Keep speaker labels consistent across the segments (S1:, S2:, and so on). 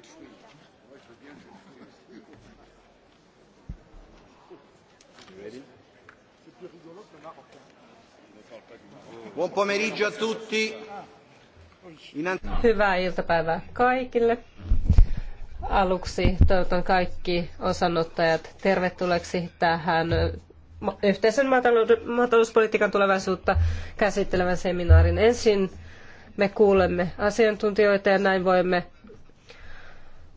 S1: Moi, je veux bien
S2: C'est plus rigolo que le marocain. Buon pomeriggio a tutti. Hyvää iltapäivää kaikille. Aluksi toivotan kaikki osanottajat tervetulleeksi tähän yhteisen maatalouspolitiikan tulevaisuutta käsittelevän seminaarin. Ensin me kuulemme asiantuntijoita ja näin voimme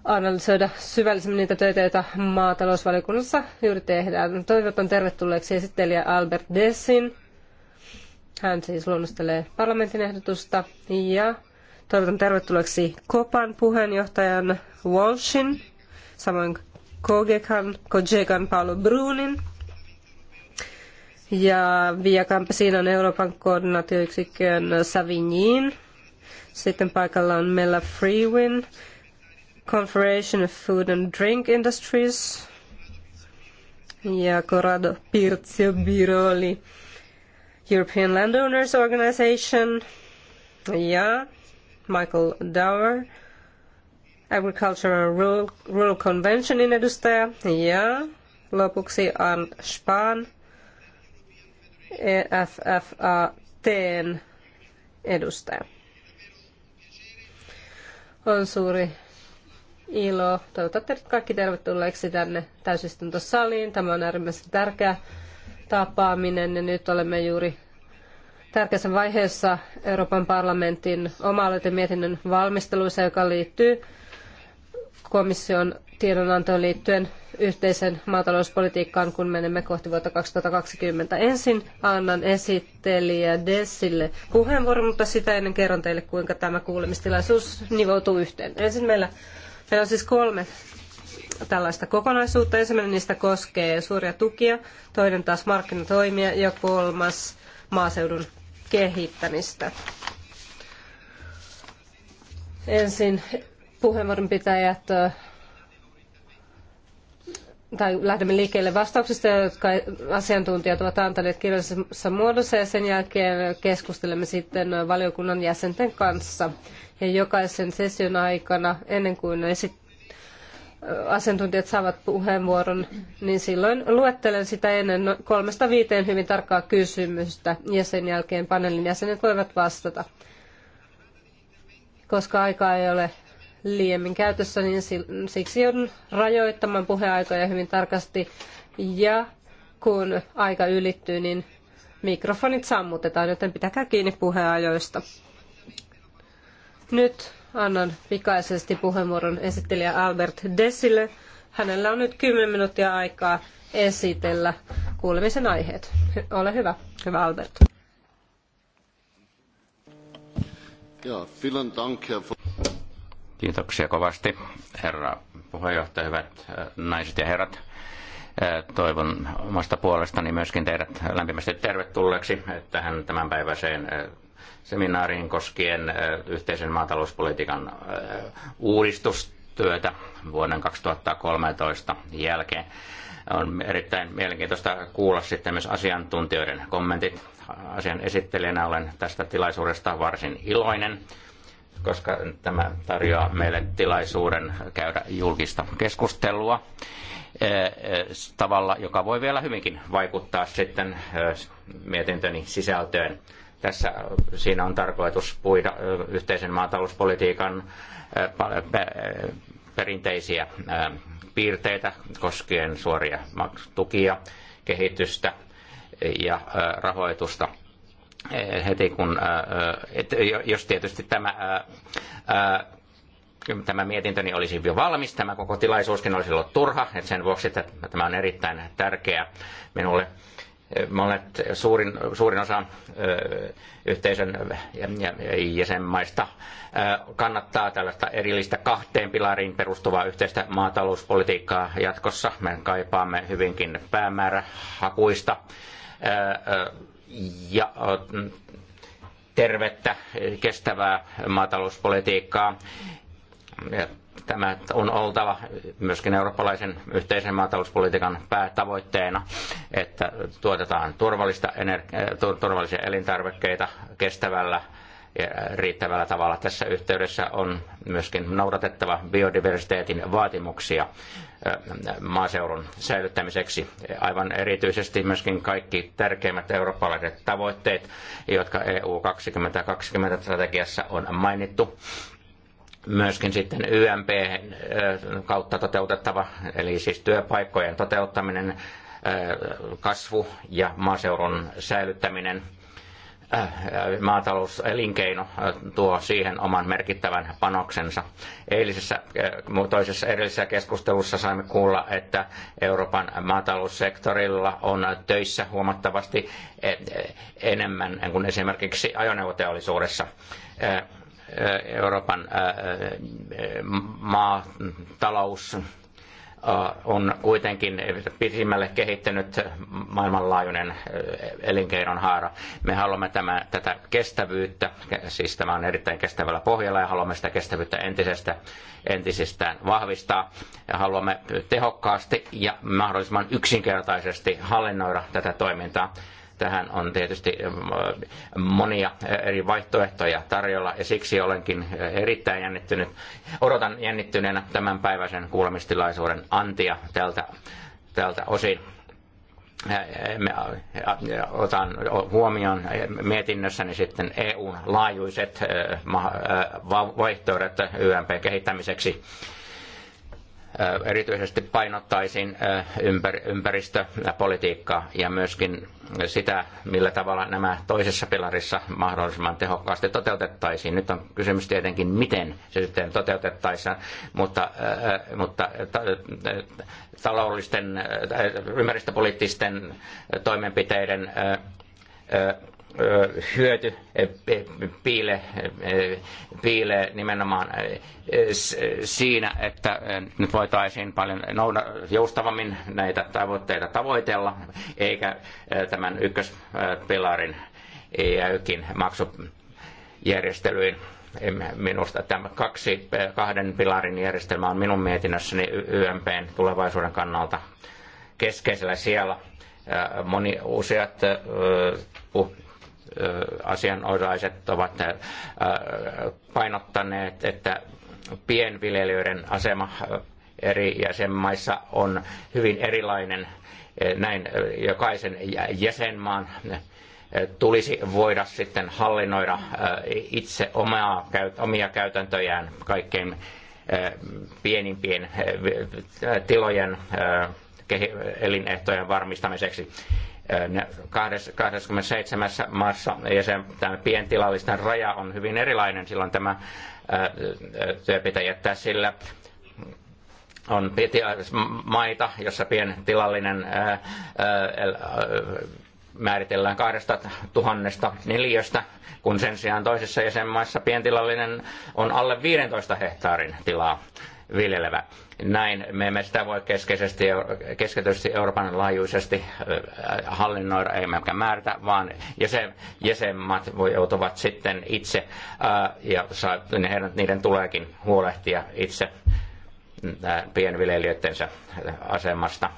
S2: analysoida syvällisemmin niitä töitä, joita maatalousvaliokunnassa juuri tehdään. Toivotan tervetulleeksi esittelijä Albert Dessin. Hän siis luonnostelee parlamentin ehdotusta ja toivotan tervetulleeksi Kopan puheenjohtajan Walshin, samoin Kogekan, Kojekan Paolo Brunin ja Via on Euroopan koordinaatioyksikön Savignin. Sitten paikalla on Mella Freewin, Confederation of Food and Drink Industries ja Corrado Pirzio Biroli European Landowners Organization ja Michael Dower Agricultural Rural, Rural Conventionin edustaja ja lopuksi Ann Spahn EFFATn edustaja. On suuri ilo Toivotan teidät kaikki tervetulleeksi tänne täysistuntosaliin. Tämä on äärimmäisen tärkeä tapaaminen ja nyt olemme juuri tärkeässä vaiheessa Euroopan parlamentin oma mietinnön valmisteluissa, joka liittyy komission tiedonantoon liittyen yhteisen maatalouspolitiikkaan, kun menemme kohti vuotta 2020. Ensin annan esittelijä Dessille puheenvuoron, mutta sitä ennen kerron teille, kuinka tämä kuulemistilaisuus nivoutuu yhteen. Ensin meillä Meillä on siis kolme tällaista kokonaisuutta. Ensimmäinen niistä koskee suuria tukia, toinen taas markkinatoimia ja kolmas maaseudun kehittämistä. Ensin puheenvuoron pitäjät tai lähdemme liikkeelle vastauksista, jotka asiantuntijat ovat antaneet kirjallisessa muodossa ja sen jälkeen keskustelemme sitten valiokunnan jäsenten kanssa ja jokaisen session aikana, ennen kuin esit- asiantuntijat saavat puheenvuoron, niin silloin luettelen sitä ennen no- kolmesta viiteen hyvin tarkkaa kysymystä ja sen jälkeen paneelin jäsenet voivat vastata. Koska aikaa ei ole liiemmin käytössä, niin siksi joudun rajoittamaan puheaikoja hyvin tarkasti ja kun aika ylittyy, niin mikrofonit sammutetaan, joten pitäkää kiinni puheajoista. Nyt annan pikaisesti puheenvuoron esittelijä Albert Dessille. Hänellä on nyt 10 minuuttia aikaa esitellä kuulemisen aiheet. Ole hyvä, hyvä Albert.
S3: Ja, vielen Kiitoksia kovasti, herra puheenjohtaja, hyvät äh, naiset ja herrat. Äh, toivon omasta puolestani myöskin teidät lämpimästi tervetulleeksi tähän tämänpäiväiseen äh, seminaariin koskien yhteisen maatalouspolitiikan uudistustyötä vuoden 2013 jälkeen. On erittäin mielenkiintoista kuulla sitten myös asiantuntijoiden kommentit. Asian esittelijänä olen tästä tilaisuudesta varsin iloinen koska tämä tarjoaa meille tilaisuuden käydä julkista keskustelua tavalla, joka voi vielä hyvinkin vaikuttaa sitten mietintöni sisältöön. Tässä siinä on tarkoitus puida yhteisen maatalouspolitiikan perinteisiä piirteitä koskien suoria tukia, kehitystä ja rahoitusta e, heti kun, jos tietysti tämä, tämä mietintöni niin olisi jo valmis, tämä koko tilaisuuskin olisi ollut turha, että sen vuoksi että tämä on erittäin tärkeä minulle monet, suurin, suurin osa yhteisön jäsenmaista kannattaa tällaista erillistä kahteen pilariin perustuvaa yhteistä maatalouspolitiikkaa jatkossa. Me kaipaamme hyvinkin päämäärähakuista ja tervettä, kestävää maatalouspolitiikkaa Tämä on oltava myöskin eurooppalaisen yhteisen maatalouspolitiikan päätavoitteena, että tuotetaan turvallista äh, turvallisia elintarvikkeita kestävällä ja riittävällä tavalla. Tässä yhteydessä on myöskin noudatettava biodiversiteetin vaatimuksia äh, maaseudun säilyttämiseksi. Aivan erityisesti myöskin kaikki tärkeimmät eurooppalaiset tavoitteet, jotka EU 2020 strategiassa on mainittu myöskin sitten YMP äh, kautta toteutettava, eli siis työpaikkojen toteuttaminen, äh, kasvu ja maaseudun säilyttäminen äh, maatalouselinkeino tuo siihen oman merkittävän panoksensa. Eilisessä toisessa edellisessä keskustelussa saimme kuulla, että Euroopan maataloussektorilla on töissä huomattavasti enemmän kuin esimerkiksi ajoneuvoteollisuudessa Euroopan maatalous on kuitenkin pisimmälle kehittynyt maailmanlaajuinen elinkeinon haara. Me haluamme tämä, tätä kestävyyttä, siis tämä on erittäin kestävällä pohjalla ja haluamme sitä kestävyyttä entisestä, entisestään vahvistaa. Ja haluamme tehokkaasti ja mahdollisimman yksinkertaisesti hallinnoida tätä toimintaa Tähän on tietysti ähm, monia äh, eri vaihtoehtoja tarjolla ja siksi olenkin äh, erittäin jännittynyt. Odotan jännittyneenä tämän päiväisen kuulemistilaisuuden antia tältä, tältä osin äh, otan huomioon mietinnössäni sitten EUn laajuiset vaihtoehdot YMP kehittämiseksi erityisesti painottaisin ympäristöpolitiikkaa ja myöskin sitä, millä tavalla nämä toisessa pilarissa mahdollisimman tehokkaasti toteutettaisiin. Nyt on kysymys tietenkin, miten se sitten toteutettaisiin, mutta, mutta taloudellisten, ympäristöpoliittisten toimenpiteiden hyöty piile, piilee nimenomaan siinä, että nyt voitaisiin paljon joustavammin näitä tavoitteita tavoitella, eikä tämän ykköspilarin jäykin maksujärjestelyin minusta tämä kaksi, kahden pilarin järjestelmä on minun mietinnössäni YMPn tulevaisuuden kannalta keskeisellä siellä. Moni useat asianosaiset ovat painottaneet, että pienviljelijöiden asema eri jäsenmaissa on hyvin erilainen. Näin jokaisen jäsenmaan tulisi voida sitten hallinnoida itse omaa, omia käytäntöjään kaikkein pienimpien tilojen elinehtojen varmistamiseksi. 27. maassa ja se, tämä pientilallisten raja on hyvin erilainen. Silloin tämä työ pitää jättää sillä on maita, jossa pientilallinen määritellään kahdesta tuhannesta neliöstä, kun sen sijaan toisessa jäsenmaissa pientilallinen on alle 15 hehtaarin tilaa viljelevä. Näin me emme sitä voi keskeisesti, keskeisesti Euroopan laajuisesti äh, hallinnoida, emmekä määrätä, vaan jäsen, jäsenmaat voi, joutuvat sitten itse äh, ja saa, heidän, niiden tuleekin huolehtia itse äh, pienviljelijöidensä asemasta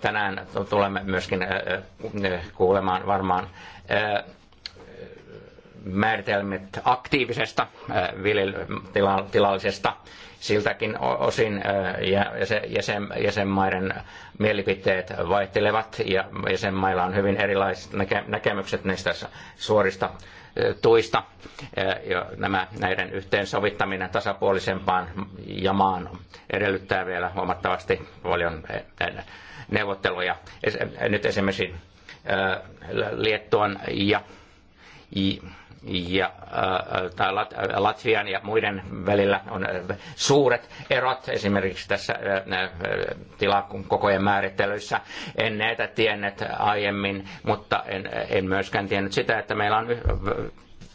S3: tänään tulemme myöskin kuulemaan varmaan määritelmät aktiivisesta äh, viljelytilallisesta siltäkin osin äh, jäsenmaiden mielipiteet vaihtelevat ja jäsenmailla on hyvin erilaiset näkemykset näistä suorista äh, tuista. Ja nämä näiden yhteensovittaminen tasapuolisempaan jamaan edellyttää vielä huomattavasti paljon neuvotteluja. Nyt esimerkiksi Liettuan ja ja, äh, tai äh, Latvian ja muiden välillä on äh, suuret erot esimerkiksi tässä tilakokojen määrittelyissä. En näitä tiennyt aiemmin, mutta en, en myöskään tiennyt sitä, että meillä on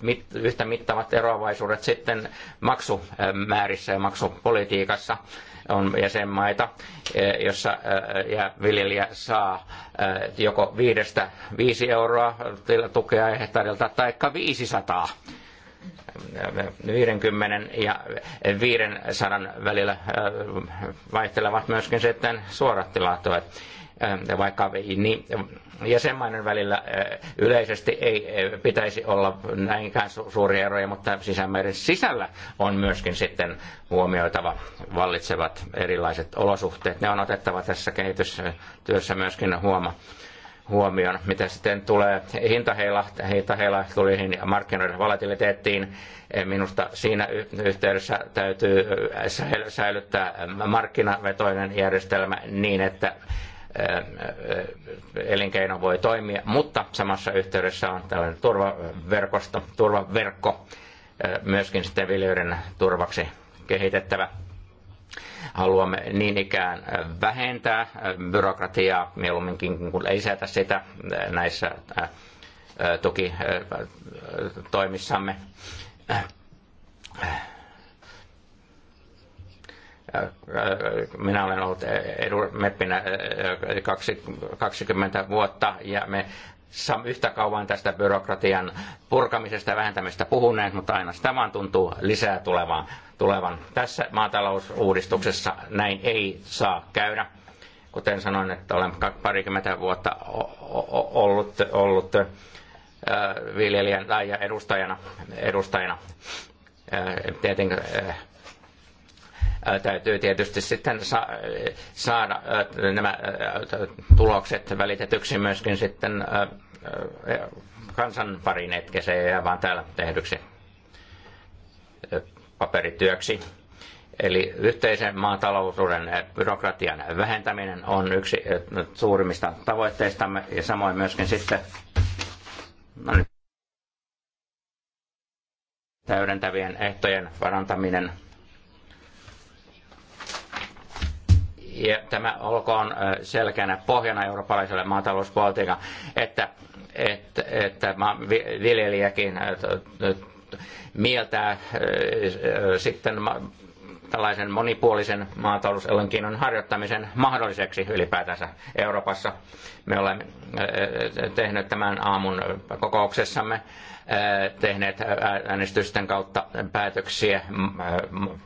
S3: mit, yhtä mittavat eroavaisuudet sitten maksumäärissä ja maksupolitiikassa on jäsenmaita, eh, jossa eh, ja viljelijä saa eh, joko viidestä viisi euroa tukea hehtaarilta tai 500 50 ja 500 välillä vaihtelevat myöskin sitten suorat tilatuet vaikka niin, jäsenmaiden välillä yleisesti ei pitäisi olla näinkään suuria eroja, mutta sisämeren sisällä on myöskin sitten huomioitava vallitsevat erilaiset olosuhteet. Ne on otettava tässä kehitystyössä myöskin huoma huomioon. Mitä sitten tulee hintaheilahteluihin ja markkinoiden volatiliteettiin, e, minusta siinä yhteydessä täytyy säilyttää markkinavetoinen järjestelmä niin, että elinkeino voi toimia, mutta samassa yhteydessä on tällainen turvaverkosto, turvaverkko myöskin sitten viljelijöiden turvaksi kehitettävä. Haluamme niin ikään vähentää byrokratiaa mieluumminkin kuin lisätä sitä näissä tukitoimissamme. Äh, minä olen ollut meppinä 20 äh, vuotta ja me yhtä kauan tästä byrokratian purkamisesta ja vähentämisestä puhuneet, mutta aina sitä vaan tuntuu lisää tulevan. tulevan. Tässä maatalousuudistuksessa näin ei saa käydä. Kuten sanoin, että olen parikymmentä vuotta ollut, ollut äh, viljelijän tai edustajana, edustajana tietenkin täytyy tietysti sitten saada nämä tulokset välitetyksi myöskin sitten kansan parin, etkä se ei jää vaan täällä tehdyksi paperityöksi. Eli yhteisen maatalouden byrokratian vähentäminen on yksi suurimmista tavoitteistamme ja samoin myöskin sitten no nyt, täydentävien ehtojen parantaminen ja tämä olkoon selkeänä pohjana eurooppalaiselle maatalouspolitiikan, että, että, että viljelijäkin mieltää sitten tällaisen monipuolisen maatalouselinkeinon harjoittamisen mahdolliseksi ylipäätänsä Euroopassa. Me olemme tehneet tämän aamun kokouksessamme tehneet äänestysten kautta päätöksiä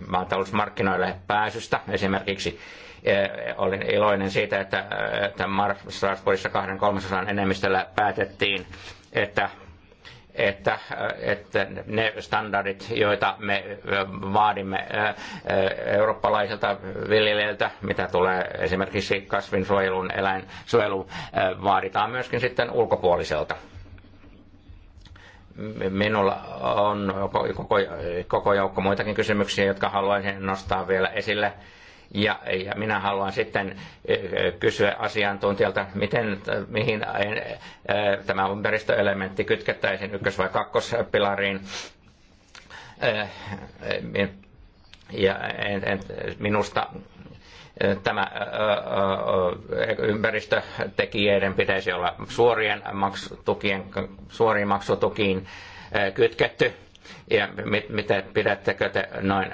S3: maatalousmarkkinoille pääsystä esimerkiksi Eh, olin iloinen siitä, että, eh, että Strasbourgissa kahden kolmasosan enemmistöllä päätettiin, että että, eh, että ne standardit, joita me vaadimme eurooppalaisilta viljelijöiltä, mitä tulee esimerkiksi kasvinsuojelun, eläinsuojeluun, vaaditaan myöskin sitten ulkopuoliselta. Minulla on koko, koko joukko muitakin kysymyksiä, jotka haluaisin nostaa vielä esille ja, ja minä haluan sitten eh, eh, kysyä asiantuntijalta, miten, eh, mihin tämä ympäristöelementti kytkettäisiin ykkös- vai kakkospilariin. Ja en, en, minusta tämä ympäristötekijöiden pitäisi olla suorien maksutukien, suoriin maksutukiin kytketty. Ja mit, mitä pidättekö te noin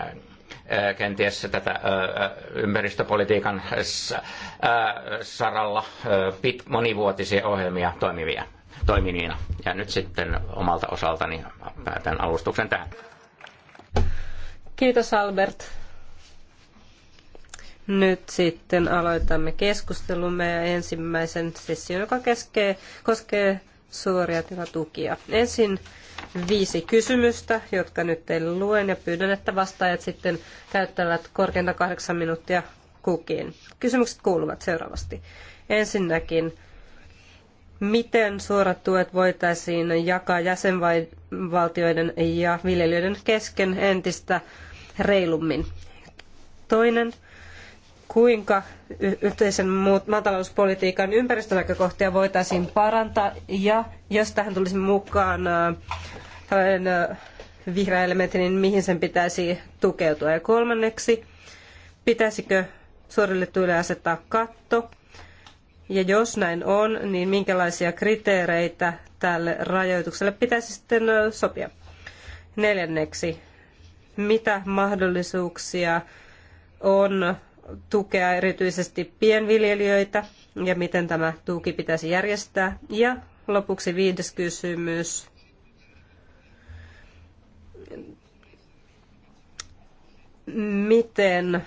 S3: Äh, kenties tätä äh, äh, ympäristöpolitiikan saralla pit, monivuotisia ohjelmia toimivia, toimivina. Ja nyt sitten omalta osaltani päätän alustuksen tähän.
S2: Kiitos Albert. Nyt sitten aloitamme keskustelumme ja ensimmäisen session, joka keskee, koskee suoria tilatukia. Ensin viisi kysymystä, jotka nyt teille luen ja pyydän, että vastaajat sitten käyttävät korkeinta kahdeksan minuuttia kukin. Kysymykset kuuluvat seuraavasti. Ensinnäkin, miten suorat tuet voitaisiin jakaa jäsenvaltioiden ja viljelijöiden kesken entistä reilummin? Toinen, kuinka yhteisen maatalouspolitiikan ympäristönäkökohtia voitaisiin parantaa ja jos tähän tulisi mukaan äh, tällainen äh, vihreä elementti, niin mihin sen pitäisi tukeutua. Ja kolmanneksi, pitäisikö suorille tuille asettaa katto? Ja jos näin on, niin minkälaisia kriteereitä tälle rajoitukselle pitäisi sitten äh, sopia? Neljänneksi, mitä mahdollisuuksia on tukea erityisesti pienviljelijöitä ja miten tämä tuki pitäisi järjestää. Ja lopuksi viides kysymys. Miten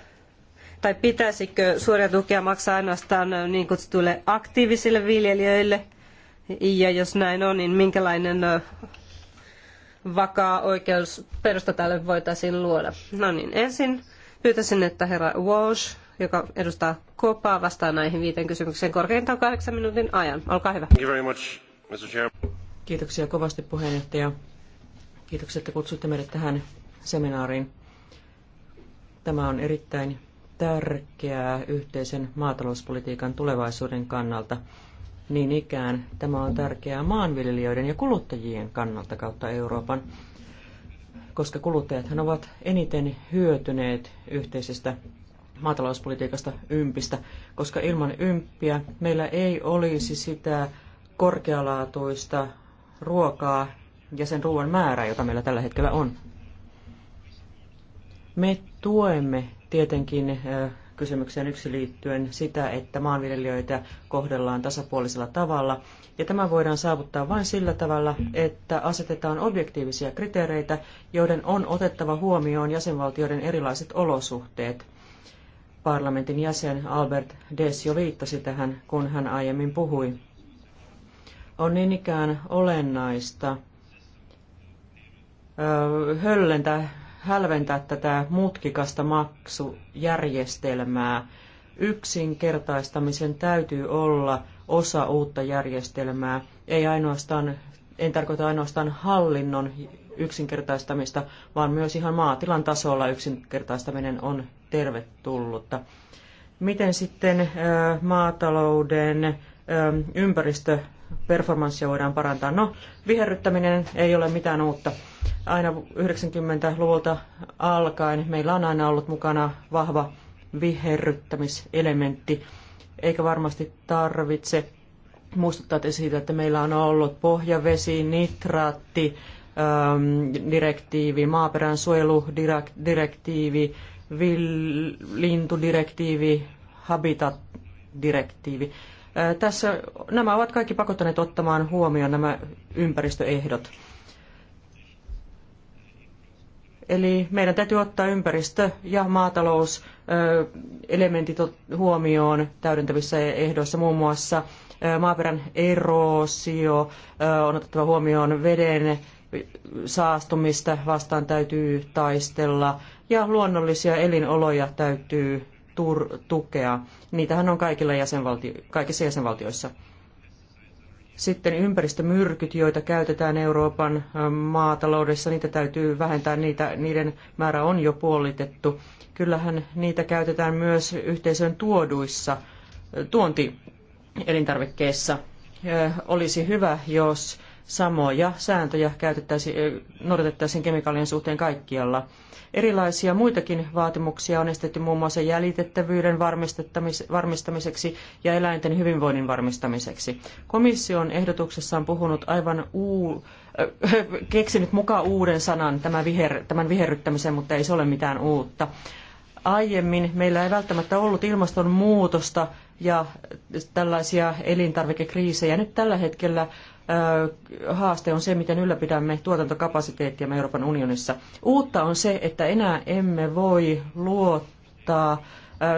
S2: tai pitäisikö suoria tukia maksaa ainoastaan niin kutsutuille aktiivisille viljelijöille? Ja jos näin on, niin minkälainen vakaa oikeusperusta tälle voitaisiin luoda? No niin, ensin Pyytäisin, että herra Walsh, joka edustaa Kopaa, vastaa näihin viiteen kysymykseen korkeintaan kahdeksan minuutin ajan.
S3: Olkaa hyvä. Thank you very much, Mr. Chair.
S2: Kiitoksia kovasti
S1: puheenjohtaja. Kiitoksia, että kutsuitte meidät tähän seminaariin. Tämä on erittäin tärkeää yhteisen maatalouspolitiikan tulevaisuuden kannalta. Niin ikään tämä on tärkeää maanviljelijöiden ja kuluttajien kannalta kautta Euroopan koska kuluttajathan ovat eniten hyötyneet yhteisestä maatalouspolitiikasta ympistä, koska ilman ympiä meillä ei olisi sitä korkealaatuista ruokaa ja sen ruoan määrää, jota meillä tällä hetkellä on. Me tuemme tietenkin eh, kysymykseen yksi liittyen sitä, että maanviljelijöitä kohdellaan tasapuolisella tavalla. Ja tämä voidaan saavuttaa vain sillä tavalla, että asetetaan objektiivisia kriteereitä, joiden on otettava huomioon jäsenvaltioiden erilaiset olosuhteet. Parlamentin jäsen Albert Des jo viittasi tähän, kun hän aiemmin puhui. On niin ikään olennaista höllentää hälventää tätä mutkikasta maksujärjestelmää. Yksinkertaistamisen täytyy olla osa uutta järjestelmää. Ei ainoastaan, en tarkoita ainoastaan hallinnon yksinkertaistamista, vaan myös ihan maatilan tasolla yksinkertaistaminen on tervetullutta. Miten sitten maatalouden ympäristö? performanssia voidaan parantaa. No, viherryttäminen ei ole mitään uutta. Aina 90-luvulta alkaen meillä on aina ollut mukana vahva viherryttämiselementti, eikä varmasti tarvitse muistuttaa siitä, että meillä on ollut pohjavesi, nitraatti, ähm, direktiivi, maaperän suojeludirektiivi, lintudirektiivi, habitat-direktiivi. Tässä nämä ovat kaikki pakottaneet ottamaan huomioon nämä ympäristöehdot. Eli meidän täytyy ottaa ympäristö- ja maatalouselementit huomioon täydentävissä ehdoissa muun muassa maaperän eroosio, on otettava huomioon veden saastumista vastaan täytyy taistella ja luonnollisia elinoloja täytyy tur- tukea. Niitähän on kaikilla jäsenvaltio- kaikissa jäsenvaltioissa. Sitten ympäristömyrkyt, joita käytetään Euroopan maataloudessa, niitä täytyy vähentää, niitä, niiden määrä on jo puolitettu. Kyllähän niitä käytetään myös yhteisön tuoduissa tuontielintarvikkeissa. Olisi hyvä, jos samoja sääntöjä käytettäisiin, noudatettaisiin kemikaalien suhteen kaikkialla. Erilaisia muitakin vaatimuksia on estetty muun muassa jäljitettävyyden varmistamiseksi ja eläinten hyvinvoinnin varmistamiseksi. Komissio on ehdotuksessaan puhunut aivan uu, äh, keksinyt mukaan uuden sanan tämän, viher, tämän viherryttämisen, mutta ei se ole mitään uutta. Aiemmin meillä ei välttämättä ollut ilmastonmuutosta ja tällaisia elintarvikekriisejä. Nyt tällä hetkellä haaste on se, miten ylläpidämme tuotantokapasiteettiamme Euroopan unionissa. Uutta on se, että enää emme voi luottaa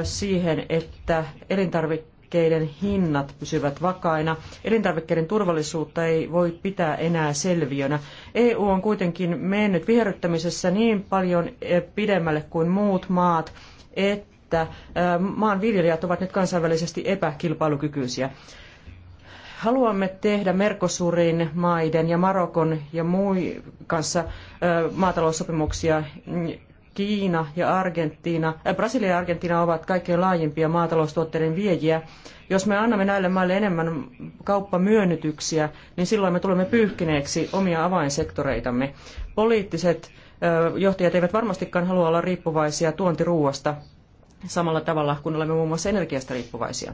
S1: siihen, että elintarvikkeiden hinnat pysyvät vakaina. Elintarvikkeiden turvallisuutta ei voi pitää enää selviönä. EU on kuitenkin mennyt viherryttämisessä niin paljon pidemmälle kuin muut maat, että maanviljelijät ovat nyt kansainvälisesti epäkilpailukykyisiä haluamme tehdä Mercosurin maiden ja Marokon ja muun kanssa maataloussopimuksia. Kiina ja Argentiina, äh, Brasilia ja Argentiina ovat kaikkein laajimpia maataloustuotteiden viejiä. Jos me annamme näille maille enemmän kauppamyönnytyksiä, niin silloin me tulemme pyyhkineeksi omia avainsektoreitamme. Poliittiset johtajat eivät varmastikaan halua olla riippuvaisia tuontiruuasta samalla tavalla kuin olemme muun muassa energiasta riippuvaisia.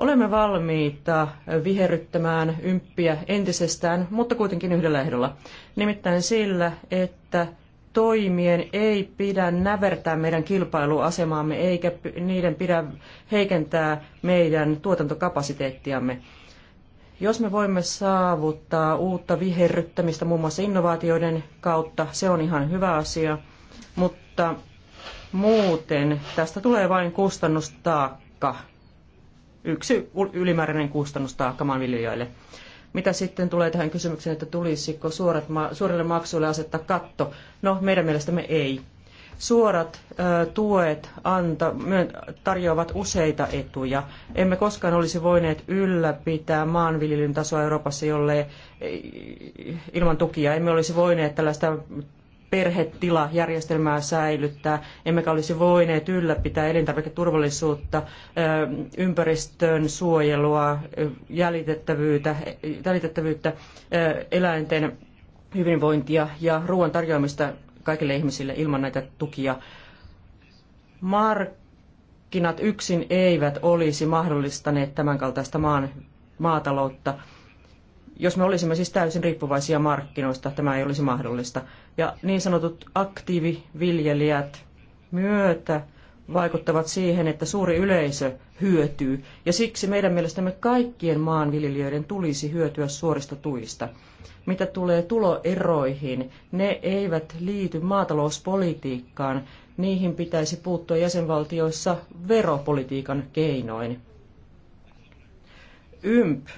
S1: Olemme valmiita viherryttämään ymppiä entisestään, mutta kuitenkin yhdellä ehdolla. Nimittäin sillä, että toimien ei pidä nävertää meidän kilpailuasemaamme eikä niiden pidä heikentää meidän tuotantokapasiteettiamme. Jos me voimme saavuttaa uutta viherryttämistä muun muassa innovaatioiden kautta, se on ihan hyvä asia, mutta muuten tästä tulee vain kustannustaakka yksi ylimääräinen kustannustaakka maanviljelijöille. Mitä sitten tulee tähän kysymykseen, että tulisiko suorat ma- suorille maksuille asettaa katto? No, meidän mielestämme ei. Suorat ö, tuet anta, tarjoavat useita etuja. Emme koskaan olisi voineet ylläpitää maanviljelyn tasoa Euroopassa, jolle ilman tukia emme olisi voineet tällaista perhetilajärjestelmää säilyttää, emmekä olisi voineet ylläpitää elintarviketurvallisuutta, ympäristön suojelua, jäljitettävyyttä, jäljitettävyyttä eläinten hyvinvointia ja ruoan tarjoamista kaikille ihmisille ilman näitä tukia. Markkinat yksin eivät olisi mahdollistaneet tämänkaltaista maan, maataloutta jos me olisimme siis täysin riippuvaisia markkinoista, tämä ei olisi mahdollista. Ja niin sanotut aktiiviviljelijät myötä vaikuttavat siihen, että suuri yleisö hyötyy, ja siksi meidän mielestämme kaikkien maanviljelijöiden tulisi hyötyä suorista tuista. Mitä tulee tuloeroihin, ne eivät liity maatalouspolitiikkaan, niihin pitäisi puuttua jäsenvaltioissa veropolitiikan keinoin. YMP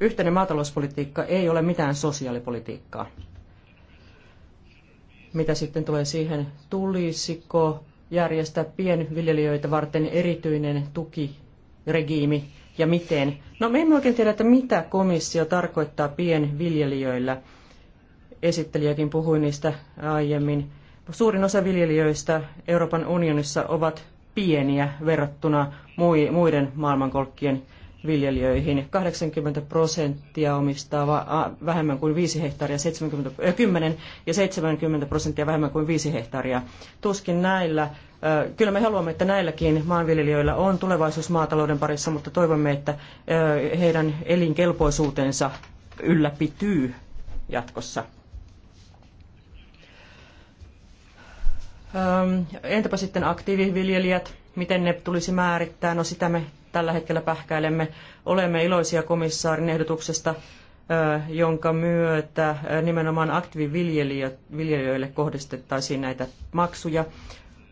S1: Yhteinen maatalouspolitiikka ei ole mitään sosiaalipolitiikkaa. Mitä sitten tulee siihen, tulisiko järjestää pienviljelijöitä varten erityinen tukiregiimi ja miten? No me emme oikein tiedä, että mitä komissio tarkoittaa pienviljelijöillä. Esittelijäkin puhui niistä aiemmin. Suurin osa viljelijöistä Euroopan unionissa ovat pieniä verrattuna muiden maailmankolkkien viljelijöihin. 80 prosenttia omistaa vähemmän kuin 5 hehtaaria, 70, 10 ja 70 prosenttia vähemmän kuin 5 hehtaaria. Tuskin näillä, kyllä me haluamme, että näilläkin maanviljelijöillä on tulevaisuus maatalouden parissa, mutta toivomme, että heidän elinkelpoisuutensa ylläpityy jatkossa. entäpä sitten aktiiviviljelijät? Miten ne tulisi määrittää? No sitä me tällä hetkellä pähkäilemme. Olemme iloisia komissaarin ehdotuksesta, jonka myötä nimenomaan aktiiviviljelijöille kohdistettaisiin näitä maksuja,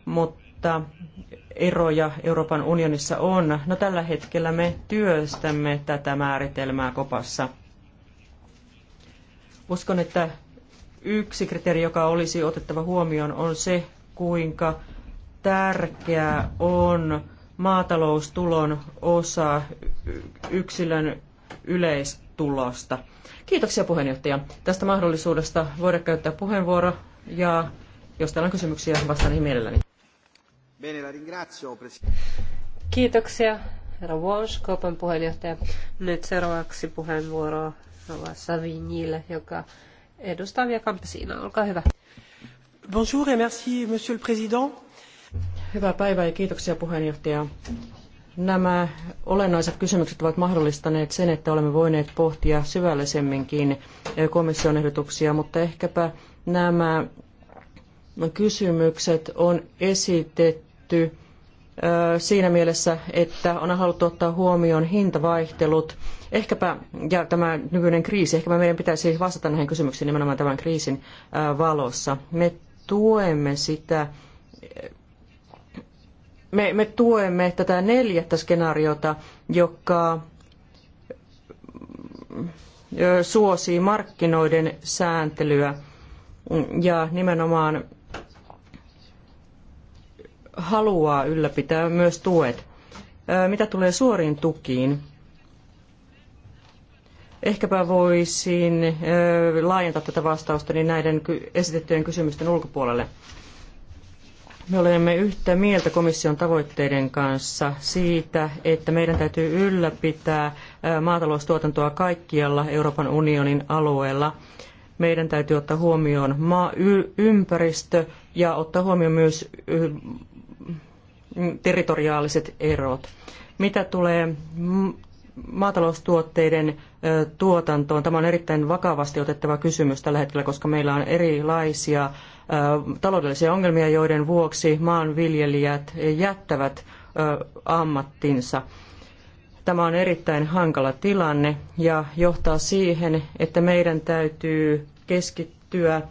S1: mutta eroja Euroopan unionissa on. No tällä hetkellä me työstämme tätä määritelmää kopassa. Uskon, että yksi kriteeri, joka olisi otettava huomioon, on se, kuinka tärkeää on maataloustulon osa yksilön yleistulosta. Kiitoksia puheenjohtaja tästä mahdollisuudesta voida käyttää puheenvuoro ja jos teillä on kysymyksiä, vastaan niihin mielelläni.
S2: Kiitoksia, herra Walsh, Kopan puheenjohtaja. Nyt seuraavaksi puheenvuoro Rova Savignille, joka edustaa vielä Campesina. Olkaa hyvä. Bonjour et merci, monsieur le président
S1: Hyvää päivää ja kiitoksia puheenjohtaja. Nämä olennaiset kysymykset ovat mahdollistaneet sen, että olemme voineet pohtia syvällisemminkin komission ehdotuksia, mutta ehkäpä nämä kysymykset on esitetty siinä mielessä, että on haluttu ottaa huomioon hintavaihtelut. Ehkäpä, ja tämä nykyinen kriisi, ehkäpä meidän pitäisi vastata näihin kysymyksiin nimenomaan tämän kriisin valossa. Me tuemme sitä me, me tuemme tätä neljättä skenaariota, joka suosii markkinoiden sääntelyä ja nimenomaan haluaa ylläpitää myös tuet. Mitä tulee suoriin tukiin, ehkäpä voisin laajentaa tätä vastausta niin näiden esitettyjen kysymysten ulkopuolelle. Me olemme yhtä mieltä komission tavoitteiden kanssa siitä, että meidän täytyy ylläpitää maataloustuotantoa kaikkialla Euroopan unionin alueella. Meidän täytyy ottaa huomioon maa, ympäristö ja ottaa huomioon myös mm, territoriaaliset erot. Mitä tulee maataloustuotteiden tuotantoon, tämä on erittäin vakavasti otettava kysymys tällä hetkellä, koska meillä on erilaisia taloudellisia ongelmia, joiden vuoksi maanviljelijät jättävät ammattinsa. Tämä on erittäin hankala tilanne ja johtaa siihen, että meidän täytyy keskittyä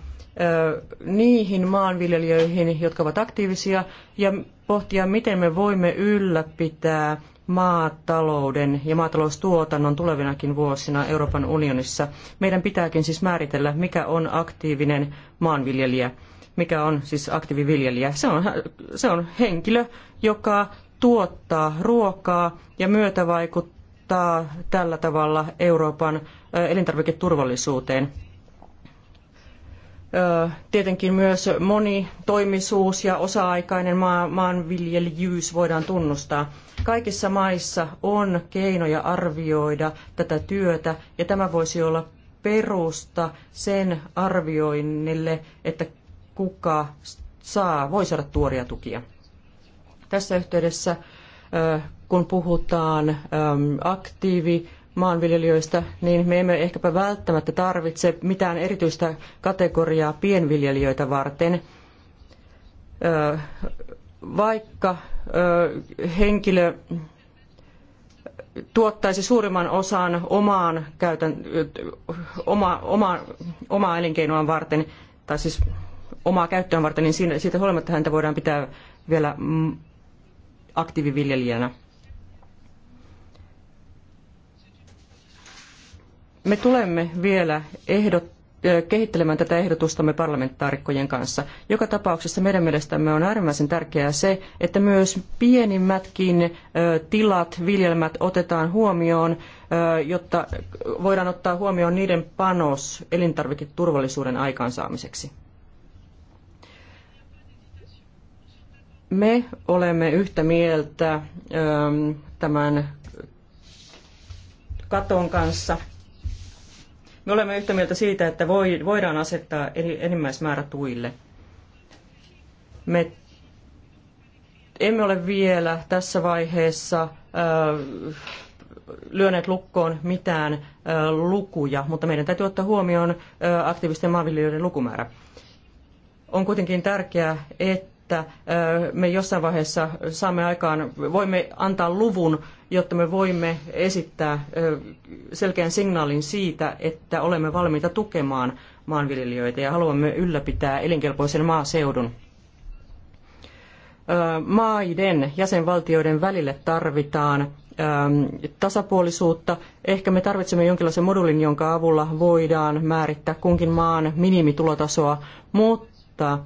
S1: niihin maanviljelijöihin, jotka ovat aktiivisia, ja pohtia, miten me voimme ylläpitää maatalouden ja maataloustuotannon tulevinakin vuosina Euroopan unionissa. Meidän pitääkin siis määritellä, mikä on aktiivinen maanviljelijä, mikä on siis aktiiviviljelijä. Se on, se on henkilö, joka tuottaa ruokaa ja myötävaikuttaa tällä tavalla Euroopan elintarviketurvallisuuteen. Tietenkin myös monitoimisuus ja osa-aikainen maanviljelijyys voidaan tunnustaa. Kaikissa maissa on keinoja arvioida tätä työtä ja tämä voisi olla perusta sen arvioinnille, että kuka saa, voi saada tuoria tukia. Tässä yhteydessä, kun puhutaan aktiivi niin me emme ehkäpä välttämättä tarvitse mitään erityistä kategoriaa pienviljelijöitä varten vaikka henkilö tuottaisi suurimman osan omaan, käytän, oma, oma, omaa elinkeinoaan varten, tai siis omaa käyttöön varten, niin siitä huolimatta häntä voidaan pitää vielä aktiiviviljelijänä. Me tulemme vielä ehdot, kehittelemään tätä ehdotustamme parlamentaarikkojen kanssa. Joka tapauksessa meidän mielestämme on äärimmäisen tärkeää se, että myös pienimmätkin tilat, viljelmät otetaan huomioon, jotta voidaan ottaa huomioon niiden panos elintarviketurvallisuuden aikaansaamiseksi. Me olemme yhtä mieltä tämän katon kanssa – me olemme yhtä mieltä siitä, että voidaan asettaa enimmäismäärä tuille. Me emme ole vielä tässä vaiheessa äh, lyöneet lukkoon mitään äh, lukuja, mutta meidän täytyy ottaa huomioon äh, aktiivisten maanviljelijöiden lukumäärä. On kuitenkin tärkeää, että että me jossain vaiheessa saamme aikaan, voimme antaa luvun, jotta me voimme esittää selkeän signaalin siitä, että olemme valmiita tukemaan maanviljelijöitä ja haluamme ylläpitää elinkelpoisen maaseudun. Maiden jäsenvaltioiden välille tarvitaan tasapuolisuutta. Ehkä me tarvitsemme jonkinlaisen modulin, jonka avulla voidaan määrittää kunkin maan minimitulotasoa, mutta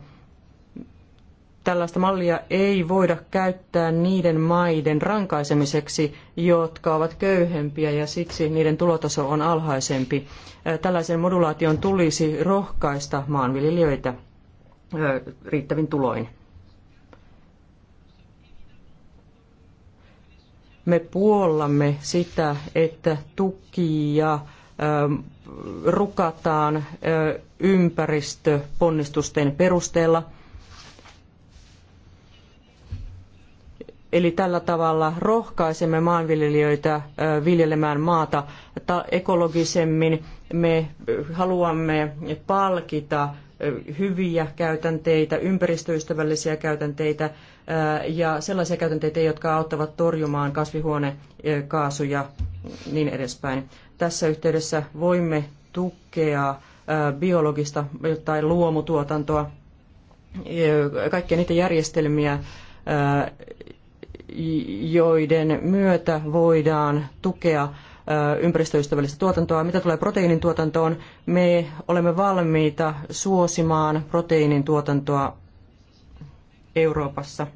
S1: Tällaista mallia ei voida käyttää niiden maiden rankaisemiseksi, jotka ovat köyhempiä ja siksi niiden tulotaso on alhaisempi. Tällaisen modulaation tulisi rohkaista maanviljelijöitä riittävin tuloin. Me puollamme sitä, että tukia rukataan ympäristöponnistusten perusteella – Eli tällä tavalla rohkaisemme maanviljelijöitä viljelemään maata ekologisemmin. Me haluamme palkita hyviä käytänteitä, ympäristöystävällisiä käytänteitä ja sellaisia käytänteitä, jotka auttavat torjumaan kasvihuonekaasuja niin edespäin. Tässä yhteydessä voimme tukea biologista tai luomutuotantoa, kaikkia niitä järjestelmiä, joiden myötä voidaan tukea ympäristöystävällistä tuotantoa. Mitä tulee proteiinin tuotantoon, me olemme valmiita suosimaan proteiinin tuotantoa Euroopassa.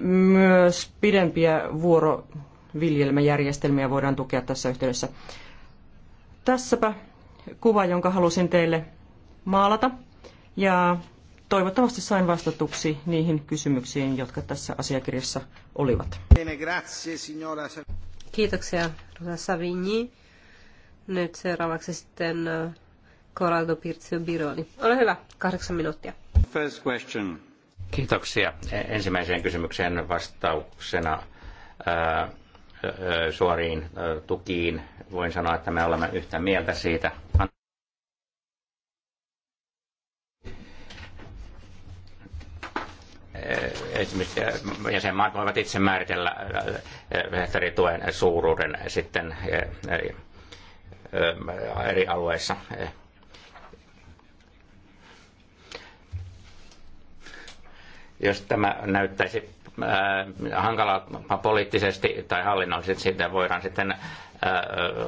S1: Myös pidempiä vuoroviljelmäjärjestelmiä voidaan tukea tässä yhteydessä. Tässäpä kuva, jonka halusin teille maalata. Ja toivottavasti sain vastatuksi niihin kysymyksiin, jotka tässä asiakirjassa olivat.
S2: Kiitoksia, Rosa Savigny. Nyt seuraavaksi sitten äh, Corrado Pirzio Bironi. Ole hyvä, kahdeksan minuuttia.
S3: First question. Kiitoksia. E- ensimmäiseen kysymykseen vastauksena ää, äh, äh, suoriin tukiin voin sanoa, että me olemme yhtä mieltä siitä. esimerkiksi äh, jäsenmaat voivat itse määritellä äh, tuen suuruuden sitten äh, eri alueissa. Jos tämä näyttäisi Äh, hankala poliittisesti tai hallinnollisesti sitten voidaan sitten äh,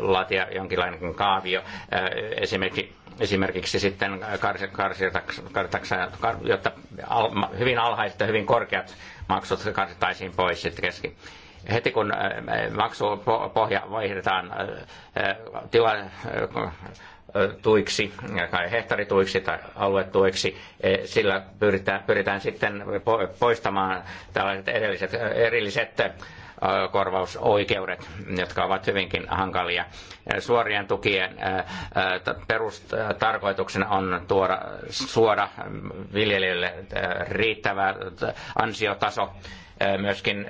S3: laatia jonkinlainen kaavio äh, esimerkiksi esimerkiksi sitten karsitaksa, jotta hyvin alhaiset ja hyvin korkeat maksut karsitaisiin pois sitten keski. Heti kun maksupohja vaihdetaan tila, tuiksi, hehtarituiksi tai aluetuiksi. E, sillä pyritään, pyritään sitten poistamaan tällaiset edelliset, erilliset korvausoikeudet, jotka ovat hyvinkin hankalia. E, suorien tukien perustarkoituksena on tuoda, suoda viljelijöille riittävä ansiotaso myöskin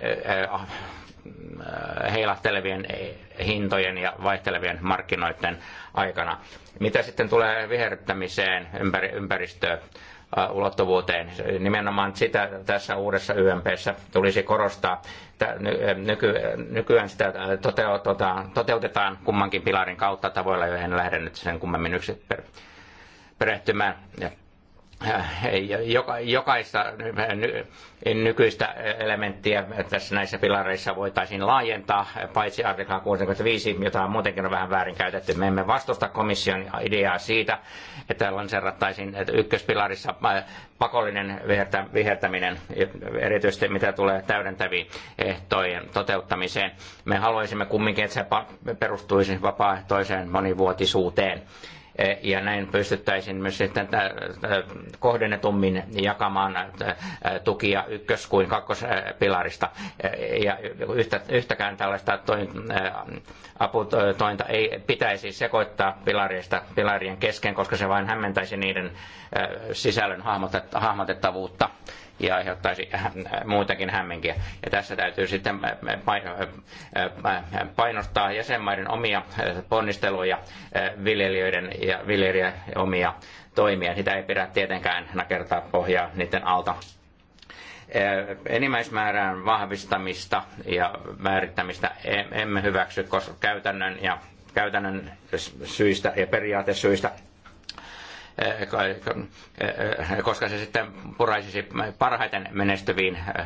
S3: Äh, heilahtelevien e, hintojen ja vaihtelevien markkinoiden aikana. Mitä sitten tulee viherryttämiseen, ympäri, ulottuvuuteen. Nimenomaan sitä tässä uudessa YMPssä tulisi korostaa. E, e, nykyään sitä toteutetaan, toteutetaan kummankin pilarin kautta tavoilla, joihin lähden nyt sen kummemmin yksi perehtymään. Äh, joka, jokaista äh, nykyistä elementtiä tässä näissä pilareissa voitaisiin laajentaa, paitsi artikla 65, jota on muutenkin on vähän väärin käytetty. Me emme vastusta komission ideaa siitä, että lanserattaisiin että ykköspilarissa äh, pakollinen vihertäminen, erityisesti mitä tulee täydentäviin ehtojen toteuttamiseen. Me haluaisimme kumminkin, että se perustuisi vapaaehtoiseen monivuotisuuteen Eh, ja näin pystyttäisiin myös sitten kohdennetummin jakamaan tukia ykkös- kuin kakkospilarista. Eh, ja yhtä, yhtäkään tällaista toin, aputointa ei pitäisi sekoittaa pilarista, pilarien kesken, koska se vain hämmentäisi niiden sisällön hahmotettavuutta ja aiheuttaisi muutenkin hämminkiä. Ja tässä täytyy sitten painostaa jäsenmaiden omia ponnisteluja, viljelijöiden ja viljelijä omia toimia. Sitä ei pidä tietenkään nakertaa pohjaa niiden alta enimmäismäärän vahvistamista ja määrittämistä e-, emme hyväksy koska käytännön ja käytännön syistä ja periaatesyistä Eh, koska se sitten puraisisi parhaiten menestyviin eh,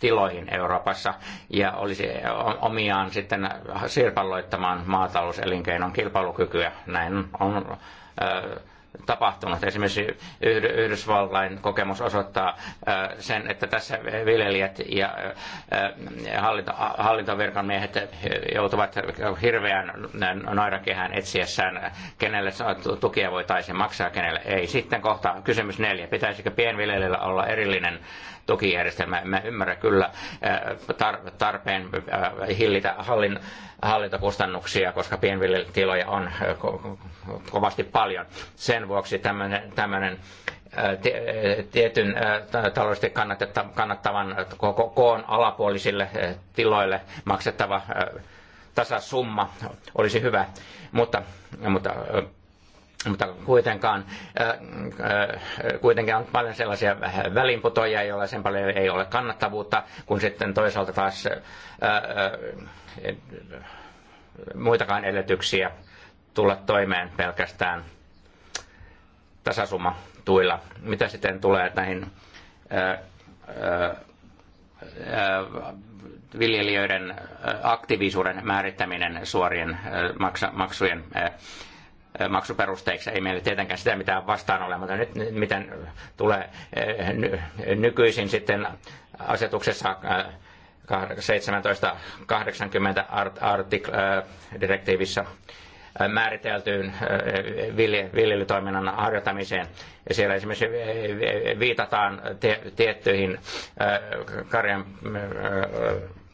S3: tiloihin Euroopassa ja olisi omiaan sitten sirpaloittamaan maatalouselinkeinon kilpailukykyä. Näin on eh, tapahtunut. Esimerkiksi Yhdysvaltain kokemus osoittaa sen, että tässä viljelijät ja hallinto, hallintovirkamiehet joutuvat hirveän noirakehään etsiessään, kenelle tukia voitaisiin maksaa, kenelle ei. Sitten kohta kysymys neljä. Pitäisikö pienviljelijällä olla erillinen tukijärjestelmä. Mä ymmärrän kyllä äh, tarpeen äh, hillitä hallin, hallintokustannuksia, koska pienviljelytiloja on äh, kovasti paljon. Sen vuoksi tämmöinen, tämmöinen tietyn taloudellisesti kannattavan koon alapuolisille tiloille maksettava tasasumma olisi hyvä, mutta, mutta mutta kuitenkaan, äh, äh, kuitenkin on paljon sellaisia välinputoja, joilla sen paljon ei ole kannattavuutta, kun sitten toisaalta taas äh, muitakaan edellytyksiä tulla toimeen pelkästään tasasumma tuilla. Mitä sitten tulee näihin viljelijöiden aktiivisuuden määrittäminen suorien maksujen maksuperusteiksi. Ei meillä tietenkään sitä mitään vastaan ole, mutta nyt miten tulee nykyisin sitten asetuksessa 1780 artik, direktiivissä määriteltyyn viljelytoiminnan harjoittamiseen. Ja siellä esimerkiksi viitataan tiettyihin karjan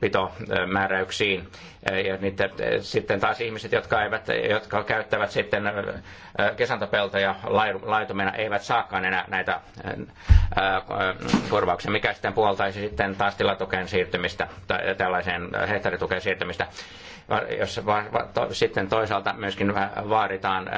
S3: pitomääräyksiin. Ja niitä, sitten taas ihmiset, jotka, eivät, jotka käyttävät sitten kesantopeltoja laitumena, eivät saakaan enää näitä korvauksia, mikä sitten puoltaisi sitten taas tilatukeen siirtymistä, tai tällaiseen hehtaaritukeen siirtymistä jos sitten toisaalta myöskin vaaditaan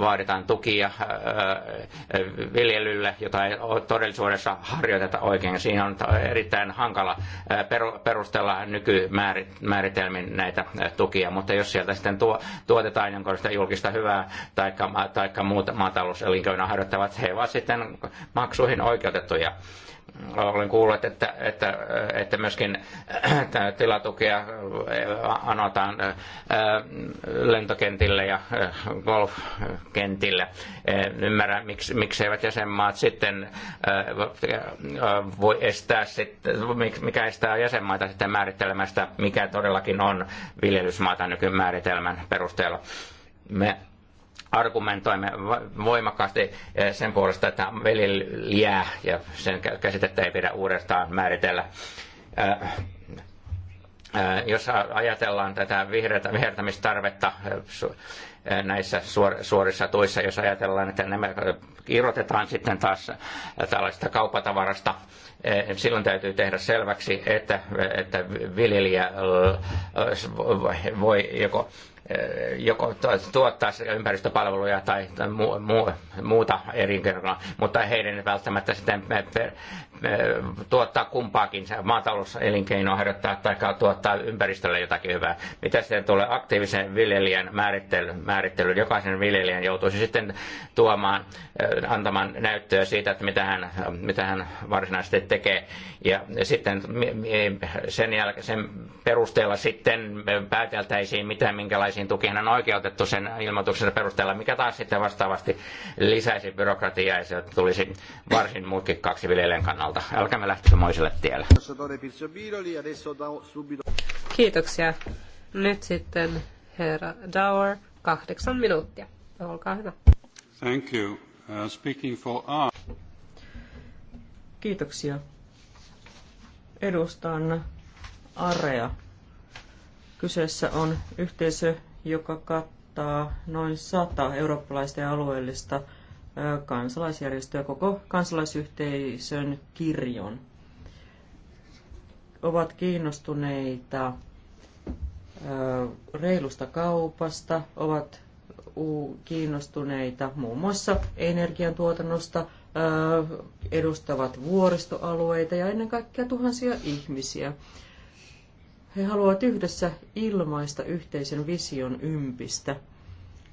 S3: vaaditaan tukia äh, äh, viljelylle, jota ei todellisuudessa harjoiteta oikein. Siinä on erittäin hankala äh, perustella nykymääritelmin näitä tukia, mutta jos sieltä sitten tuo, tuotetaan jonkinlaista julkista hyvää tai taikka muuta maatalouselinkeinon harjoittavat, he ovat sitten maksuihin oikeutettuja olen kuullut, että, että, että myöskin tilatukea äh, anotaan äh, lentokentille ja äh, golfkentille. En ymmärrä, miksi, mikseivät jäsenmaat sitten voi estää, mikä estää jäsenmaita sitten määrittelemästä, mikä todellakin on viljelysmaata nykymääritelmän perusteella. Me argumentoimme voimakkaasti eh, sen puolesta, että viljelijää ja sen käsitettä ei pidä uudestaan määritellä. Eh, eh, jos ajatellaan tätä vihertämistarvetta näissä suorissa tuissa, jos ajatellaan, että nämä irrotetaan sitten taas tällaista kaupatavarasta, silloin täytyy tehdä selväksi, että, että viljelijä voi joko Eh, joko tuottaa ympäristöpalveluja tai mu, mu, muuta kerralla, mutta heidän välttämättä sitten me eh, eh, tuottaa kumpaakin maatalouselinkeinoa harjoittaa tai tuottaa ympäristölle jotakin hyvää. Mitä sitten tulee aktiivisen viljelijän määrittelyyn? Määrittely. Jokaisen viljelijän joutuisi sitten tuomaan, antamaan näyttöä siitä, että mitä hän, mitä hän varsinaisesti tekee. Ja sitten sen, jälkeen, sen perusteella sitten pääteltäisiin, mitä minkälaisia valtakunnallisiin tukiin on oikeutettu sen ilmoituksen perusteella, mikä taas sitten vastaavasti lisäisi byrokratiaa ja se tulisi varsin mutkikkaaksi viljelijän kannalta. Älkäämme lähtökö moiselle tielle.
S2: Kiitoksia. Nyt sitten herra Dauer, kahdeksan minuuttia. Olkaa hyvä.
S3: Thank you. Uh, speaking for art.
S1: Kiitoksia. Edustan Area Kyseessä on yhteisö, joka kattaa noin sata eurooppalaista ja alueellista kansalaisjärjestöä, koko kansalaisyhteisön kirjon. Ovat kiinnostuneita reilusta kaupasta, ovat kiinnostuneita muun muassa energiantuotannosta, edustavat vuoristoalueita ja ennen kaikkea tuhansia ihmisiä. He haluavat yhdessä ilmaista yhteisen vision ympistä.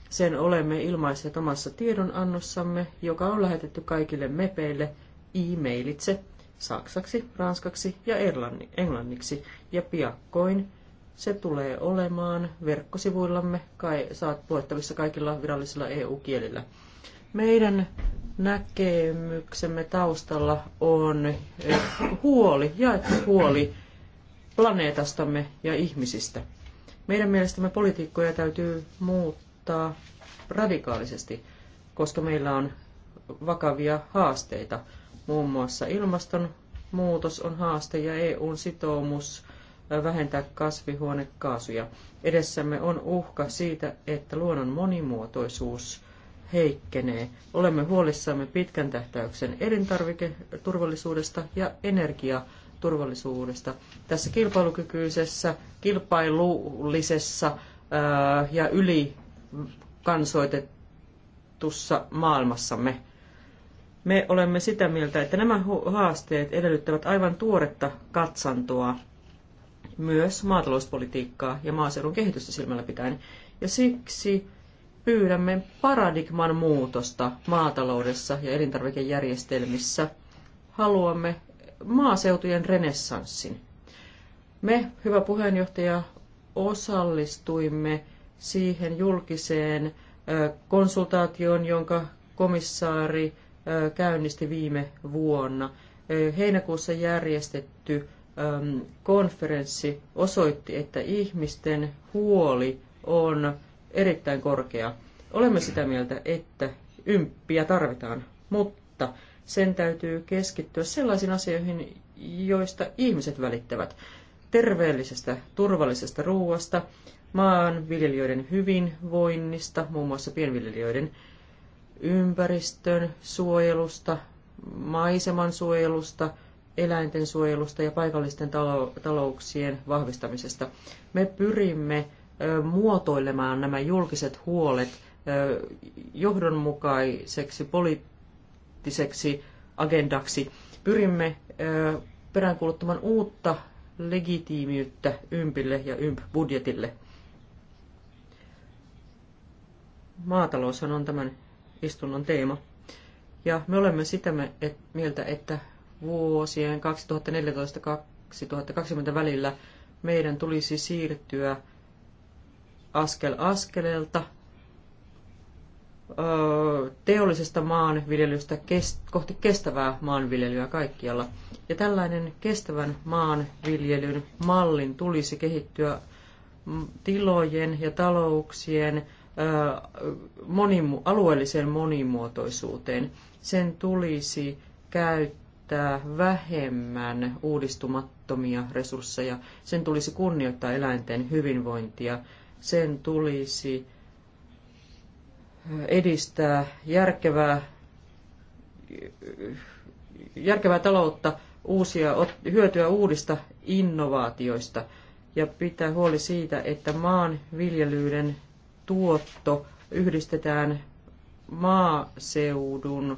S1: Sen olemme ilmaisseet omassa tiedonannossamme, joka on lähetetty kaikille mepeille e-mailitse saksaksi, ranskaksi ja englanniksi, ja piakkoin se tulee olemaan verkkosivuillamme, kai saat luettavissa kaikilla virallisilla EU-kielillä. Meidän näkemyksemme taustalla on huoli, jaettu huoli planeetastamme ja ihmisistä. Meidän mielestämme poliitikkoja täytyy muuttaa radikaalisesti, koska meillä on vakavia haasteita. Muun muassa ilmastonmuutos on haaste ja EUn sitoumus vähentää kasvihuonekaasuja. Edessämme on uhka siitä, että luonnon monimuotoisuus heikkenee. Olemme huolissamme pitkän tähtäyksen elintarviketurvallisuudesta ja energiaturvallisuudesta turvallisuudesta. Tässä kilpailukykyisessä, kilpailullisessa äh, ja ylikansoitetussa maailmassamme me olemme sitä mieltä, että nämä haasteet edellyttävät aivan tuoretta katsantoa myös maatalouspolitiikkaa ja maaseudun kehitystä silmällä pitäen. Ja siksi pyydämme paradigman muutosta maataloudessa ja elintarvikejärjestelmissä. Haluamme, maaseutujen renessanssin. Me, hyvä puheenjohtaja, osallistuimme siihen julkiseen konsultaatioon, jonka komissaari käynnisti viime vuonna. Heinäkuussa järjestetty konferenssi osoitti, että ihmisten huoli on erittäin korkea. Olemme sitä mieltä, että ymppiä tarvitaan, mutta sen täytyy keskittyä sellaisiin asioihin, joista ihmiset välittävät. Terveellisestä, turvallisesta ruoasta, maanviljelijöiden hyvinvoinnista, muun muassa pienviljelijöiden ympäristön suojelusta, maiseman suojelusta, eläinten suojelusta ja paikallisten talouksien vahvistamisesta. Me pyrimme muotoilemaan nämä julkiset huolet johdonmukaiseksi poli- poliittiseksi agendaksi. Pyrimme peräänkuuluttamaan uutta legitiimiyttä ympille ja ymp-budjetille. Maataloushan on tämän istunnon teema. Ja me olemme sitä mieltä, että vuosien 2014-2020 välillä meidän tulisi siirtyä askel askeleelta teollisesta maanviljelystä kohti kestävää maanviljelyä kaikkialla. Ja tällainen kestävän maanviljelyn mallin tulisi kehittyä tilojen ja talouksien monimu- alueelliseen monimuotoisuuteen. Sen tulisi käyttää vähemmän uudistumattomia resursseja. Sen tulisi kunnioittaa eläinten hyvinvointia. Sen tulisi edistää järkevää, järkevää taloutta, uusia, hyötyä uudista innovaatioista ja pitää huoli siitä, että viljelyyden tuotto yhdistetään maaseudun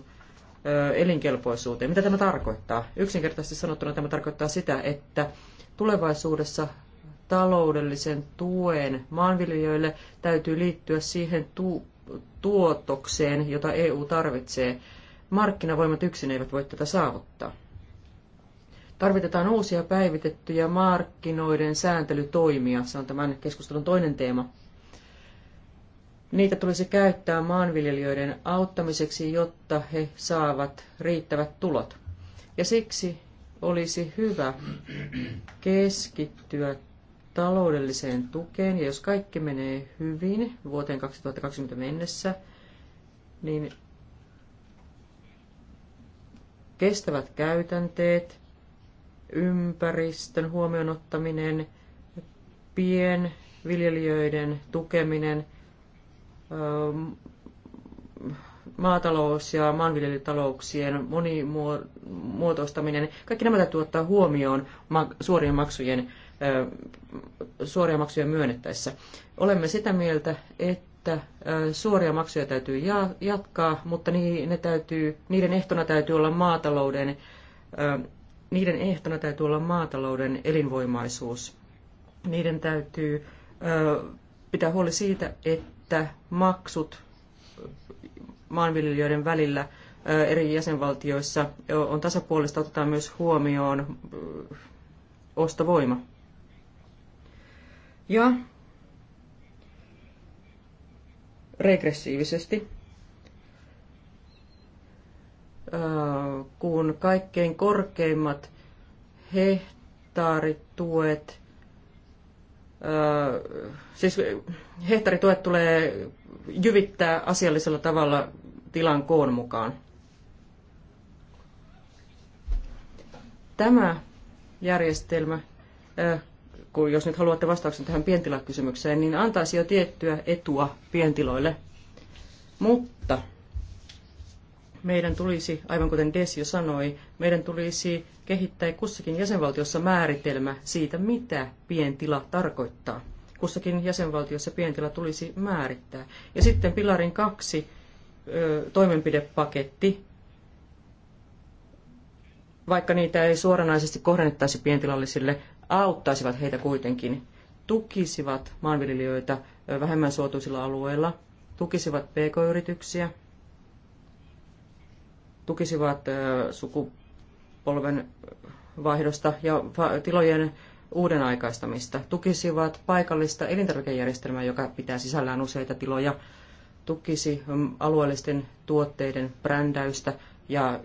S1: elinkelpoisuuteen. Mitä tämä tarkoittaa? Yksinkertaisesti sanottuna tämä tarkoittaa sitä, että tulevaisuudessa taloudellisen tuen maanviljelijöille täytyy liittyä siihen tu- tuotokseen, jota EU tarvitsee. Markkinavoimat yksin eivät voi tätä saavuttaa. Tarvitetaan uusia päivitettyjä markkinoiden sääntelytoimia. Se on tämän keskustelun toinen teema. Niitä tulisi käyttää maanviljelijöiden auttamiseksi, jotta he saavat riittävät tulot. Ja siksi olisi hyvä keskittyä taloudelliseen tukeen, ja jos kaikki menee hyvin vuoteen 2020 mennessä, niin kestävät käytänteet, ympäristön huomioon ottaminen, pienviljelijöiden tukeminen, ähm, maatalous- ja maanviljelytalouksien monimuotoistaminen, kaikki nämä täytyy ottaa huomioon suorien maksujen suoria maksuja myönnettäessä. Olemme sitä mieltä, että suoria maksuja täytyy jatkaa, mutta ne täytyy, niiden ehtona täytyy olla maatalouden niiden ehtona täytyy olla maatalouden elinvoimaisuus. Niiden täytyy pitää huoli siitä, että maksut maanviljelijöiden välillä eri jäsenvaltioissa on tasapuolista, otetaan myös huomioon ostovoima ja regressiivisesti, kun kaikkein korkeimmat hehtaarituet, siis hehtaarituet tulee jyvittää asiallisella tavalla tilan koon mukaan. Tämä järjestelmä kun jos nyt haluatte vastauksen tähän pientilakysymykseen, niin antaisi jo tiettyä etua pientiloille.
S2: Mutta
S1: meidän tulisi, aivan kuten Desio sanoi, meidän tulisi kehittää kussakin jäsenvaltiossa määritelmä siitä, mitä pientila tarkoittaa. Kussakin jäsenvaltiossa pientila tulisi määrittää. Ja sitten pilarin kaksi ö, toimenpidepaketti, vaikka niitä ei suoranaisesti kohdennettaisi pientilallisille, auttaisivat heitä kuitenkin, tukisivat maanviljelijöitä vähemmän suotuisilla alueilla, tukisivat pk-yrityksiä, tukisivat sukupolven vaihdosta ja tilojen uuden aikaistamista, tukisivat paikallista elintarvikejärjestelmää, joka pitää sisällään useita tiloja, tukisi alueellisten tuotteiden brändäystä ja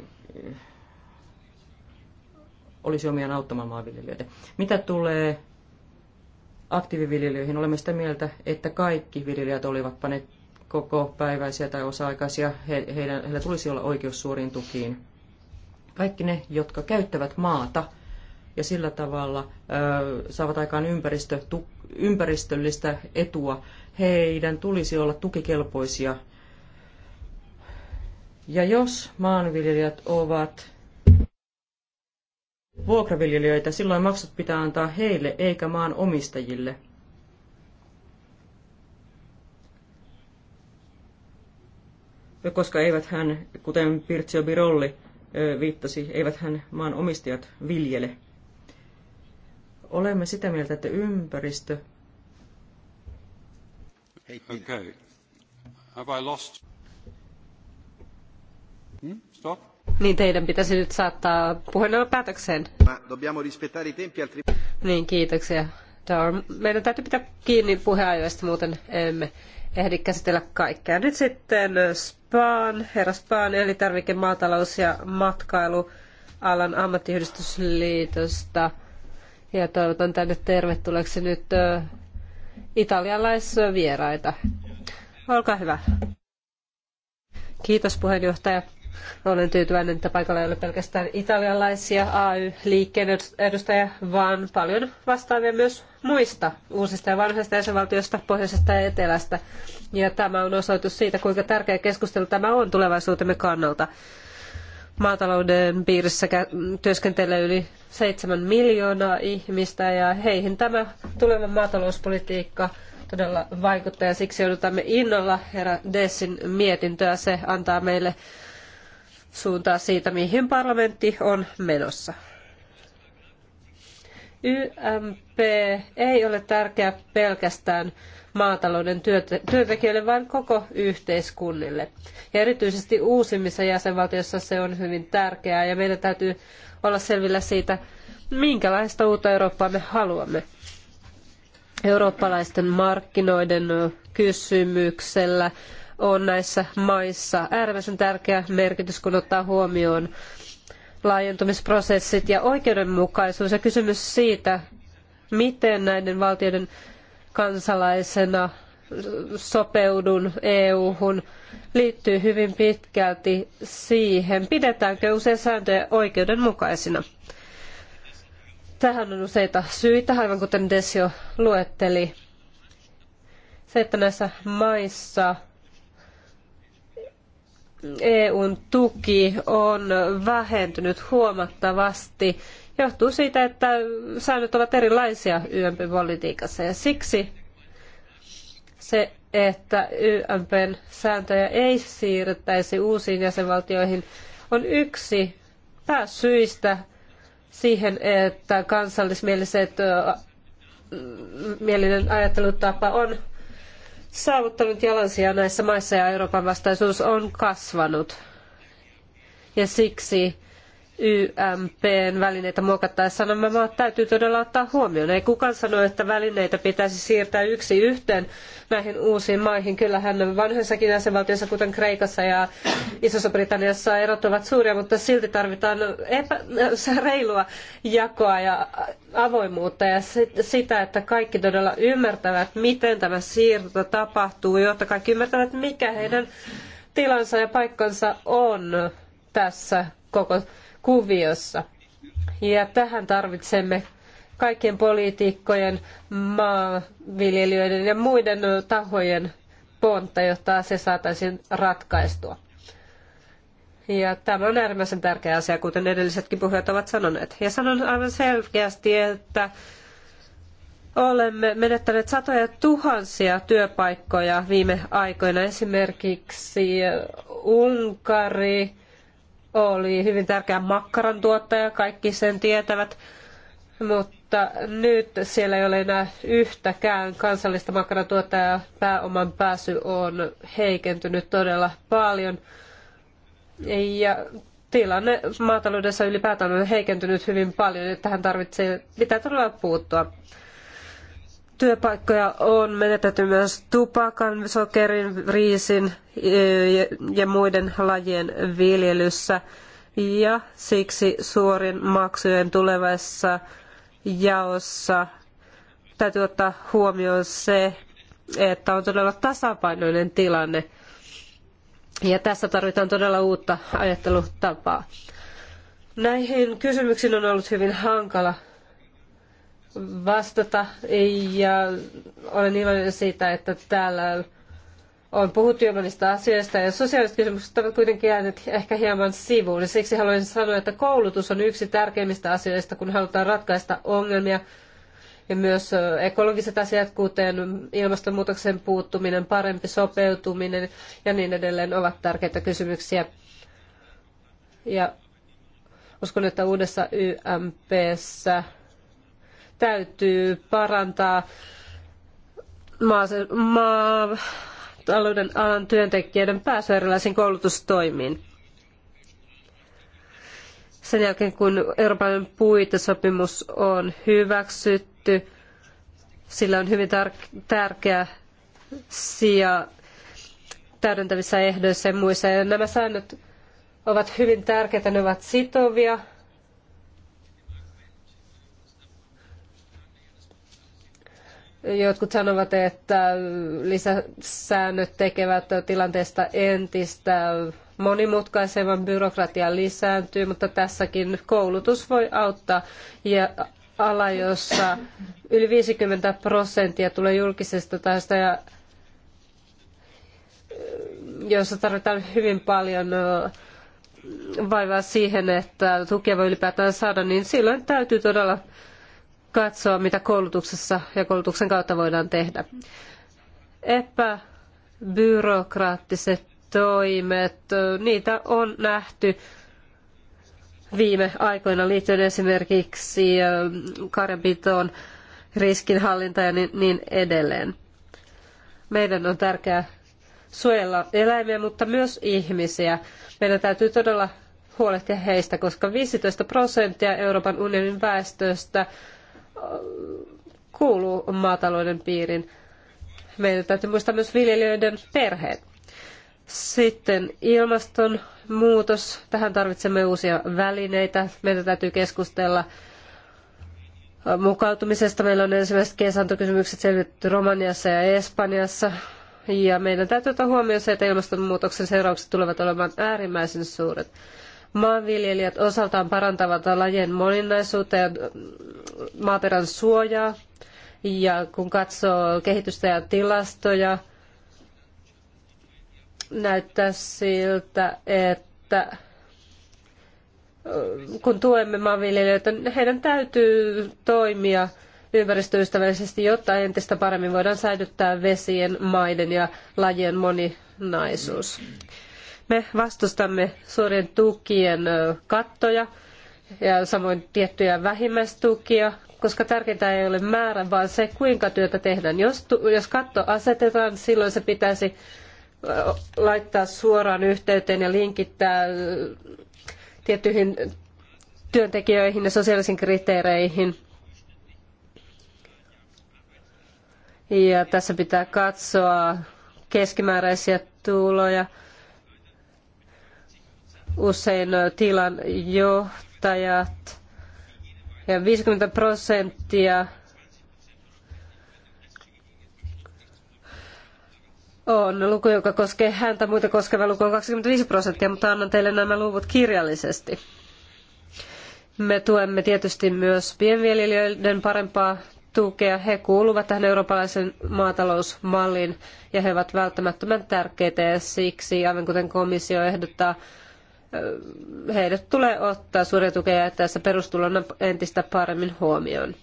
S1: olisi omiaan auttamaan maanviljelijöitä. Mitä tulee aktiiviviljelijöihin, olemme sitä mieltä, että kaikki viljelijät olivat ne koko päiväisiä tai osa-aikaisia, he, heidän, heillä tulisi olla oikeus suuriin tukiin. Kaikki ne, jotka käyttävät maata ja sillä tavalla ö, saavat aikaan ympäristö, tu, ympäristöllistä etua, heidän tulisi olla tukikelpoisia. Ja jos maanviljelijät ovat vuokraviljelijöitä, silloin maksut pitää antaa heille eikä maan omistajille. Koska eivät hän, kuten Pirzio Birolli viittasi, eivät hän maan omistajat viljele. Olemme sitä mieltä, että ympäristö...
S3: Okay. Have I lost? Hmm? Stop.
S2: Niin teidän pitäisi nyt saattaa puheenjohtaja päätökseen. Niin, kiitoksia. Meidän täytyy pitää kiinni puheajoista, muuten emme ehdi käsitellä kaikkea. Nyt sitten Spaan, herra Spaan, elintarvike, maatalous ja matkailualan ammattiyhdistysliitosta. Ja toivotan tänne tervetulleeksi nyt italialaisvieraita. Olkaa hyvä. Kiitos puheenjohtaja. Olen tyytyväinen, että paikalla ei ole pelkästään italialaisia AY-liikkeen edustajia, vaan paljon vastaavia myös muista uusista ja vanhoista jäsenvaltioista, pohjoisesta ja etelästä. Ja tämä on osoitus siitä, kuinka tärkeä keskustelu tämä on tulevaisuutemme kannalta. Maatalouden piirissä työskentelee yli seitsemän miljoonaa ihmistä ja heihin tämä tuleva maatalouspolitiikka todella vaikuttaa ja siksi odotamme innolla herra Dessin mietintöä. Se antaa meille suuntaa siitä, mihin parlamentti on menossa. YMP ei ole tärkeä pelkästään maatalouden työntekijöille, vaan koko yhteiskunnille. Ja erityisesti uusimmissa jäsenvaltioissa se on hyvin tärkeää ja meidän täytyy olla selvillä siitä, minkälaista uutta Eurooppaa me haluamme. Eurooppalaisten markkinoiden kysymyksellä on näissä maissa äärimmäisen tärkeä merkitys, kun ottaa huomioon laajentumisprosessit ja oikeudenmukaisuus ja kysymys siitä, miten näiden valtioiden kansalaisena sopeudun EU-hun liittyy hyvin pitkälti siihen, pidetäänkö usein sääntöjä oikeudenmukaisina. Tähän on useita syitä, aivan kuten Desio luetteli. Se, että näissä maissa EUn tuki on vähentynyt huomattavasti, johtuu siitä, että säännöt ovat erilaisia YMP-politiikassa ja siksi se, että YMPn sääntöjä ei siirrettäisi uusiin jäsenvaltioihin, on yksi pääsyistä siihen, että kansallismieliset mielinen ajattelutapa on saavuttanut jalansijaa näissä maissa ja Euroopan vastaisuus on kasvanut. Ja siksi YMPn välineitä muokattaessa nämä no, maat täytyy todella ottaa huomioon. Ei kukaan sano, että välineitä pitäisi siirtää yksi yhteen näihin uusiin maihin. Kyllähän vanhoissakin jäsenvaltioissa, kuten Kreikassa ja Isossa Britanniassa, erot ovat suuria, mutta silti tarvitaan epä, äh, reilua jakoa ja avoimuutta ja sitä, että kaikki todella ymmärtävät, miten tämä siirto tapahtuu, jotta kaikki ymmärtävät, mikä heidän tilansa ja paikkansa on tässä koko kuviossa. Ja tähän tarvitsemme kaikkien poliitikkojen, maanviljelijöiden ja muiden tahojen pontta, jotta se saataisiin ratkaistua. Ja tämä on äärimmäisen tärkeä asia, kuten edellisetkin puhujat ovat sanoneet. Ja sanon aivan selkeästi, että olemme menettäneet satoja tuhansia työpaikkoja viime aikoina. Esimerkiksi Unkari, oli hyvin tärkeä makkaran tuottaja, kaikki sen tietävät, mutta nyt siellä ei ole enää yhtäkään kansallista makkarantuottajaa. Pääoman pääsy on heikentynyt todella paljon. Ja tilanne maataloudessa ylipäätään on heikentynyt hyvin paljon, että tähän tarvitsee, pitää todella puuttua. Työpaikkoja on menetetty myös tupakan, sokerin, riisin e, ja muiden lajien viljelyssä. Ja siksi suorien maksujen tulevassa jaossa täytyy ottaa huomioon se, että on todella tasapainoinen tilanne. Ja tässä tarvitaan todella uutta ajattelutapaa. Näihin kysymyksiin on ollut hyvin hankala vastata ja olen iloinen siitä, että täällä on puhuttu jo monista asioista ja sosiaaliset kysymykset ovat kuitenkin jääneet ehkä hieman sivuun. Siksi haluaisin sanoa, että koulutus on yksi tärkeimmistä asioista, kun halutaan ratkaista ongelmia ja myös ekologiset asiat, kuten ilmastonmuutoksen puuttuminen, parempi sopeutuminen ja niin edelleen, ovat tärkeitä kysymyksiä. Ja uskon, että uudessa YMPssä täytyy parantaa maatalouden alan työntekijöiden pääsyä erilaisiin koulutustoimiin. Sen jälkeen, kun Euroopan puitesopimus on hyväksytty, sillä on hyvin tärkeä sija täydentävissä ehdoissa ja muissa. Ja nämä säännöt ovat hyvin tärkeitä, ne ovat sitovia Jotkut sanovat, että lisäsäännöt tekevät tilanteesta entistä monimutkaisemman, byrokratia lisääntyy, mutta tässäkin koulutus voi auttaa. Ja ala, jossa yli 50 prosenttia tulee julkisesta tästä ja jossa tarvitaan hyvin paljon vaivaa siihen, että tukea voi ylipäätään saada, niin silloin täytyy todella katsoa, mitä koulutuksessa ja koulutuksen kautta voidaan tehdä. Epäbyrokraattiset toimet, niitä on nähty viime aikoina liittyen esimerkiksi äh, karjanpitoon, riskinhallintaan ja niin, niin edelleen. Meidän on tärkeää suojella eläimiä, mutta myös ihmisiä. Meidän täytyy todella huolehtia heistä, koska 15 prosenttia Euroopan unionin väestöstä kuuluu maatalouden piirin. Meidän täytyy muistaa myös viljelijöiden perheet. Sitten ilmastonmuutos. Tähän tarvitsemme uusia välineitä. Meidän täytyy keskustella mukautumisesta. Meillä on ensimmäiset kesantokysymykset selvitetty Romaniassa ja Espanjassa. Ja meidän täytyy ottaa huomioon se, että ilmastonmuutoksen seuraukset tulevat olemaan äärimmäisen suuret. Maanviljelijät osaltaan parantavat lajien moninaisuutta ja maaperän suojaa. Ja kun katsoo kehitystä ja tilastoja, näyttää siltä, että kun tuemme maanviljelijöitä, heidän täytyy toimia ympäristöystävällisesti, jotta entistä paremmin voidaan säilyttää vesien, maiden ja lajien moninaisuus. Me vastustamme suorien tukien kattoja ja samoin tiettyjä vähimmäistukia, koska tärkeintä ei ole määrä, vaan se, kuinka työtä tehdään. Jos, jos katto asetetaan, silloin se pitäisi laittaa suoraan yhteyteen ja linkittää tiettyihin työntekijöihin ja sosiaalisiin kriteereihin. Ja tässä pitää katsoa keskimääräisiä tuloja usein tilan johtajat ja 50 prosenttia on luku, joka koskee häntä, muita koskeva luku on 25 prosenttia, mutta annan teille nämä luvut kirjallisesti. Me tuemme tietysti myös pienviljelijöiden parempaa tukea. He kuuluvat tähän eurooppalaisen maatalousmalliin ja he ovat välttämättömän tärkeitä ja siksi, aivan kuten komissio ehdottaa, heidät tulee ottaa suuria tukea tässä perustulona entistä paremmin huomioon.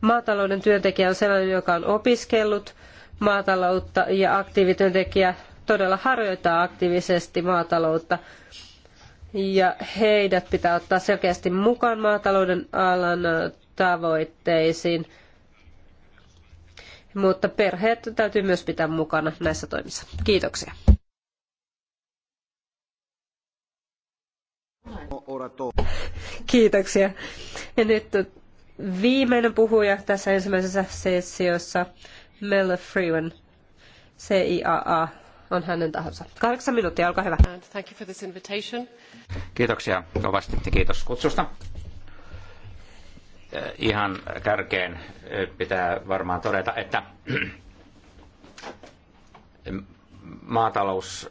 S2: Maatalouden työntekijä on sellainen, joka on opiskellut maataloutta ja aktiivityöntekijä todella harjoittaa aktiivisesti maataloutta. Ja heidät pitää ottaa selkeästi mukaan maatalouden alan tavoitteisiin. Mutta perheet täytyy myös pitää mukana näissä toimissa. Kiitoksia. Kiitoksia. Ja nyt viimeinen puhuja tässä ensimmäisessä sessiossa, Mel Freeman, CIAA, on hänen tahonsa. Kahdeksan minuuttia, olkaa hyvä. thank you for this invitation.
S3: Kiitoksia kovasti ja kiitos kutsusta. Eh, ihan kärkeen eh, pitää varmaan todeta, että maatalous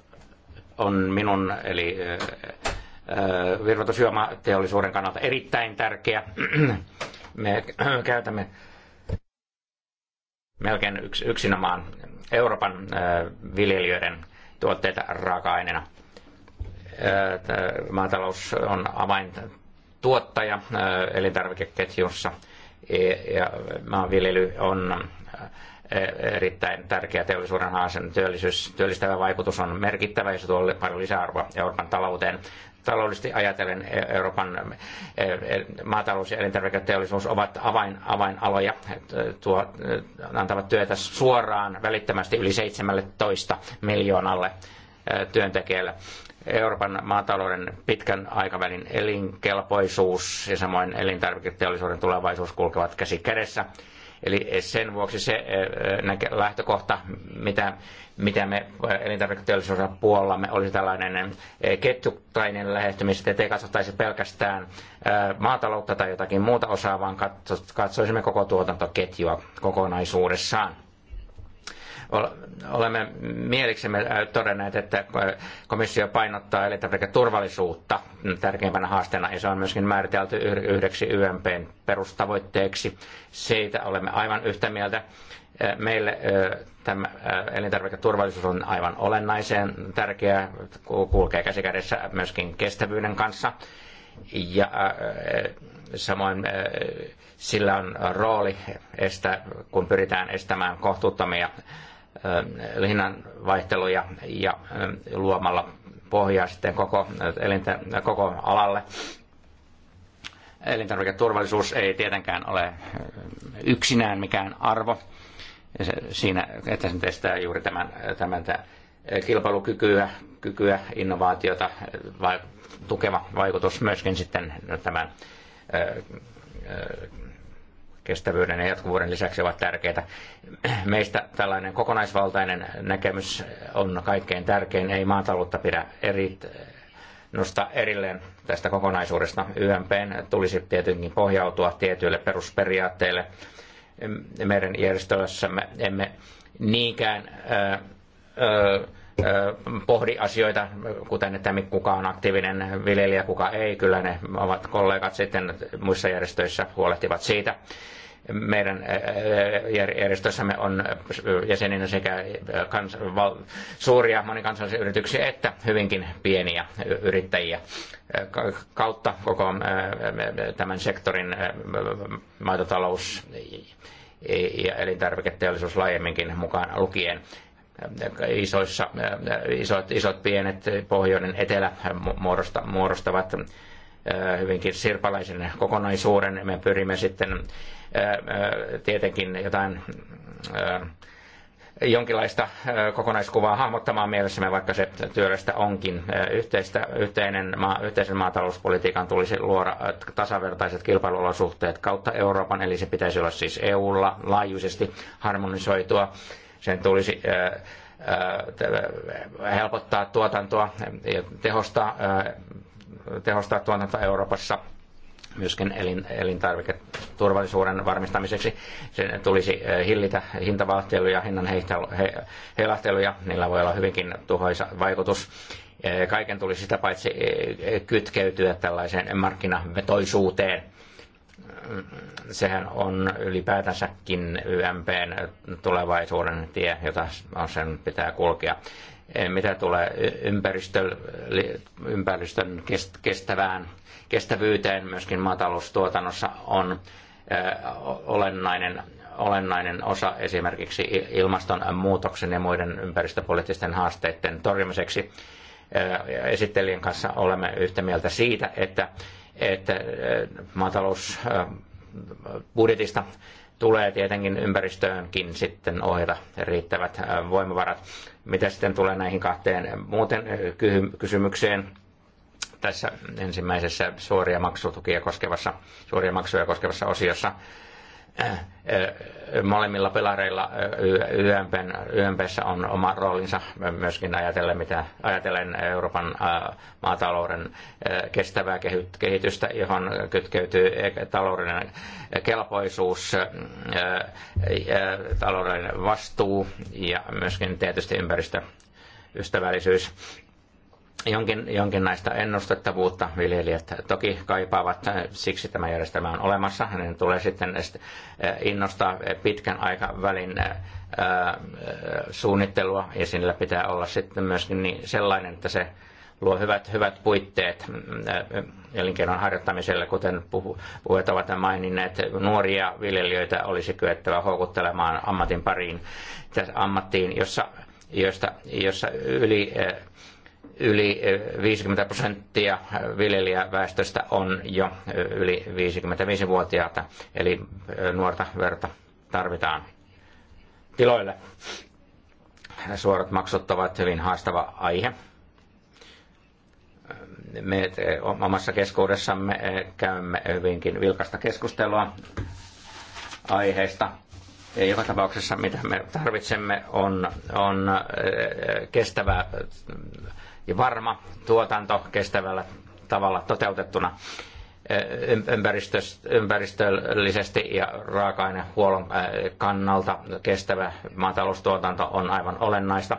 S3: on minun eli eh, virvoitusjuomateollisuuden kannalta erittäin tärkeä. Me käytämme melkein yks, yksinomaan Euroopan viljelijöiden tuotteita raaka-aineena. Maatalous on avaintuottaja elintarvikeketjussa e, ja maanviljely on erittäin tärkeä teollisuuden haasen. Työllisyys, työllistävä vaikutus on merkittävä ja se tuo paljon lisäarvoa Euroopan talouteen taloudellisesti ajatellen e- Euroopan e- e- maatalous- ja elintarviketeollisuus ovat avain, avainaloja, tuo, antavat työtä suoraan välittömästi yli 17 miljoonalle työntekijälle. Euroopan maatalouden pitkän aikavälin elinkelpoisuus ja samoin elintarviketeollisuuden tulevaisuus kulkevat käsi kädessä Eli sen vuoksi se eh, eh, lähtökohta, mitä, mitä me elintarviketeollisuuden puolellamme olisi tällainen eh, ketjutainen että ei katsottaisi pelkästään maataloutta tai jotakin muuta osaa, vaan katsoisimme koko tuotantoketjua kokonaisuudessaan. Olemme mieliksemme äh, todenneet, että komissio painottaa turvallisuutta tärkeimpänä haasteena, ja se on myöskin määritelty yhdeksi YMPn perustavoitteeksi. Siitä olemme aivan yhtä mieltä äh, meille äh, tämä elintarviketurvallisuus on aivan olennaiseen tärkeää, kulkee käsikädessä myöskin kestävyyden kanssa. Ja samoin sillä on rooli, estää kun pyritään estämään kohtuuttomia lihan vaihteluja ja luomalla pohjaa sitten koko, elintä, koko alalle. Elintarviketurvallisuus ei tietenkään ole yksinään mikään arvo. Siinä, että se estää juuri tämän, tämän kilpailukykyä, kykyä, innovaatiota, vai, tukeva vaikutus myöskin sitten tämän kestävyyden ja jatkuvuuden lisäksi ovat tärkeitä. Meistä tällainen kokonaisvaltainen näkemys on kaikkein tärkein. Ei maataloutta pidä eri, nostaa erilleen tästä kokonaisuudesta. YMP tulisi tietenkin pohjautua tietyille perusperiaatteille. Meidän järjestelmässämme emme niinkään ää, ää, pohdi asioita, kuten että kuka on aktiivinen viljelijä, kuka ei. Kyllä ne ovat kollegat sitten muissa järjestöissä huolehtivat siitä. Meidän järjestössämme on jäseninä sekä kans, val, suuria monikansallisia yrityksiä että hyvinkin pieniä yrittäjiä kautta koko tämän sektorin maitotalous ja elintarviketeollisuus laajemminkin mukaan lukien isoissa, isot, isot pienet pohjoinen etelä muodostavat hyvinkin sirpalaisen kokonaisuuden. Me pyrimme sitten tietenkin jotain jonkinlaista kokonaiskuvaa hahmottamaan mielessämme, vaikka se työlästä onkin. Yhteistä, yhteinen maa, yhteisen maatalouspolitiikan tulisi luoda tasavertaiset kilpailuolosuhteet kautta Euroopan, eli se pitäisi olla siis EUlla laajuisesti harmonisoitua sen tulisi helpottaa tuotantoa ja tehostaa, tehostaa tuotantoa Euroopassa myöskin elin, elintarviketurvallisuuden varmistamiseksi. Sen tulisi hillitä hintavaihteluja, hinnan heilahteluja. Niillä voi olla hyvinkin tuhoisa vaikutus. Kaiken tulisi sitä paitsi kytkeytyä tällaiseen markkinavetoisuuteen – sehän on ylipäätänsäkin YMPn tulevaisuuden tie, jota sen pitää kulkea. E, mitä tulee ympäristö, ympäristön kestävään, kestävyyteen, myöskin maataloustuotannossa on e, olennainen, olennainen osa esimerkiksi ilmastonmuutoksen ja muiden ympäristöpoliittisten haasteiden torjumiseksi. E, esittelijän kanssa olemme yhtä mieltä siitä, että että äh, maatalousbudjetista äh, tulee tietenkin ympäristöönkin sitten ohjata riittävät äh, voimavarat. Mitä sitten tulee näihin kahteen muuten kysymykseen tässä ensimmäisessä suoria maksutukia koskevassa, suoria maksuja koskevassa osiossa molemmilla pelareilla YMPssä on oma roolinsa myöskin ajatellen, mitä, ajatellen Euroopan maatalouden kestävää kehitystä, johon kytkeytyy e-, taloudellinen kelpoisuus, taloudellinen vastuu ja myöskin tietysti ympäristöystävällisyys jonkin, jonkinlaista ennustettavuutta viljelijät toki kaipaavat, äh, siksi tämä järjestelmä on olemassa. Niin tulee sitten äh, innostaa pitkän aikavälin äh, suunnittelua ja sillä pitää olla sitten myöskin niin sellainen, että se luo hyvät, hyvät puitteet mm, elinkeinon harjoittamiselle, kuten puhujat ovat maininneet. Nuoria viljelijöitä olisi kyettävä houkuttelemaan ammatin pariin, ammattiin, jossa, josta, jossa yli Yli 50 prosenttia viljelijäväestöstä on jo yli 55-vuotiaata, eli nuorta verta tarvitaan tiloille. Suorat maksut ovat hyvin haastava aihe me omassa keskuudessamme käymme hyvinkin vilkasta keskustelua aiheesta. Ja joka tapauksessa mitä me tarvitsemme on, on kestävää ja varma tuotanto kestävällä tavalla toteutettuna eh, ympäristöllisesti ja raaka-ainehuollon eh, kannalta kestävä maataloustuotanto on aivan olennaista.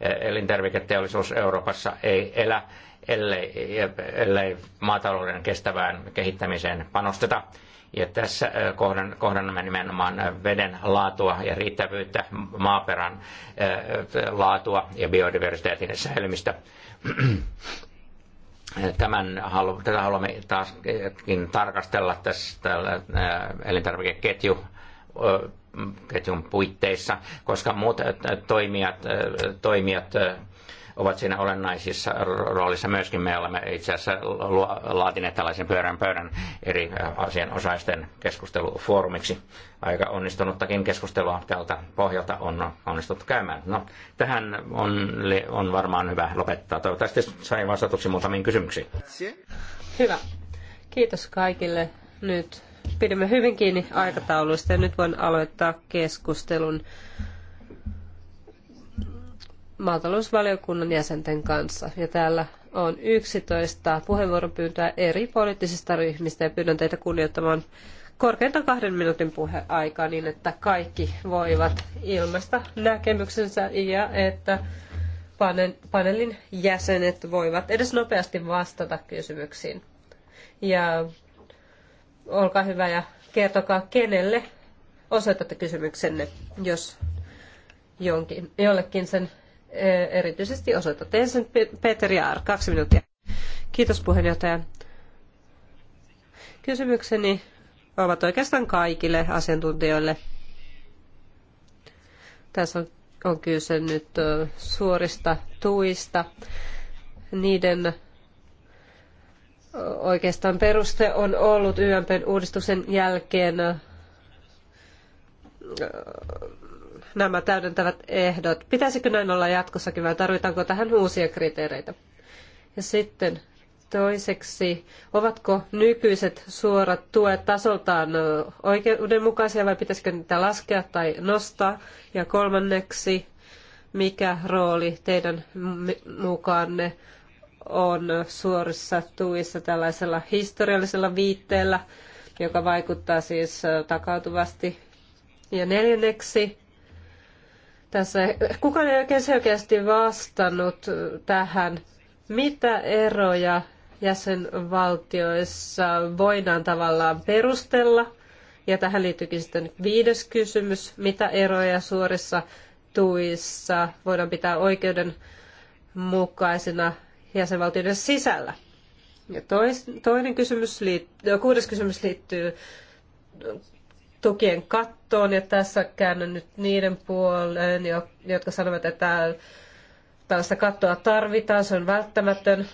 S3: Eh, elintarviketeollisuus Euroopassa ei elä, ellei, ellei maatalouden kestävään kehittämiseen panosteta. Ja tässä kohdan, kohdannamme nimenomaan veden laatua ja riittävyyttä, maaperän laatua ja biodiversiteetin säilymistä Tämän, tätä haluamme taaskin tarkastella tässä tällä äh, elintarvikeketju äh, ketjun puitteissa, koska muut äh, toimijat, toimijat ovat siinä olennaisissa roolissa myöskin. Me olemme itse asiassa laatineet tällaisen pyörän pöydän eri asianosaisten keskustelufoorumiksi. Aika onnistunuttakin keskustelua tältä pohjalta on onnistuttu käymään. No, tähän on, on varmaan hyvä lopettaa. Toivottavasti sain vastatuksi muutamiin kysymyksiin.
S2: Hyvä. Kiitos kaikille. Nyt pidämme hyvin kiinni aikataulusta ja nyt voin aloittaa keskustelun maatalousvaliokunnan jäsenten kanssa. Ja täällä on 11 puheenvuoropyyntöä eri poliittisista ryhmistä ja pyydän teitä kunnioittamaan korkeintaan kahden minuutin puheaikaa niin, että kaikki voivat ilmaista näkemyksensä ja että paneelin jäsenet voivat edes nopeasti vastata kysymyksiin. Ja olkaa hyvä ja kertokaa, kenelle osoitatte kysymyksenne, jos jonkin, jollekin sen Eh, erityisesti osoitatte. Ensin Peter Jaar, kaksi minuuttia. Kiitos puheenjohtaja. Kysymykseni ovat oikeastaan kaikille asiantuntijoille. Tässä on, on kyse nyt suorista tuista. Niiden oikeastaan peruste on ollut YMPn uudistuksen jälkeen nämä täydentävät ehdot. Pitäisikö näin olla jatkossakin vai tarvitaanko tähän uusia kriteereitä? Ja sitten toiseksi, ovatko nykyiset suorat tuet tasoltaan oikeudenmukaisia vai pitäisikö niitä laskea tai nostaa? Ja kolmanneksi, mikä rooli teidän mukaanne on suorissa tuissa tällaisella historiallisella viitteellä, joka vaikuttaa siis takautuvasti. Ja neljänneksi, tässä kukaan ei oikein selkeästi vastannut tähän, mitä eroja jäsenvaltioissa voidaan tavallaan perustella. Ja tähän liittyykin sitten viides kysymys, mitä eroja suorissa tuissa voidaan pitää oikeudenmukaisina jäsenvaltioiden sisällä. Ja tois, toinen kysymys liittyy, kuudes kysymys liittyy tukien kattoon ja tässä käännän nyt niiden puoleen, jotka sanovat, että tällaista kattoa tarvitaan, se on välttämätön.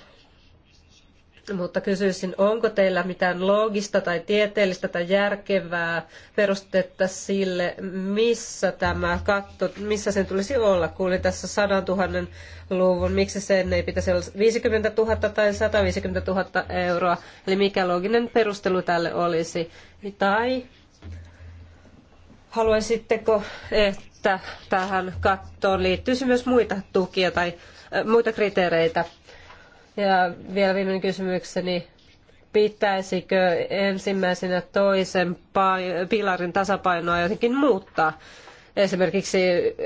S2: Mutta kysyisin, onko teillä mitään loogista tai tieteellistä tai järkevää perustetta sille, missä tämä katto, missä sen tulisi olla? Kuulin tässä 100 000 luvun, miksi sen ei pitäisi olla 50 000 tai 150 000 euroa, eli mikä looginen perustelu tälle olisi? Tai Haluaisitteko, että tähän kattoon liittyisi myös muita tukia tai äh, muita kriteereitä? Ja vielä viimeinen kysymykseni. Pitäisikö ensimmäisen ja toisen pilarin tasapainoa jotenkin muuttaa? Esimerkiksi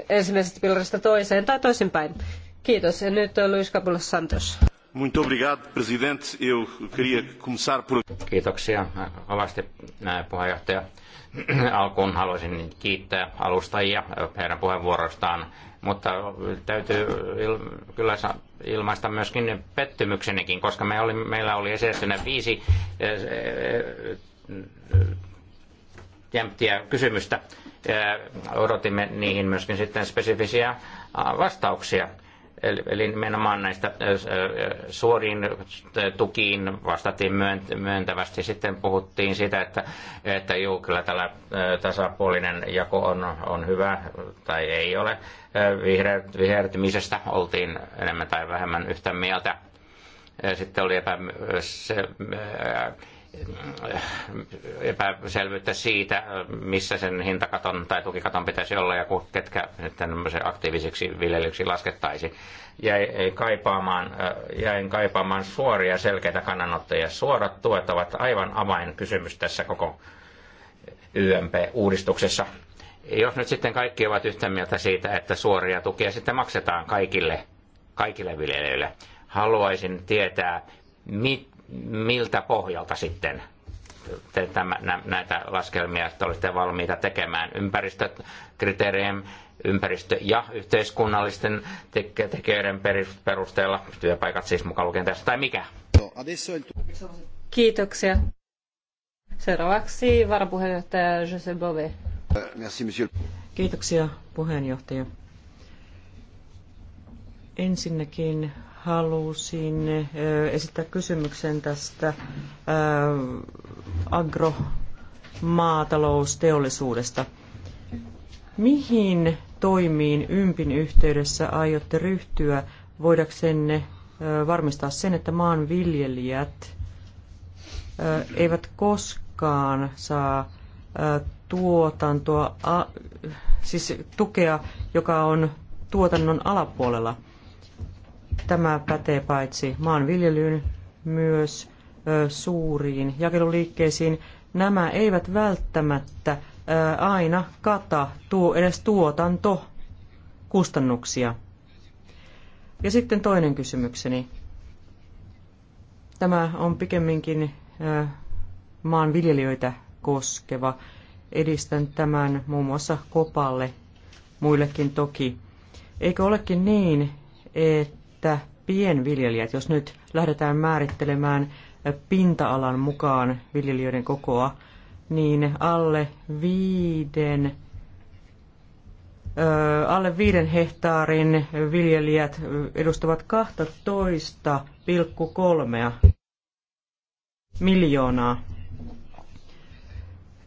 S2: ensimmäisestä pilarista toiseen tai toisinpäin. Kiitos. Ja nyt on Luis Capula
S3: Santos. Muito obrigado, presidente. Eu queria começar por... Kiitoksia kovasti, puheenjohtaja Alkuun haluaisin kiittää alustajia heidän puheenvuorostaan, mutta täytyy il- kyllä ilmaista myöskin pettymyksenikin, koska me oli, meillä oli esitettynä viisi eh, eh, jämptiä kysymystä. Eh, odotimme niihin myöskin sitten spesifisiä ah, vastauksia Eli, eli nimenomaan näistä suoriin tukiin vastattiin myöntävästi. Sitten puhuttiin sitä, että, että juu, kyllä tällä tasapuolinen jako on, on hyvä tai ei ole. Vihertymisestä oltiin enemmän tai vähemmän yhtä mieltä. Sitten oli epä, se, epäselvyyttä siitä, missä sen hintakaton tai tukikaton pitäisi olla ja ketkä tämmöisen aktiivisiksi viljelyksi laskettaisiin. Jäin kaipaamaan, jäin kaipaamaan suoria selkeitä kannanottoja. Suorat tuet ovat aivan avainkysymys tässä koko YMP-uudistuksessa. Jos nyt sitten kaikki ovat yhtä mieltä siitä, että suoria tukia sitten maksetaan kaikille, kaikille viljelijöille, haluaisin tietää, mit, miltä pohjalta sitten te tämä, näitä laskelmia, että olette valmiita tekemään ympäristökriteerien, ympäristö- ja yhteiskunnallisten tekijöiden perusteella, työpaikat siis mukaan lukien tässä, tai mikä?
S2: Kiitoksia. Seuraavaksi varapuheenjohtaja Jose Bove. Kiitoksia
S1: puheenjohtaja. Ensinnäkin halusin äh, esittää kysymyksen tästä äh, agromaatalousteollisuudesta. Mihin toimiin ympin yhteydessä aiotte ryhtyä voidaksenne äh, varmistaa sen, että maanviljelijät eivät koskaan saa tuotantoa, siis tukea, joka on tuotannon alapuolella – Tämä pätee paitsi maanviljelyyn myös suuriin jakeluliikkeisiin. Nämä eivät välttämättä aina kata tuo, edes tuotantokustannuksia. Ja sitten toinen kysymykseni. Tämä on pikemminkin maanviljelijöitä koskeva. Edistän tämän muun muassa kopalle, muillekin toki. Eikö olekin niin, että että pienviljelijät, jos nyt lähdetään määrittelemään pinta-alan mukaan viljelijöiden kokoa, niin alle viiden, ö, alle viiden hehtaarin viljelijät edustavat 12,3 miljoonaa.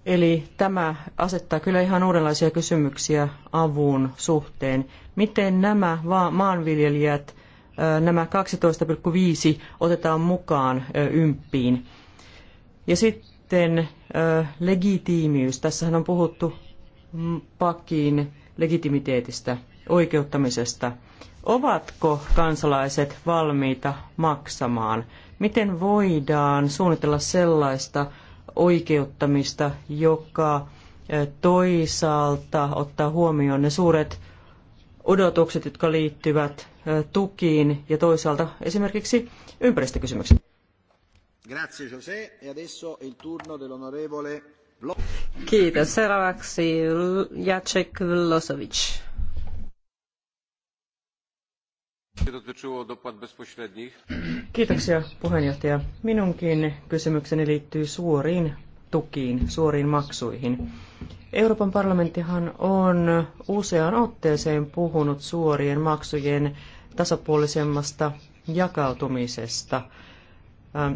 S1: Eli tämä asettaa kyllä ihan uudenlaisia kysymyksiä avun suhteen. Miten nämä maanviljelijät nämä 12,5 otetaan mukaan ymppiin. Ja sitten legitiimiys. Tässähän on puhuttu pakin legitimiteetistä, oikeuttamisesta. Ovatko kansalaiset valmiita maksamaan? Miten voidaan suunnitella sellaista oikeuttamista, joka toisaalta ottaa huomioon ne suuret odotukset, jotka liittyvät tukiin ja toisaalta
S2: esimerkiksi ympäristökysymyksiin.
S3: Grazie José. E adesso il turno dell'onorevole
S2: Kiitos. Seuraavaksi Jacek Vlosovic.
S1: Kiitoksia puheenjohtaja. Minunkin kysymykseni liittyy suoriin tukiin, suoriin maksuihin. Euroopan parlamenttihan on useaan otteeseen puhunut suorien maksujen tasapuolisemmasta jakautumisesta. Ähm,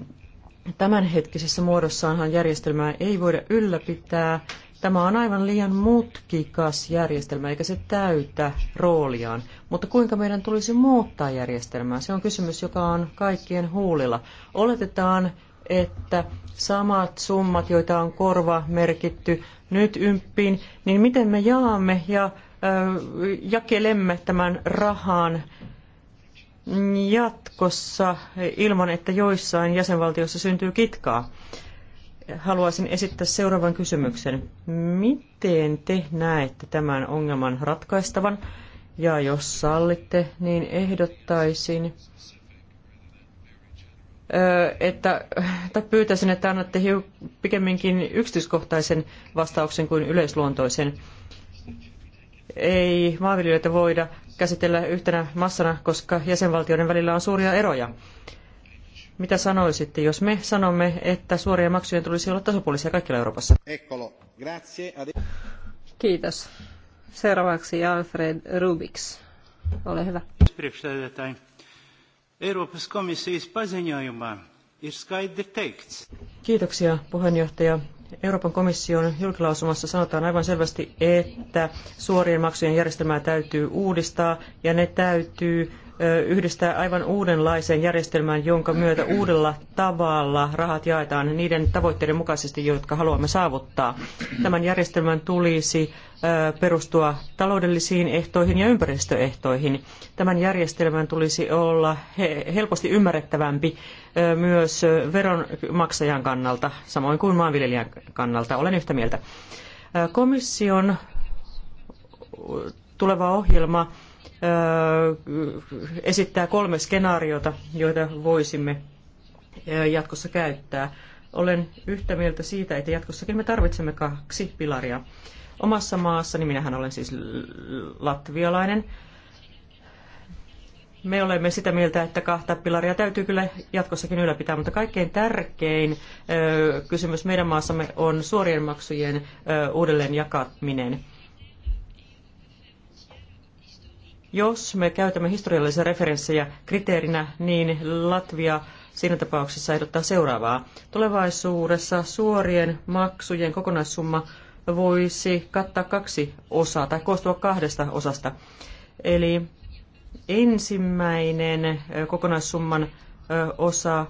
S1: tämänhetkisessä muodossaanhan järjestelmää ei voida ylläpitää. Tämä on aivan liian mutkikas järjestelmä, eikä se täytä rooliaan. Mutta kuinka meidän tulisi muuttaa järjestelmää? Se on kysymys, joka on kaikkien huulilla. Oletetaan että samat summat, joita on korva merkitty nyt ymppiin, niin miten me jaamme ja jakelemme tämän rahan jatkossa ilman, että joissain jäsenvaltioissa syntyy kitkaa. Haluaisin esittää seuraavan kysymyksen. Miten te näette tämän ongelman ratkaistavan? Ja jos sallitte, niin ehdottaisin, että, tai pyytäisin, että annatte pikemminkin yksityiskohtaisen vastauksen kuin yleisluontoisen. Ei maanviljelijöitä voida käsitellä yhtenä massana, koska jäsenvaltioiden välillä on suuria eroja. Mitä sanoisitte, jos me sanomme, että suorien maksujen tulisi olla
S2: tasapuolisia kaikkialla Euroopassa? Kiitos. Seuraavaksi Alfred Rubiks. Ole hyvä.
S3: Euroopan komisijas paziņojumā ir skaidri teikts.
S2: Kiitoksia puheenjohtaja.
S1: Euroopan komission julkilausumassa sanotaan aivan selvästi, että suorien maksujen järjestelmää täytyy uudistaa ja ne täytyy yhdistää aivan uudenlaiseen järjestelmään, jonka myötä uudella tavalla rahat jaetaan niiden tavoitteiden mukaisesti, jotka haluamme saavuttaa. Tämän järjestelmän tulisi perustua taloudellisiin ehtoihin ja ympäristöehtoihin. Tämän järjestelmän tulisi olla helposti ymmärrettävämpi myös veronmaksajan kannalta, samoin kuin maanviljelijän kannalta. Olen yhtä mieltä. Komission tuleva ohjelma esittää kolme skenaariota, joita voisimme jatkossa käyttää. Olen yhtä mieltä siitä, että jatkossakin me tarvitsemme kaksi pilaria. Omassa maassani, minähän olen siis latvialainen, me olemme sitä mieltä, että kahta pilaria täytyy kyllä jatkossakin ylläpitää, mutta kaikkein tärkein kysymys meidän maassamme on suorien maksujen ö, uudelleen jakaminen. Jos me käytämme historiallisia referenssejä kriteerinä, niin Latvia siinä tapauksessa ehdottaa seuraavaa. Tulevaisuudessa suorien maksujen kokonaissumma voisi kattaa kaksi osaa tai koostua kahdesta osasta. Eli ensimmäinen kokonaissumman osa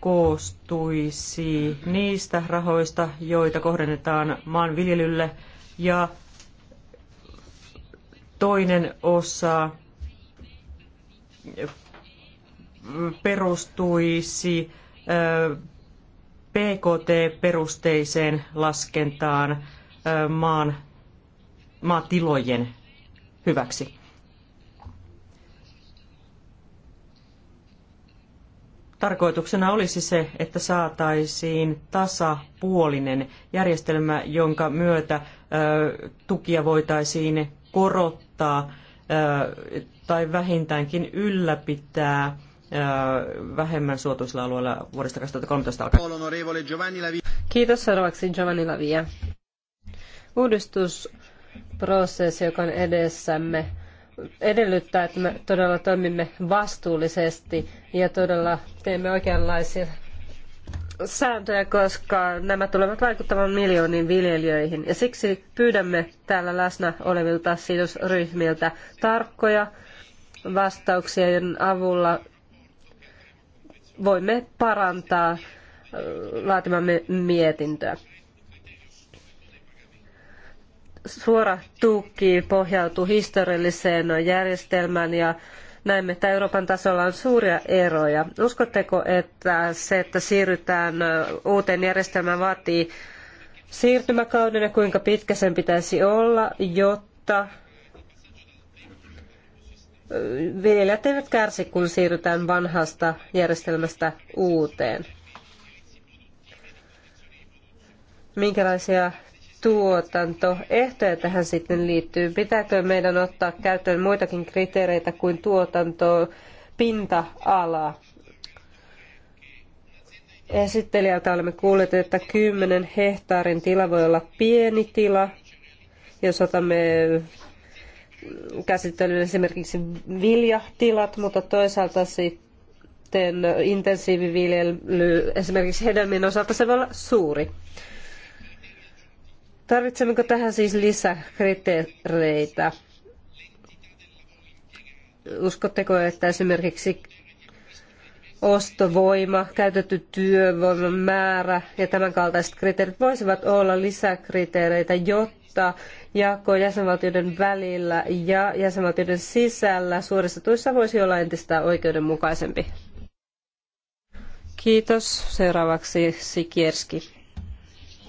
S1: koostuisi niistä rahoista, joita kohdennetaan maanviljelylle ja toinen osa perustuisi PKT-perusteiseen laskentaan maan, maatilojen hyväksi. Tarkoituksena olisi se, että saataisiin tasapuolinen järjestelmä, jonka myötä tukia voitaisiin korottaa tai vähintäänkin ylläpitää vähemmän suotuisilla alueilla vuodesta 2013 alkaen.
S2: Kiitos seuraavaksi Giovanni Lavia. Uudistusprosessi, joka on edessämme, edellyttää, että me todella toimimme vastuullisesti ja todella teemme oikeanlaisia sääntöjä, koska nämä tulevat vaikuttamaan miljooniin viljelijöihin. Ja siksi pyydämme täällä läsnä olevilta sidosryhmiltä tarkkoja vastauksia, joiden avulla voimme parantaa laatimamme mietintöä. Suora tuki pohjautuu historialliseen järjestelmään ja näemme, että Euroopan tasolla on suuria eroja. Uskotteko, että se, että siirrytään uuteen järjestelmään, vaatii siirtymäkauden ja kuinka pitkä sen pitäisi olla, jotta viljelijät eivät kärsi, kun siirrytään vanhasta järjestelmästä uuteen? Minkälaisia tuotantoehtoja tähän sitten liittyy. Pitääkö meidän ottaa käyttöön muitakin kriteereitä kuin tuotanto, pinta-ala? Esittelijältä olemme kuulleet, että 10 hehtaarin tila voi olla pieni tila, jos otamme käsittelyyn esimerkiksi viljatilat, mutta toisaalta sitten intensiiviviljely esimerkiksi hedelmien osalta se voi olla suuri. Tarvitsemmeko tähän siis lisäkriteereitä? Uskotteko, että esimerkiksi ostovoima, käytetty työvoiman määrä ja tämän kaltaiset kriteerit voisivat olla lisäkriteereitä, jotta jako jäsenvaltioiden välillä ja jäsenvaltioiden sisällä suoristetuissa voisi olla entistä oikeudenmukaisempi. Kiitos. Seuraavaksi Sikierski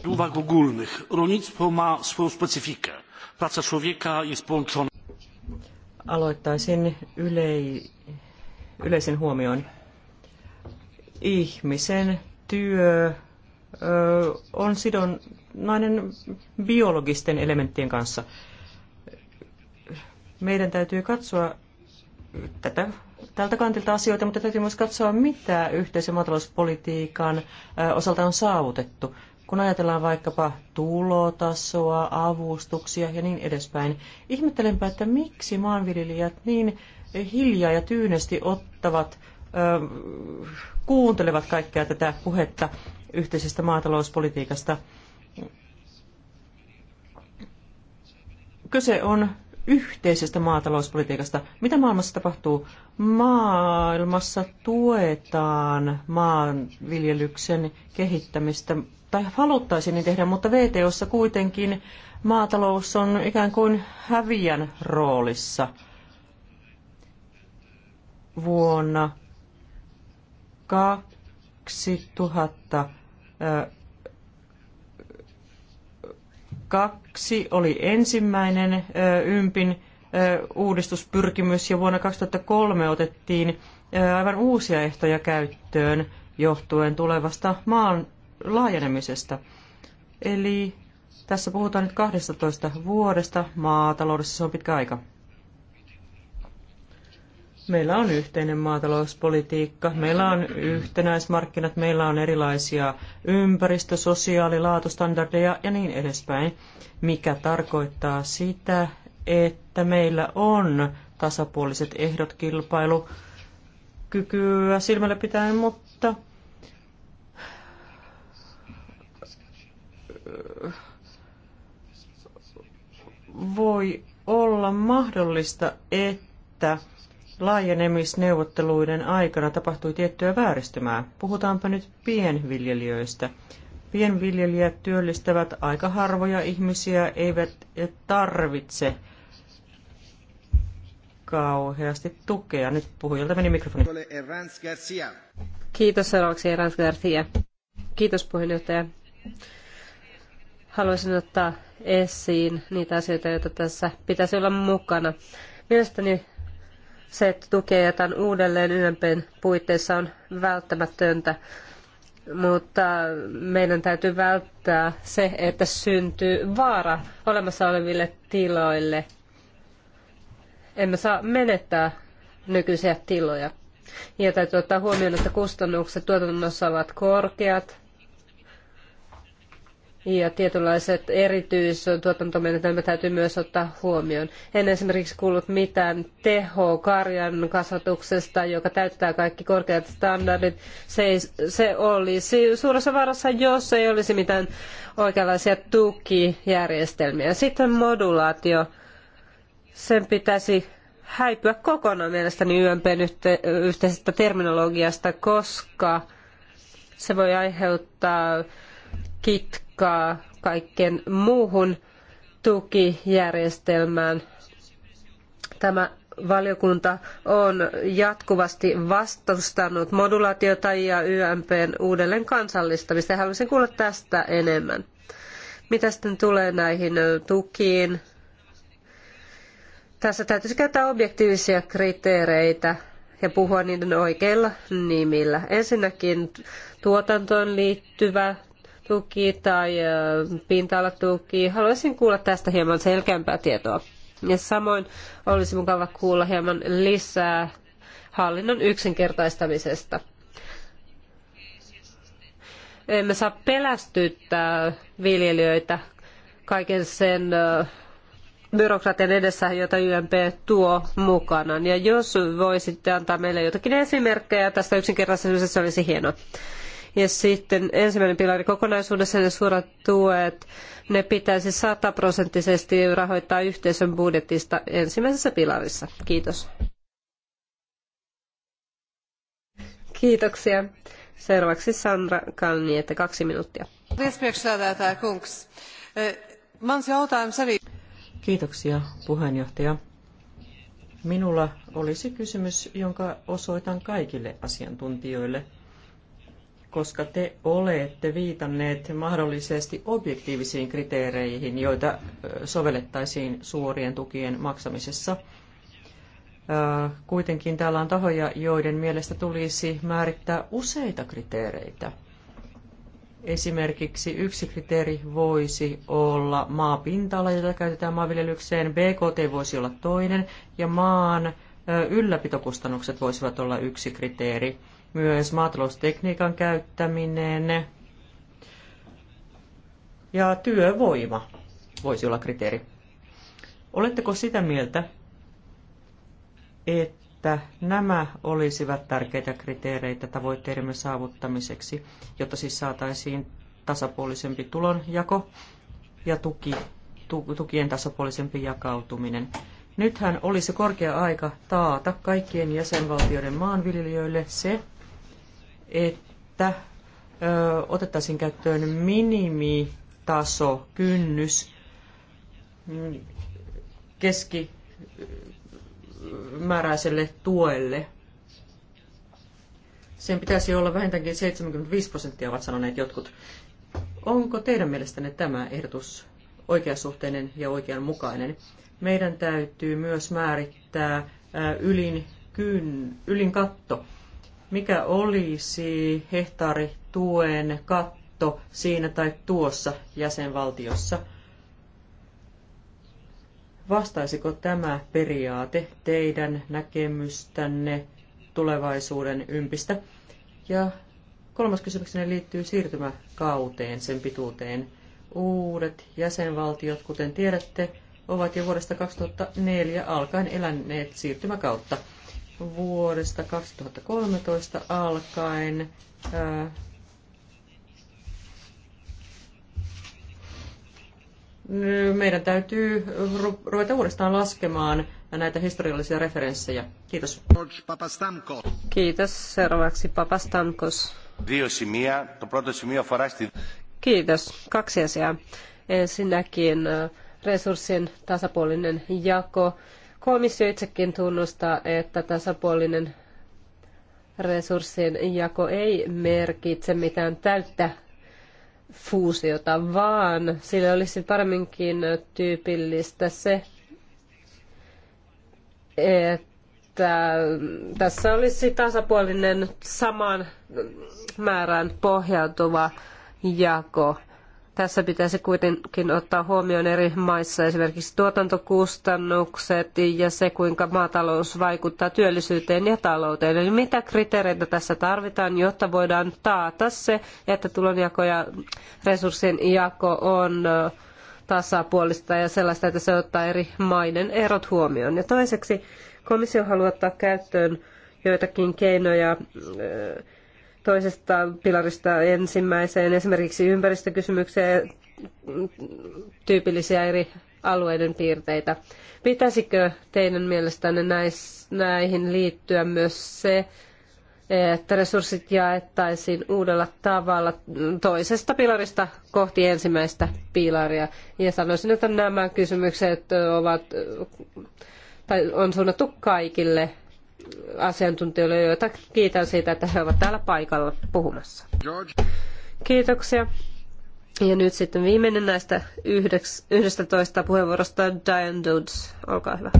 S3: uwag ogólnych. Rolnictwo ma swoją specyfikę. Praca człowieka jest połączona.
S1: Aloittaisin ylei, yleisen huomion Ihmisen työ ö, on sidonnainen biologisten elementtien kanssa. Meidän täytyy katsoa tätä tältä kantilta asioita, mutta täytyy myös katsoa, mitä yhteisen maatalouspolitiikan osalta on saavutettu. Kun ajatellaan vaikkapa tulotasoa, avustuksia ja niin edespäin, ihmettelenpä, että miksi maanviljelijät niin hiljaa ja tyynesti ottavat, ö, kuuntelevat kaikkea tätä puhetta yhteisestä maatalouspolitiikasta. Kyse on yhteisestä maatalouspolitiikasta. Mitä maailmassa tapahtuu? Maailmassa tuetaan maanviljelyksen kehittämistä tai haluttaisiin niin tehdä, mutta VTOssa kuitenkin maatalous on ikään kuin häviän roolissa vuonna 2002 kaksi oli ensimmäinen ympin uudistuspyrkimys ja vuonna 2003 otettiin aivan uusia ehtoja käyttöön johtuen tulevasta maan laajenemisesta. Eli tässä puhutaan nyt 12 vuodesta, maataloudessa se on pitkä aika. Meillä on yhteinen maatalouspolitiikka, meillä on yhtenäismarkkinat, meillä on erilaisia ympäristö-, sosiaali-, laatustandardeja ja niin edespäin, mikä tarkoittaa sitä, että meillä on tasapuoliset ehdot kilpailukykyä silmällä pitäen, mutta voi olla mahdollista, että laajenemisneuvotteluiden aikana tapahtui tiettyä vääristymää. Puhutaanpa nyt pienviljelijöistä. Pienviljelijät työllistävät aika harvoja ihmisiä, eivät tarvitse
S2: kauheasti tukea. Nyt puhujalta meni mikrofoni. Kiitos seuraavaksi Erans Garcia. Kiitos puheenjohtaja haluaisin ottaa esiin niitä asioita, joita tässä pitäisi olla mukana. Mielestäni se, että tukea jätän uudelleen ylempien puitteissa on välttämätöntä, mutta meidän täytyy välttää se, että syntyy vaara olemassa oleville tiloille. Emme saa menettää nykyisiä tiloja. Ja täytyy ottaa huomioon, että kustannukset tuotannossa ovat korkeat ja tietynlaiset erityistuotantomenetelmät täytyy myös ottaa huomioon. En esimerkiksi kuullut mitään teho karjan kasvatuksesta, joka täyttää kaikki korkeat standardit. Se, ei, se olisi suuressa varassa, jos ei olisi mitään oikeanlaisia tukijärjestelmiä. Sitten modulaatio. Sen pitäisi häipyä kokonaan mielestäni YMPn yhteisestä terminologiasta, koska se voi aiheuttaa kitkaa kaikkeen muuhun tukijärjestelmään. Tämä valiokunta on jatkuvasti vastustanut modulaatiota ja YMPn uudelleen kansallistamista. Haluaisin kuulla tästä enemmän. Mitä sitten tulee näihin tukiin? Tässä täytyisi käyttää objektiivisia kriteereitä ja puhua niiden oikeilla nimillä. Ensinnäkin tuotantoon liittyvä tuki tai pinta-alatuki. Haluaisin kuulla tästä hieman selkeämpää tietoa. Ja samoin olisi mukava kuulla hieman lisää hallinnon yksinkertaistamisesta. Emme saa pelästyttää viljelijöitä kaiken sen byrokratian edessä, jota YMP tuo mukana. Ja jos voisitte antaa meille jotakin esimerkkejä tästä yksinkertaisuudesta, se olisi hienoa. Ja sitten ensimmäinen pilari kokonaisuudessaan ne suorat tuet, ne pitäisi sataprosenttisesti rahoittaa yhteisön budjetista ensimmäisessä pilarissa. Kiitos. Kiitoksia. Seuraavaksi Sandra Kalniete, kaksi minuuttia. Kiitoksia
S1: puheenjohtaja. Minulla olisi kysymys, jonka osoitan kaikille asiantuntijoille – koska te olette viitanneet mahdollisesti objektiivisiin kriteereihin, joita sovellettaisiin suorien tukien maksamisessa. Kuitenkin täällä on tahoja, joiden mielestä tulisi määrittää useita kriteereitä. Esimerkiksi yksi kriteeri voisi olla maapinta-ala, jota käytetään maanviljelykseen, BKT voisi olla toinen ja maan ylläpitokustannukset voisivat olla yksi kriteeri myös maataloustekniikan käyttäminen ja työvoima voisi olla kriteeri. Oletteko sitä mieltä, että nämä olisivat tärkeitä kriteereitä tavoitteidemme saavuttamiseksi, jotta siis saataisiin tasapuolisempi tulonjako ja tuki, tukien tasapuolisempi jakautuminen? Nythän olisi korkea aika taata kaikkien jäsenvaltioiden maanviljelijöille se, että otettaisiin käyttöön minimitaso, kynnys keskimääräiselle tuelle. Sen pitäisi olla vähintäänkin 75 prosenttia, ovat sanoneet jotkut. Onko teidän mielestänne tämä ehdotus oikeasuhteinen ja oikeanmukainen? Meidän täytyy myös määrittää ylin, kyn ylin katto mikä olisi hehtaarituen katto siinä tai tuossa jäsenvaltiossa? Vastaisiko tämä periaate teidän näkemystänne tulevaisuuden ympistä? Ja kolmas kysymykseni liittyy siirtymäkauteen, sen pituuteen. Uudet jäsenvaltiot, kuten tiedätte, ovat jo vuodesta 2004 alkaen eläneet siirtymäkautta – vuodesta 2013 alkaen ää, äh, meidän täytyy ruveta uudestaan laskemaan
S2: näitä historiallisia referenssejä. Kiitos. Kiitos. Seuraavaksi Papastamkos. Kiitos. Kaksi asiaa. Ensinnäkin äh, resurssien tasapuolinen jako Komissio itsekin tunnustaa, että tasapuolinen resurssien jako ei merkitse mitään täyttä fuusiota, vaan sille olisi paremminkin tyypillistä se, että tässä olisi tasapuolinen samaan määrään pohjautuva jako. Tässä pitäisi kuitenkin ottaa huomioon eri maissa esimerkiksi tuotantokustannukset ja se, kuinka maatalous vaikuttaa työllisyyteen ja talouteen. Eli mitä kriteereitä tässä tarvitaan, jotta voidaan taata se, että tulonjako ja resurssien jako on tasapuolista ja sellaista, että se ottaa eri maiden erot huomioon. Ja toiseksi komissio haluaa ottaa käyttöön joitakin keinoja toisesta pilarista ensimmäiseen, esimerkiksi ympäristökysymykseen tyypillisiä eri alueiden piirteitä. Pitäisikö teidän mielestänne näis, näihin liittyä myös se, että resurssit jaettaisiin uudella tavalla toisesta pilarista kohti ensimmäistä pilaria. Ja sanoisin, että nämä kysymykset ovat, tai on suunnattu kaikille asiantuntijoille, joita kiitän siitä, että he ovat täällä paikalla puhumassa. Kiitoksia. Ja nyt sitten viimeinen näistä 11 puheenvuorosta, Diane Dodds, olkaa hyvä.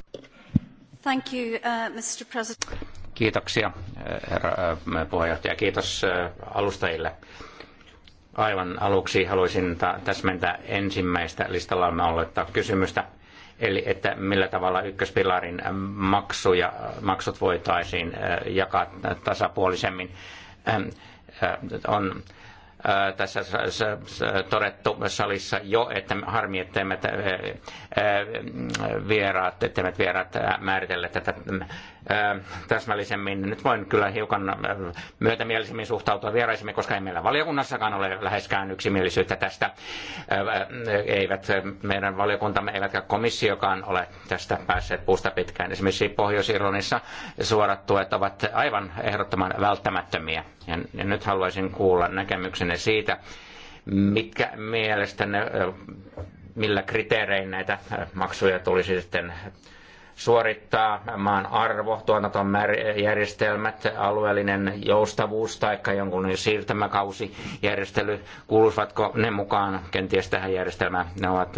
S2: Thank you, uh, Mr. President.
S3: Kiitoksia, uh, herra uh, puheenjohtaja. Kiitos uh, alustajille. Aivan aluksi haluaisin täsmentää ensimmäistä listallamme ollutta kysymystä – Eli että millä tavalla ykköspilarin maksuja, maksut voitaisiin äh, jakaa tasapuolisemmin. Ähm, äh, on äh, tässä todettu salissa jo, että harmi, että vieraat, vieraat määritelle tätä täsmällisemmin. Nyt voin kyllä hiukan myötämielisemmin suhtautua vieraisemmin, koska ei meillä valiokunnassakaan ole läheskään yksimielisyyttä tästä. Eivät meidän valiokuntamme eivätkä komissiokaan ole tästä päässeet puusta pitkään. Esimerkiksi Pohjois-Irlannissa suorat tuet ovat aivan ehdottoman välttämättömiä. Ja nyt haluaisin kuulla näkemyksenne siitä, mitkä mielestäne, millä kriteerein näitä maksuja tulisi sitten suorittaa maan arvo, tuotantojärjestelmät, alueellinen joustavuus tai jonkun siirtämäkausi järjestely, kuuluisivatko ne mukaan kenties tähän järjestelmään? Ne ovat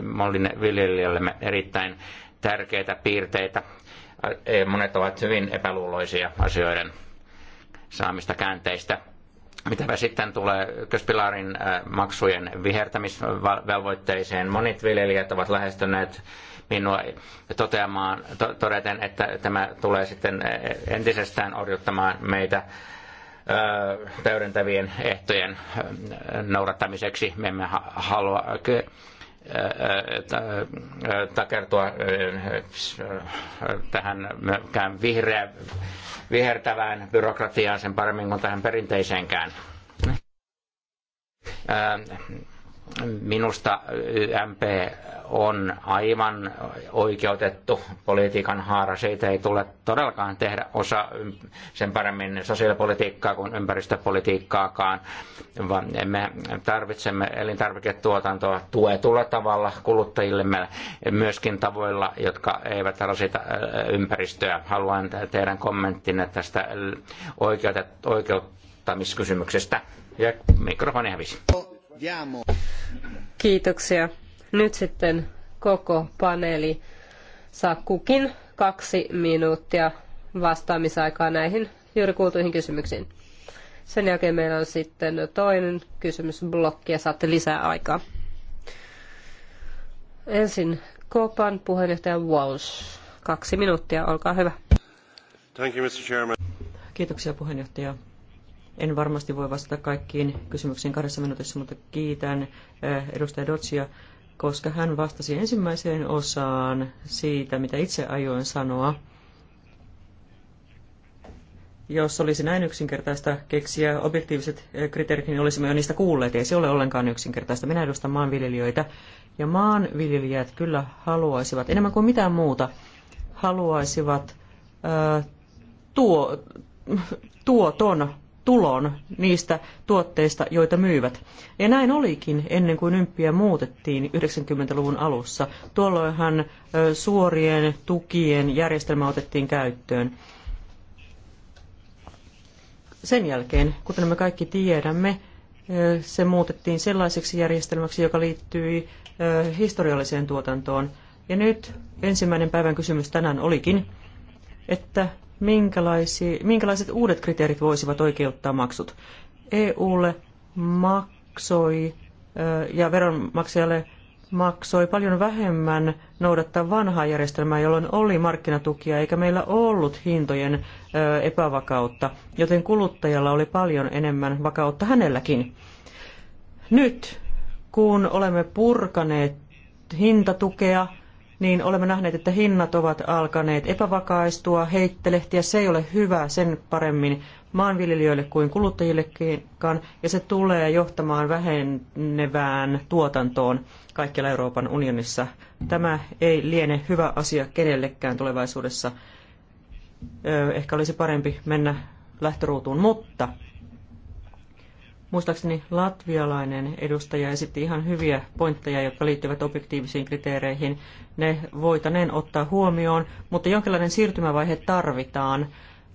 S3: viljelijällemme erittäin tärkeitä piirteitä. Monet ovat hyvin epäluuloisia asioiden saamista käänteistä. Mitäpä sitten tulee köspilarin äh, maksujen vihertämisvelvoitteeseen? Monet viljelijät ovat lähestyneet minua toteamaan, to, todeten, että tämä tulee sitten eh, eh, entisestään orjuttamaan meitä eh, täydentävien ehtojen noudattamiseksi. Me emme halua takertua tähän vihreä, vihertävään byrokratiaan sen paremmin kuin tähän perinteiseenkään. Minusta MP on aivan oikeutettu politiikan haara. Siitä ei tule todellakaan tehdä osa sen paremmin sosiaalipolitiikkaa kuin ympäristöpolitiikkaakaan, me tarvitsemme elintarviketuotantoa tuetulla tavalla kuluttajille myöskin tavoilla, jotka eivät rasita äh, ympäristöä. Haluan teidän kommenttinne tästä oikeuttamiskysymyksestä. Ja mikrofoni hävisi. No,
S2: Kiitoksia. Nyt sitten koko paneeli saa kukin kaksi minuuttia vastaamisaikaa näihin juuri kuultuihin kysymyksiin. Sen jälkeen meillä on sitten toinen kysymysblokki ja saatte lisää aikaa. Ensin Kopan puheenjohtaja Walsh. Kaksi minuuttia, olkaa hyvä. Thank you, Mr. Chairman. Kiitoksia puheenjohtaja.
S1: En varmasti voi vastata kaikkiin kysymyksiin kahdessa minuutissa, mutta kiitän eh, edustaja Dotsia, koska hän vastasi ensimmäiseen osaan siitä, mitä itse ajoin sanoa. Jos olisi näin yksinkertaista keksiä objektiiviset eh, kriteerit, niin olisimme jo niistä kuulleet. Ei se ole ollenkaan yksinkertaista. Minä edustan maanviljelijöitä ja maanviljelijät kyllä haluaisivat, enemmän kuin mitään muuta, haluaisivat ää, eh, tuo, tuoton tulon niistä tuotteista, joita myyvät. Ja näin olikin ennen kuin ympiä muutettiin 90-luvun alussa. Tuolloinhan suorien tukien järjestelmä otettiin käyttöön. Sen jälkeen, kuten me kaikki tiedämme, se muutettiin sellaiseksi järjestelmäksi, joka liittyi historialliseen tuotantoon. Ja nyt ensimmäinen päivän kysymys tänään olikin, että minkälaiset uudet kriteerit voisivat oikeuttaa maksut. EUlle maksoi ja veronmaksajalle maksoi paljon vähemmän noudattaa vanhaa järjestelmää, jolloin oli markkinatukia eikä meillä ollut hintojen epävakautta, joten kuluttajalla oli paljon enemmän vakautta hänelläkin. Nyt, kun olemme purkaneet hintatukea, niin olemme nähneet, että hinnat ovat alkaneet epävakaistua, heittelehtiä. Se ei ole hyvä sen paremmin maanviljelijöille kuin kuluttajillekaan, ja se tulee johtamaan vähenevään tuotantoon kaikkialla Euroopan unionissa. Tämä ei liene hyvä asia kenellekään tulevaisuudessa. Ehkä olisi parempi mennä lähtöruutuun, mutta Muistaakseni latvialainen edustaja esitti ihan hyviä pointteja, jotka liittyvät objektiivisiin kriteereihin. Ne voitaneen ottaa huomioon, mutta jonkinlainen siirtymävaihe tarvitaan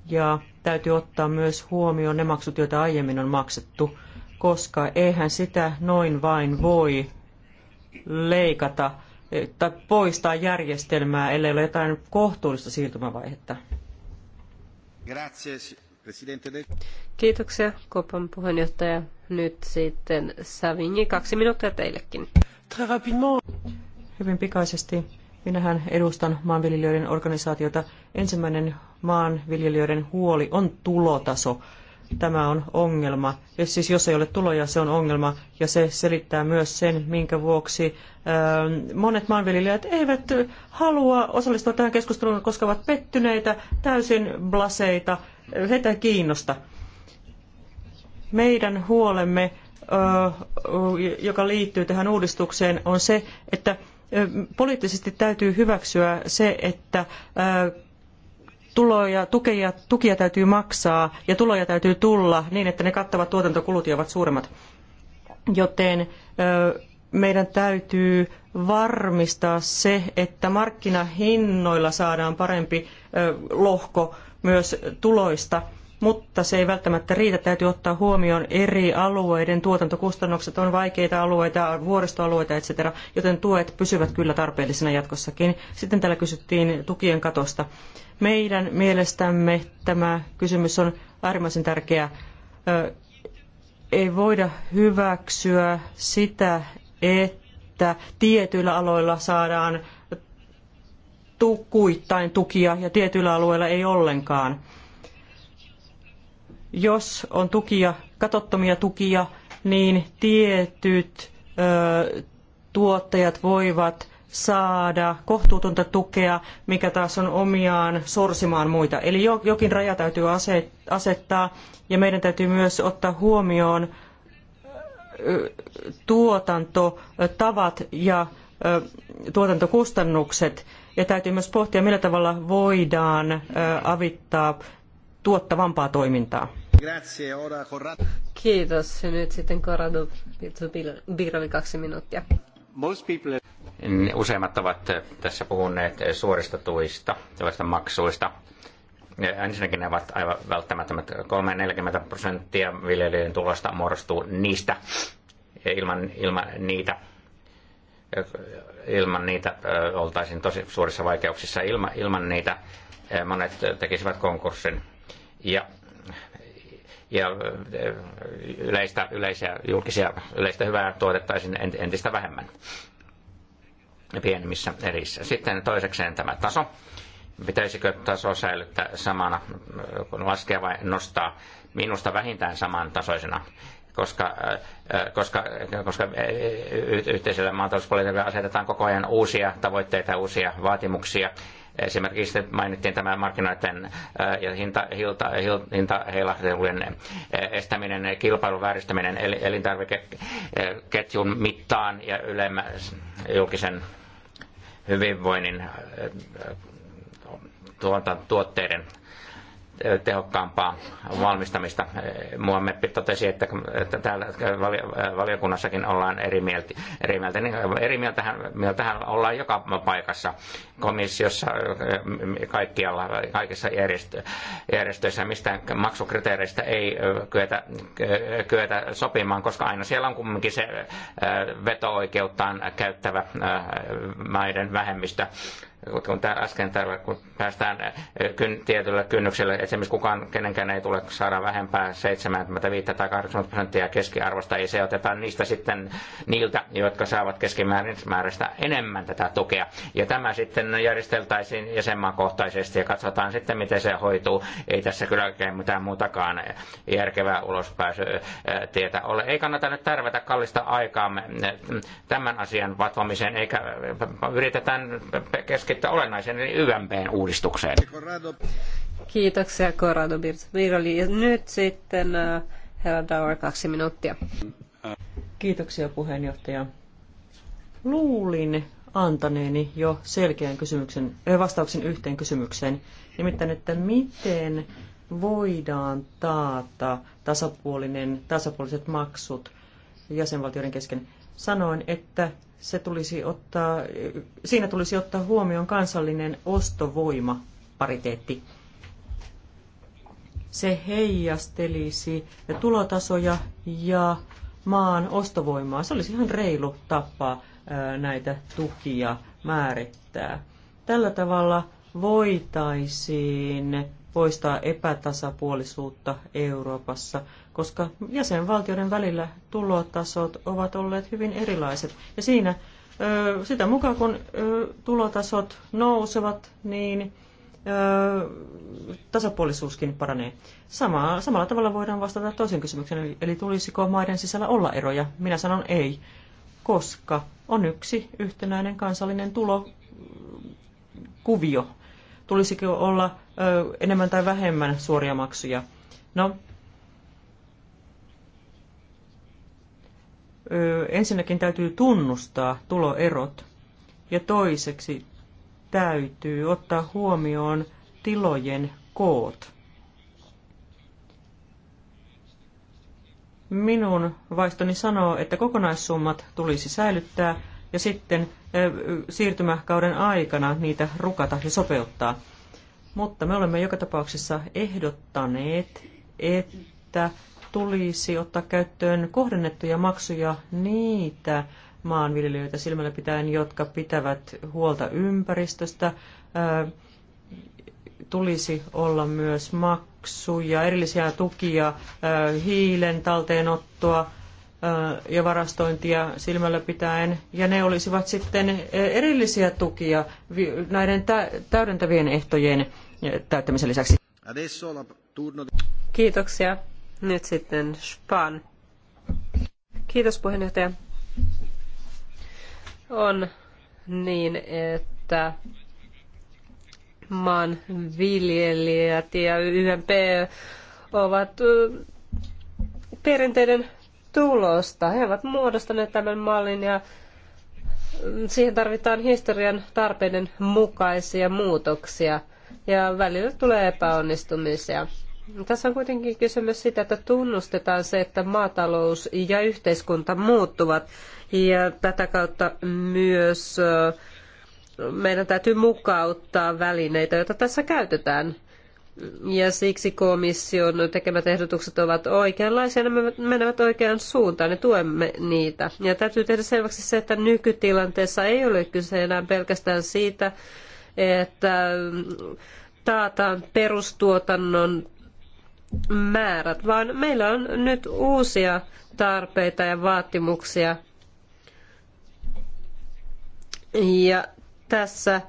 S1: ja täytyy ottaa myös huomioon ne maksut, joita aiemmin on maksettu, koska eihän sitä noin vain voi leikata eh, tai poistaa järjestelmää, ellei ole jotain
S2: kohtuullista siirtymävaihetta.
S3: Grazie.
S2: Kiitoksia Kopan puheenjohtaja. Nyt sitten Savini, kaksi minuuttia teillekin.
S1: Hyvin pikaisesti. Minähän edustan maanviljelijöiden organisaatiota. Ensimmäinen maanviljelijöiden huoli on tulotaso. Tämä on ongelma. Ja siis jos ei ole tuloja, se on ongelma. Ja se selittää myös sen, minkä vuoksi ähm, monet maanviljelijät eivät halua osallistua tähän keskusteluun, koska ovat pettyneitä, täysin blaseita heitä ei kiinnosta. Meidän huolemme, joka liittyy tähän uudistukseen, on se, että poliittisesti täytyy hyväksyä se, että tuloja, tukeja, tukia täytyy maksaa ja tuloja täytyy tulla niin, että ne kattavat tuotantokulut ovat suuremmat. Joten meidän täytyy varmistaa se, että markkinahinnoilla saadaan parempi lohko myös tuloista, mutta se ei välttämättä riitä. Täytyy ottaa huomioon eri alueiden tuotantokustannukset, on vaikeita alueita, vuoristoalueita, etc. Joten tuet pysyvät kyllä tarpeellisina jatkossakin. Sitten täällä kysyttiin tukien katosta. Meidän mielestämme tämä kysymys on äärimmäisen tärkeä. Ei voida hyväksyä sitä, että tietyillä aloilla saadaan tukkuittain tukia ja tietyillä alueilla ei ollenkaan. Jos on tukia, katottomia tukia, niin tietyt ö, tuottajat voivat saada kohtuutonta tukea, mikä taas on omiaan sorsimaan muita. Eli jokin raja täytyy asettaa ja meidän täytyy myös ottaa huomioon tuotantotavat ja tuotantokustannukset. Ja täytyy myös pohtia, millä tavalla voidaan avittaa tuottavampaa toimintaa.
S2: Kiitos. Ja nyt sitten Corrado birovi kaksi minuuttia.
S3: Useimmat ovat tässä puhuneet suorista tuista, sellaista maksuista. Ensinnäkin ne ovat aivan välttämättömät. 3-40 prosenttia viljelijöiden tulosta muodostuu niistä. Ilman, ilman niitä ilman niitä oltaisiin tosi suurissa vaikeuksissa. Ilma, ilman niitä monet tekisivät konkurssin. Ja, ja yleistä, yleisiä, julkisia, yleistä hyvää tuotettaisiin entistä vähemmän pienemmissä erissä. Sitten toisekseen tämä taso. Pitäisikö taso säilyttää samana, kun laskea vai nostaa? Minusta vähintään saman tasoisena Äh, äh, koska, koska, koska äh, yhteisellä maatalouspolitiikalla asetetaan koko ajan uusia tavoitteita, uusia vaatimuksia. Esimerkiksi mainittiin tämä markkinoiden ja hinta, hilta, hinta heilahtelujen estäminen, kilpailun vääristäminen elintarvikeketjun mittaan ja ylemmäs julkisen hyvinvoinnin tuota, tuotteiden tehokkaampaa valmistamista. Muammeppi totesi, että, täällä valiokunnassakin ollaan eri mieltä. Eri, mieltä, niin eri mieltähän, mieltähän ollaan joka paikassa, komissiossa, kaikkialla, kaikissa järjestö, järjestöissä. mistä maksukriteereistä ei kyetä, kyetä sopimaan, koska aina siellä on kumminkin se veto-oikeuttaan käyttävä maiden vähemmistö kun äsken täällä, kun päästään kyn, kynnyksellä, esimerkiksi kukaan, kenenkään ei tule saada vähempää 75 tai 80 prosenttia keskiarvosta, ei se oteta niistä sitten niiltä, jotka saavat keskimääräistä enemmän tätä tukea. Ja tämä sitten järjesteltäisiin jäsenmaakohtaisesti ja katsotaan sitten, miten se hoituu. Ei tässä kyllä oikein mitään muutakaan järkevää ulospääsytietä ole. Ei kannata nyt tärvätä kallista aikaa tämän asian vatvomiseen, eikä yritetään keskittyä sitten olennaisen eli YMPn uudistukseen.
S2: Kiitoksia Corrado Viroli. Niin ja nyt sitten äh, herra Dauer kaksi minuuttia. Kiitoksia puheenjohtaja.
S1: Luulin antaneeni jo selkeän kysymyksen, vastauksen yhteen kysymykseen, nimittäin, että miten voidaan taata tasapuolinen, tasapuoliset maksut jäsenvaltioiden kesken. Sanoin, että se tulisi ottaa, siinä tulisi ottaa huomioon kansallinen ostovoima pariteetti. Se heijastelisi tulotasoja ja maan ostovoimaa. Se olisi ihan reilu tapa näitä tukia määrittää. Tällä tavalla voitaisiin poistaa epätasapuolisuutta Euroopassa koska jäsenvaltioiden välillä tulotasot ovat olleet hyvin erilaiset. Ja siinä sitä mukaan kun tulotasot nousevat, niin tasapuolisuuskin paranee. Sama, samalla tavalla voidaan vastata toisen kysymykseen, eli tulisiko maiden sisällä olla eroja? Minä sanon ei, koska on yksi yhtenäinen kansallinen tulokuvio. Tulisiko olla enemmän tai vähemmän suoria maksuja? No, ensinnäkin täytyy tunnustaa tuloerot ja toiseksi täytyy ottaa huomioon tilojen koot. Minun vaistoni sanoo, että kokonaissummat tulisi säilyttää ja sitten siirtymäkauden aikana niitä rukata ja sopeuttaa. Mutta me olemme joka tapauksessa ehdottaneet, että tulisi ottaa käyttöön kohdennettuja maksuja niitä maanviljelijöitä silmällä pitäen, jotka pitävät huolta ympäristöstä. Tulisi olla myös maksuja, erillisiä tukia, hiilen talteenottoa ja varastointia silmällä pitäen. Ja ne olisivat sitten erillisiä tukia näiden täydentävien ehtojen täyttämisen lisäksi.
S2: Kiitoksia. Nyt sitten Span. Kiitos puheenjohtaja. On niin, että maan viljelijät ja YMP ovat perinteiden tulosta. He ovat muodostaneet tämän mallin ja siihen tarvitaan historian tarpeiden mukaisia muutoksia ja välillä tulee epäonnistumisia. Tässä on kuitenkin kysymys siitä, että tunnustetaan se, että maatalous ja yhteiskunta muuttuvat ja tätä kautta myös meidän täytyy mukauttaa välineitä, joita tässä käytetään. Ja siksi komission tekemät ehdotukset ovat oikeanlaisia, ne menevät oikeaan suuntaan ja tuemme niitä. Ja täytyy tehdä selväksi se, että nykytilanteessa ei ole kyse enää pelkästään siitä, että taataan perustuotannon määrät, vaan meillä on nyt uusia tarpeita ja vaatimuksia. Ja tässä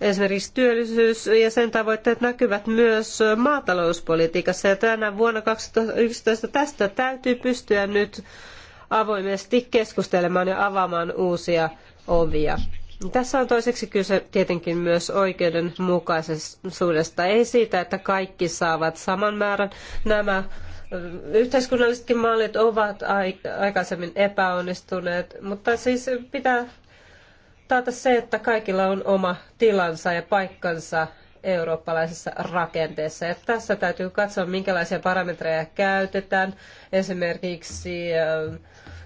S2: esimerkiksi työllisyys ja sen tavoitteet näkyvät myös maatalouspolitiikassa. Ja tänä vuonna 2011 tästä täytyy pystyä nyt avoimesti keskustelemaan ja avaamaan uusia ovia. Tässä on toiseksi kyse tietenkin myös oikeudenmukaisuudesta. Ei siitä, että kaikki saavat saman määrän. Nämä yhteiskunnallisetkin mallit ovat aikaisemmin epäonnistuneet, mutta siis pitää taata se, että kaikilla on oma tilansa ja paikkansa eurooppalaisessa rakenteessa. Ja tässä täytyy katsoa, minkälaisia parametreja käytetään. Esimerkiksi äh,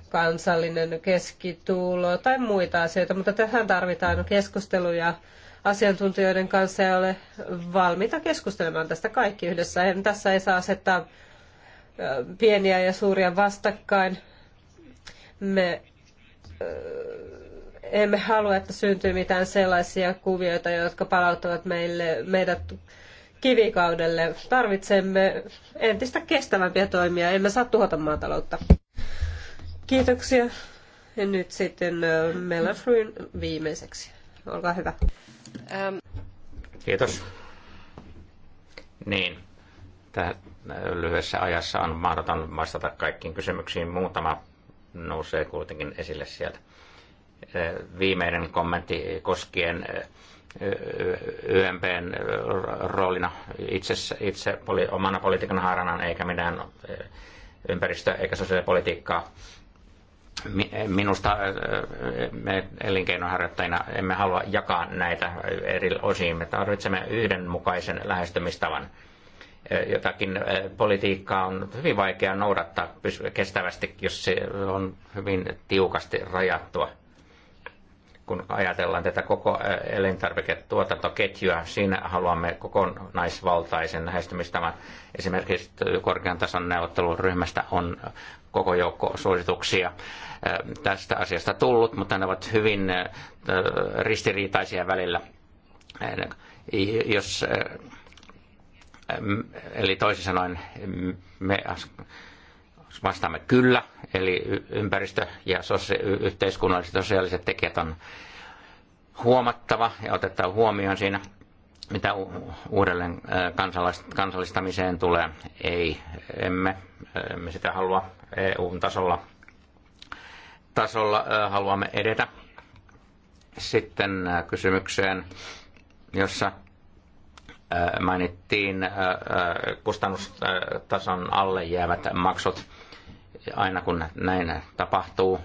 S2: kansallinen keskitulo tai muita asioita, mutta tähän tarvitaan keskusteluja asiantuntijoiden kanssa ja ole valmiita keskustelemaan tästä kaikki yhdessä. En, tässä ei saa asettaa pieniä ja suuria vastakkain. Me emme halua, että syntyy mitään sellaisia kuvioita, jotka palauttavat meille, meidät kivikaudelle. Tarvitsemme entistä kestävämpiä toimia. Emme saa tuhota maataloutta. Kiitoksia. Ja nyt sitten Mella viimeiseksi. Olkaa hyvä. Ähm.
S3: Kiitos. Niin. tämä lyhyessä ajassa on mahdoton vastata kaikkiin kysymyksiin. Muutama nousee kuitenkin esille sieltä. Viimeinen kommentti koskien YMPn roolina itse, itse omana politiikan haaranaan, eikä mitään ympäristö- eikä sosiaalipolitiikkaa minusta me elinkeinoharjoittajina emme halua jakaa näitä eri osiin. Me tarvitsemme yhdenmukaisen lähestymistavan. Jotakin politiikkaa on hyvin vaikea noudattaa kestävästi, jos se on hyvin tiukasti rajattua. Kun ajatellaan tätä koko elintarviketuotantoketjua, siinä haluamme kokonaisvaltaisen lähestymistavan. Esimerkiksi korkean tason neuvotteluryhmästä on koko joukko suosituksia tästä asiasta tullut, mutta ne ovat hyvin ristiriitaisia välillä. Jos, eli toisin sanoen me vastaamme kyllä, eli ympäristö ja sosia- yhteiskunnalliset sosiaaliset tekijät on huomattava ja otetaan huomioon siinä, mitä uudelleen kansallistamiseen tulee. Ei, emme, emme sitä halua EU-tasolla tasolla haluamme edetä. Sitten kysymykseen, jossa mainittiin kustannustason alle jäävät maksut. Aina kun näin tapahtuu,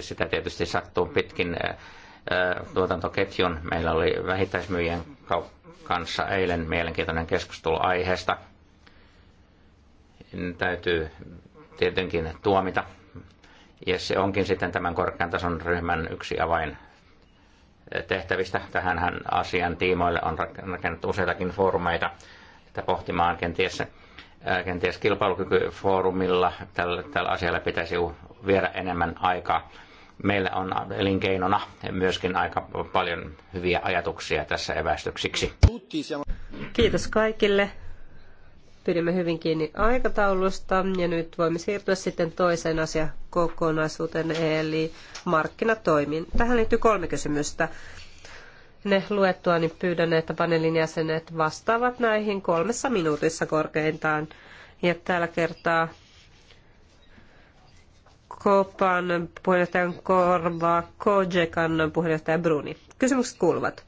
S3: sitä tietysti sattuu pitkin tuotantoketjun. Meillä oli vähittäismyyjien kanssa eilen mielenkiintoinen keskustelu aiheesta. Täytyy tietenkin tuomita. Ja se onkin sitten tämän korkean tason ryhmän yksi avain tehtävistä. Tähän asian tiimoille on rakennettu useitakin foorumeita tätä pohtimaan kenties, kenties kilpailukykyfoorumilla. Tällä, tällä asialla pitäisi viedä enemmän aikaa. Meillä on elinkeinona myöskin aika paljon hyviä ajatuksia tässä evästyksiksi.
S2: Kiitos kaikille. Pidimme hyvin kiinni aikataulusta ja nyt voimme siirtyä sitten toiseen asiakokonaisuuteen eli markkinatoimiin. Tähän liittyy kolme kysymystä. Ne luettua niin pyydän, että paneelin jäsenet vastaavat näihin kolmessa minuutissa korkeintaan. Ja tällä kertaa Kopan puheenjohtajan Korva, Kojekan puheenjohtaja Bruni. Kysymykset kuuluvat.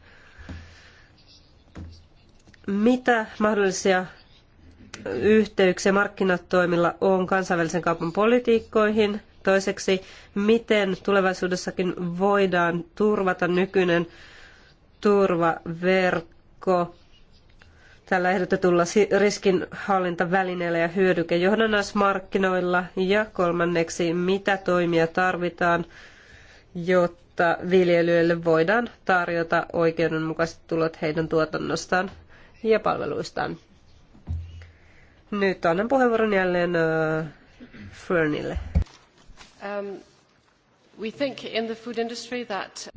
S2: Mitä mahdollisia yhteyksiä markkinatoimilla on kansainvälisen kaupan politiikkoihin? Toiseksi, miten tulevaisuudessakin voidaan turvata nykyinen turvaverkko tällä ehdotetulla riskinhallintavälineellä ja hyödykejohdannaismarkkinoilla? Ja kolmanneksi, mitä toimia tarvitaan, jotta viljelijöille voidaan tarjota oikeudenmukaiset tulot heidän tuotannostaan ja palveluistaan? Nyt annan puheenvuoron jälleen uh, Fernille. Um, we think in the food industry that...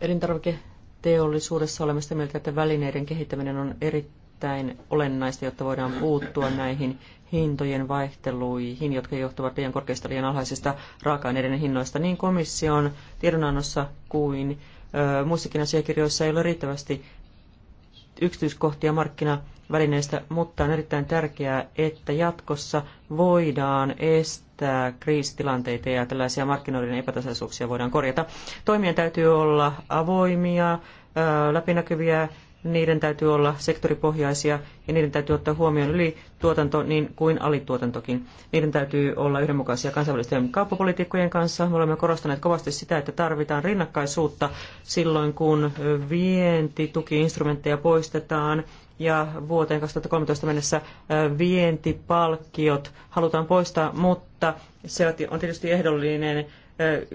S1: Elintarviketeollisuudessa olemme sitä mieltä, että välineiden kehittäminen on erittäin olennaista, jotta voidaan puuttua näihin hintojen vaihteluihin, jotka johtuvat liian korkeista liian alhaisista raaka-aineiden hinnoista. Niin komission tiedonannossa kuin ö, muissakin asiakirjoissa ei ole riittävästi yksityiskohtia markkina välineistä, mutta on erittäin tärkeää, että jatkossa voidaan estää kriisitilanteita ja tällaisia markkinoiden epätasaisuuksia voidaan korjata. Toimien täytyy olla avoimia, läpinäkyviä, niiden täytyy olla sektoripohjaisia ja niiden täytyy ottaa huomioon yli tuotanto niin kuin alituotantokin. Niiden täytyy olla yhdenmukaisia kansainvälisten kauppapolitiikkojen kanssa. Me olemme korostaneet kovasti sitä, että tarvitaan rinnakkaisuutta silloin, kun vientitukiinstrumentteja poistetaan ja vuoteen 2013 mennessä vientipalkkiot halutaan poistaa, mutta se on tietysti ehdollinen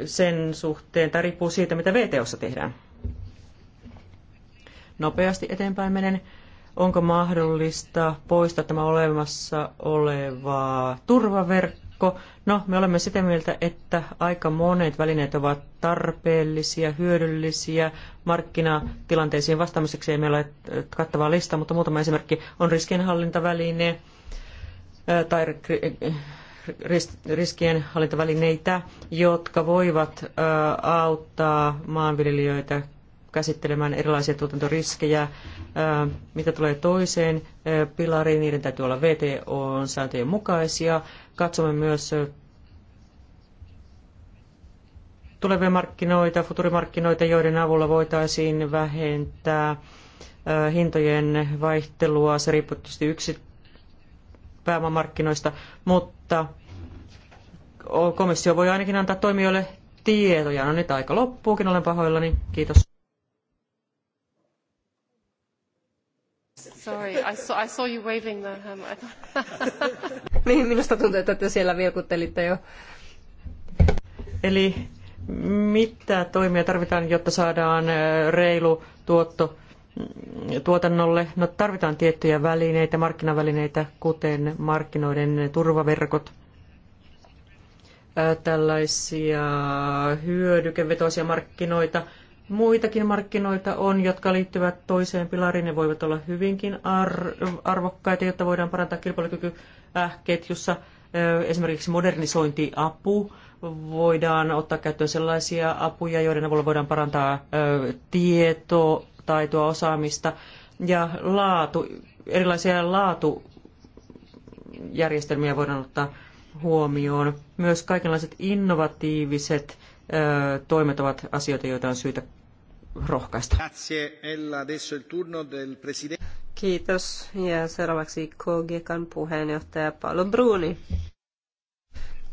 S1: sen suhteen, tai riippuu siitä, mitä VTOssa tehdään. Nopeasti eteenpäin menen. Onko mahdollista poistaa tämä olemassa oleva turvaverkko? verkko. No, me olemme sitä mieltä, että aika monet välineet ovat tarpeellisia, hyödyllisiä markkinatilanteisiin vastaamiseksi. Ei meillä ole äh, kattavaa listaa, mutta muutama esimerkki on riskienhallintaväline äh, tai äh, riskienhallintavälineitä, jotka voivat auttaa maanviljelijöitä käsittelemään erilaisia tuotantoriskejä. Mitä tulee toiseen pilariin, niiden täytyy olla VTO-sääntöjen mukaisia. Katsomme myös tulevia markkinoita, futurimarkkinoita, joiden avulla voitaisiin vähentää hintojen vaihtelua. Se riippuu tietysti yksi pääomamarkkinoista, mutta komissio voi ainakin antaa toimijoille tietoja. No nyt aika loppuukin, olen pahoillani. Kiitos.
S2: Sorry, I saw, I saw you waving the hammer. niin, minusta tuntuu, että te siellä vilkuttelitte jo. Eli mitä
S1: toimia tarvitaan, jotta saadaan reilu tuotto mm, tuotannolle? No tarvitaan tiettyjä välineitä, markkinavälineitä, kuten markkinoiden turvaverkot, tällaisia hyödykevetoisia markkinoita – Muitakin markkinoita on, jotka liittyvät toiseen pilariin. Ne voivat olla hyvinkin arvokkaita, jotta voidaan parantaa kilpailukykyketjussa. Esimerkiksi modernisointiapu. Voidaan ottaa käyttöön sellaisia apuja, joiden avulla voidaan parantaa tietoa, taitoa, osaamista ja laatu, erilaisia laatujärjestelmiä voidaan ottaa huomioon. Myös kaikenlaiset innovatiiviset toimet ovat
S2: asioita, joita on syytä
S3: rohkaista.
S2: Kiitos. Ja seuraavaksi KGKan puheenjohtaja Paolo Bruni.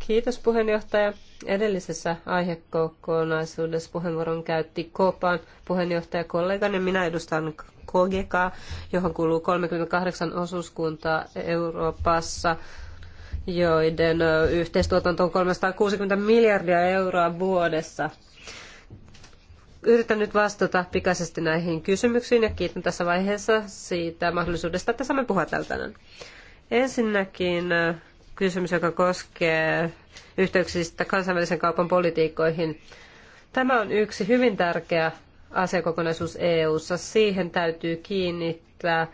S2: Kiitos puheenjohtaja. Edellisessä aihekokonaisuudessa puheenvuoron käytti Koopan puheenjohtaja kollegani. Minä edustan KGK, johon kuuluu 38 osuuskuntaa Euroopassa, joiden yhteistuotanto on 360 miljardia euroa vuodessa yritän nyt vastata pikaisesti näihin kysymyksiin ja kiitän tässä vaiheessa siitä mahdollisuudesta, että saamme puhua täällä tänään. Ensinnäkin kysymys, joka koskee yhteyksistä kansainvälisen kaupan politiikkoihin. Tämä on yksi hyvin tärkeä asiakokonaisuus EU:ssa. Siihen täytyy kiinnittää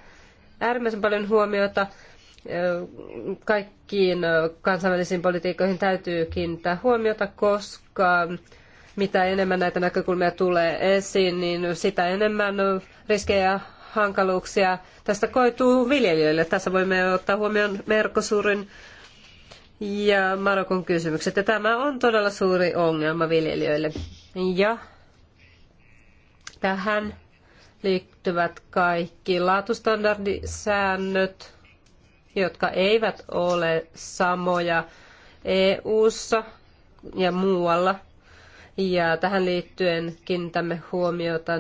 S2: äärimmäisen paljon huomiota. Kaikkiin kansainvälisiin politiikkoihin täytyy kiinnittää huomiota, koska mitä enemmän näitä näkökulmia tulee esiin, niin sitä enemmän riskejä hankaluuksia tästä koituu viljelijöille. Tässä voimme ottaa huomioon Merkosuurin ja Marokon kysymykset. Ja tämä on todella suuri ongelma viljelijöille. Ja tähän liittyvät kaikki laatustandardisäännöt, jotka eivät ole samoja EU-ssa ja muualla – ja tähän liittyen kiinnitämme huomiota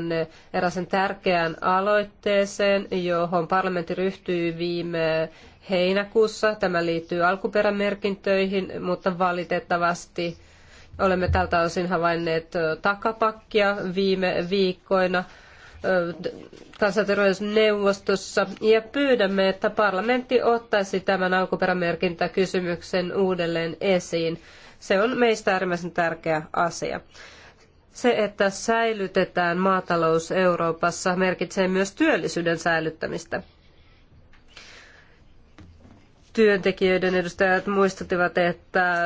S2: eräsen tärkeään aloitteeseen, johon parlamentti ryhtyi viime heinäkuussa. Tämä liittyy alkuperämerkintöihin, mutta valitettavasti olemme tältä osin havainneet takapakkia viime viikkoina kansanterveysneuvostossa ja pyydämme, että parlamentti ottaisi tämän alkuperämerkintäkysymyksen uudelleen esiin. Se on meistä äärimmäisen tärkeä asia. Se, että säilytetään maatalous Euroopassa, merkitsee myös työllisyyden säilyttämistä. Työntekijöiden edustajat muistuttivat, että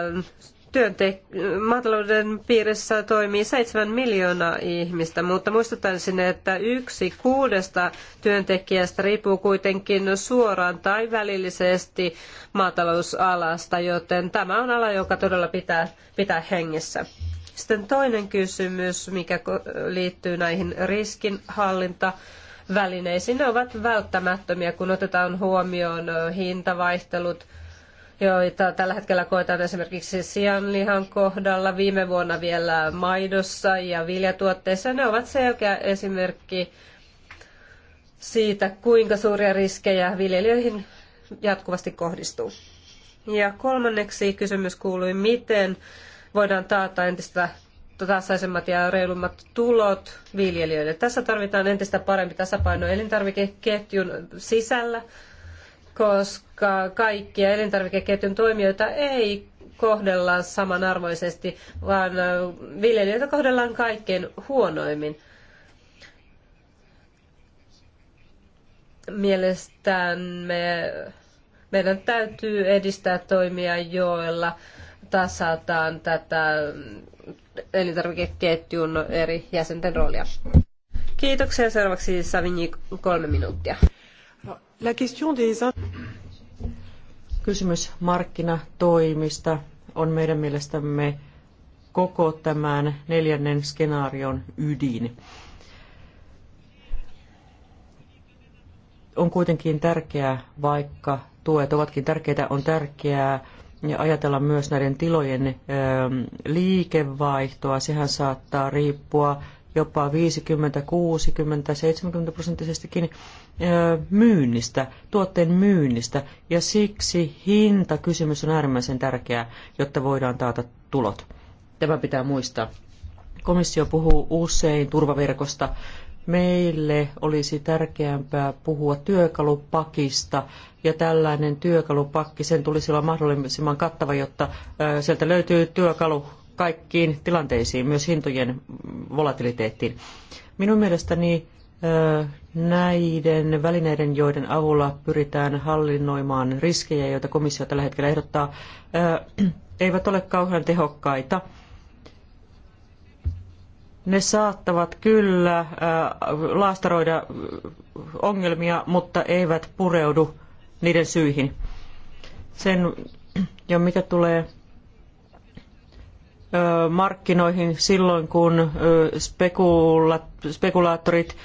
S2: työnte- maatalouden piirissä toimii 7 miljoonaa ihmistä, mutta muistutan sinne, että yksi kuudesta työntekijästä riippuu kuitenkin suoraan tai välillisesti maatalousalasta, joten tämä on ala, joka todella pitää, pitää hengissä. Sitten toinen kysymys, mikä liittyy näihin riskinhallinta välineisiin. Ne ovat välttämättömiä, kun otetaan huomioon hintavaihtelut, joita tällä hetkellä koetaan esimerkiksi sianlihan kohdalla, viime vuonna vielä maidossa ja viljatuotteissa. Ne ovat selkeä esimerkki siitä, kuinka suuria riskejä viljelijöihin jatkuvasti kohdistuu. Ja kolmanneksi kysymys kuului, miten voidaan taata entistä tasaisemmat ja reilummat tulot viljelijöille. Tässä tarvitaan entistä parempi tasapaino elintarvikeketjun sisällä, koska kaikkia elintarvikeketjun toimijoita ei kohdella samanarvoisesti, vaan viljelijöitä kohdellaan kaikkein huonoimmin. Mielestämme meidän täytyy edistää toimia, joilla tasataan tätä elintarvikeketjun eri jäsenten roolia. Kiitoksia. Seuraavaksi Savigny kolme minuuttia.
S1: La question des... Kysymys markkinatoimista on meidän mielestämme koko tämän neljännen skenaarion ydin. On kuitenkin tärkeää, vaikka tuet ovatkin tärkeitä, on tärkeää ajatella myös näiden tilojen liikevaihtoa. Sehän saattaa riippua jopa 50, 60, 70 prosenttisestikin myynnistä, tuotteen myynnistä, ja siksi hintakysymys on äärimmäisen tärkeää, jotta voidaan taata tulot. Tämä pitää muistaa. Komissio puhuu usein turvaverkosta. Meille olisi tärkeämpää puhua työkalupakista, ja tällainen työkalupakki, sen tulisi olla mahdollisimman kattava, jotta sieltä löytyy työkalu kaikkiin tilanteisiin, myös hintojen volatiliteettiin. Minun mielestäni näiden välineiden, joiden avulla pyritään hallinnoimaan riskejä, joita komissio tällä hetkellä ehdottaa, eivät ole kauhean tehokkaita. Ne saattavat kyllä laastaroida ongelmia, mutta eivät pureudu niiden syihin. Sen, ja mitä tulee markkinoihin silloin, kun spekulaattorit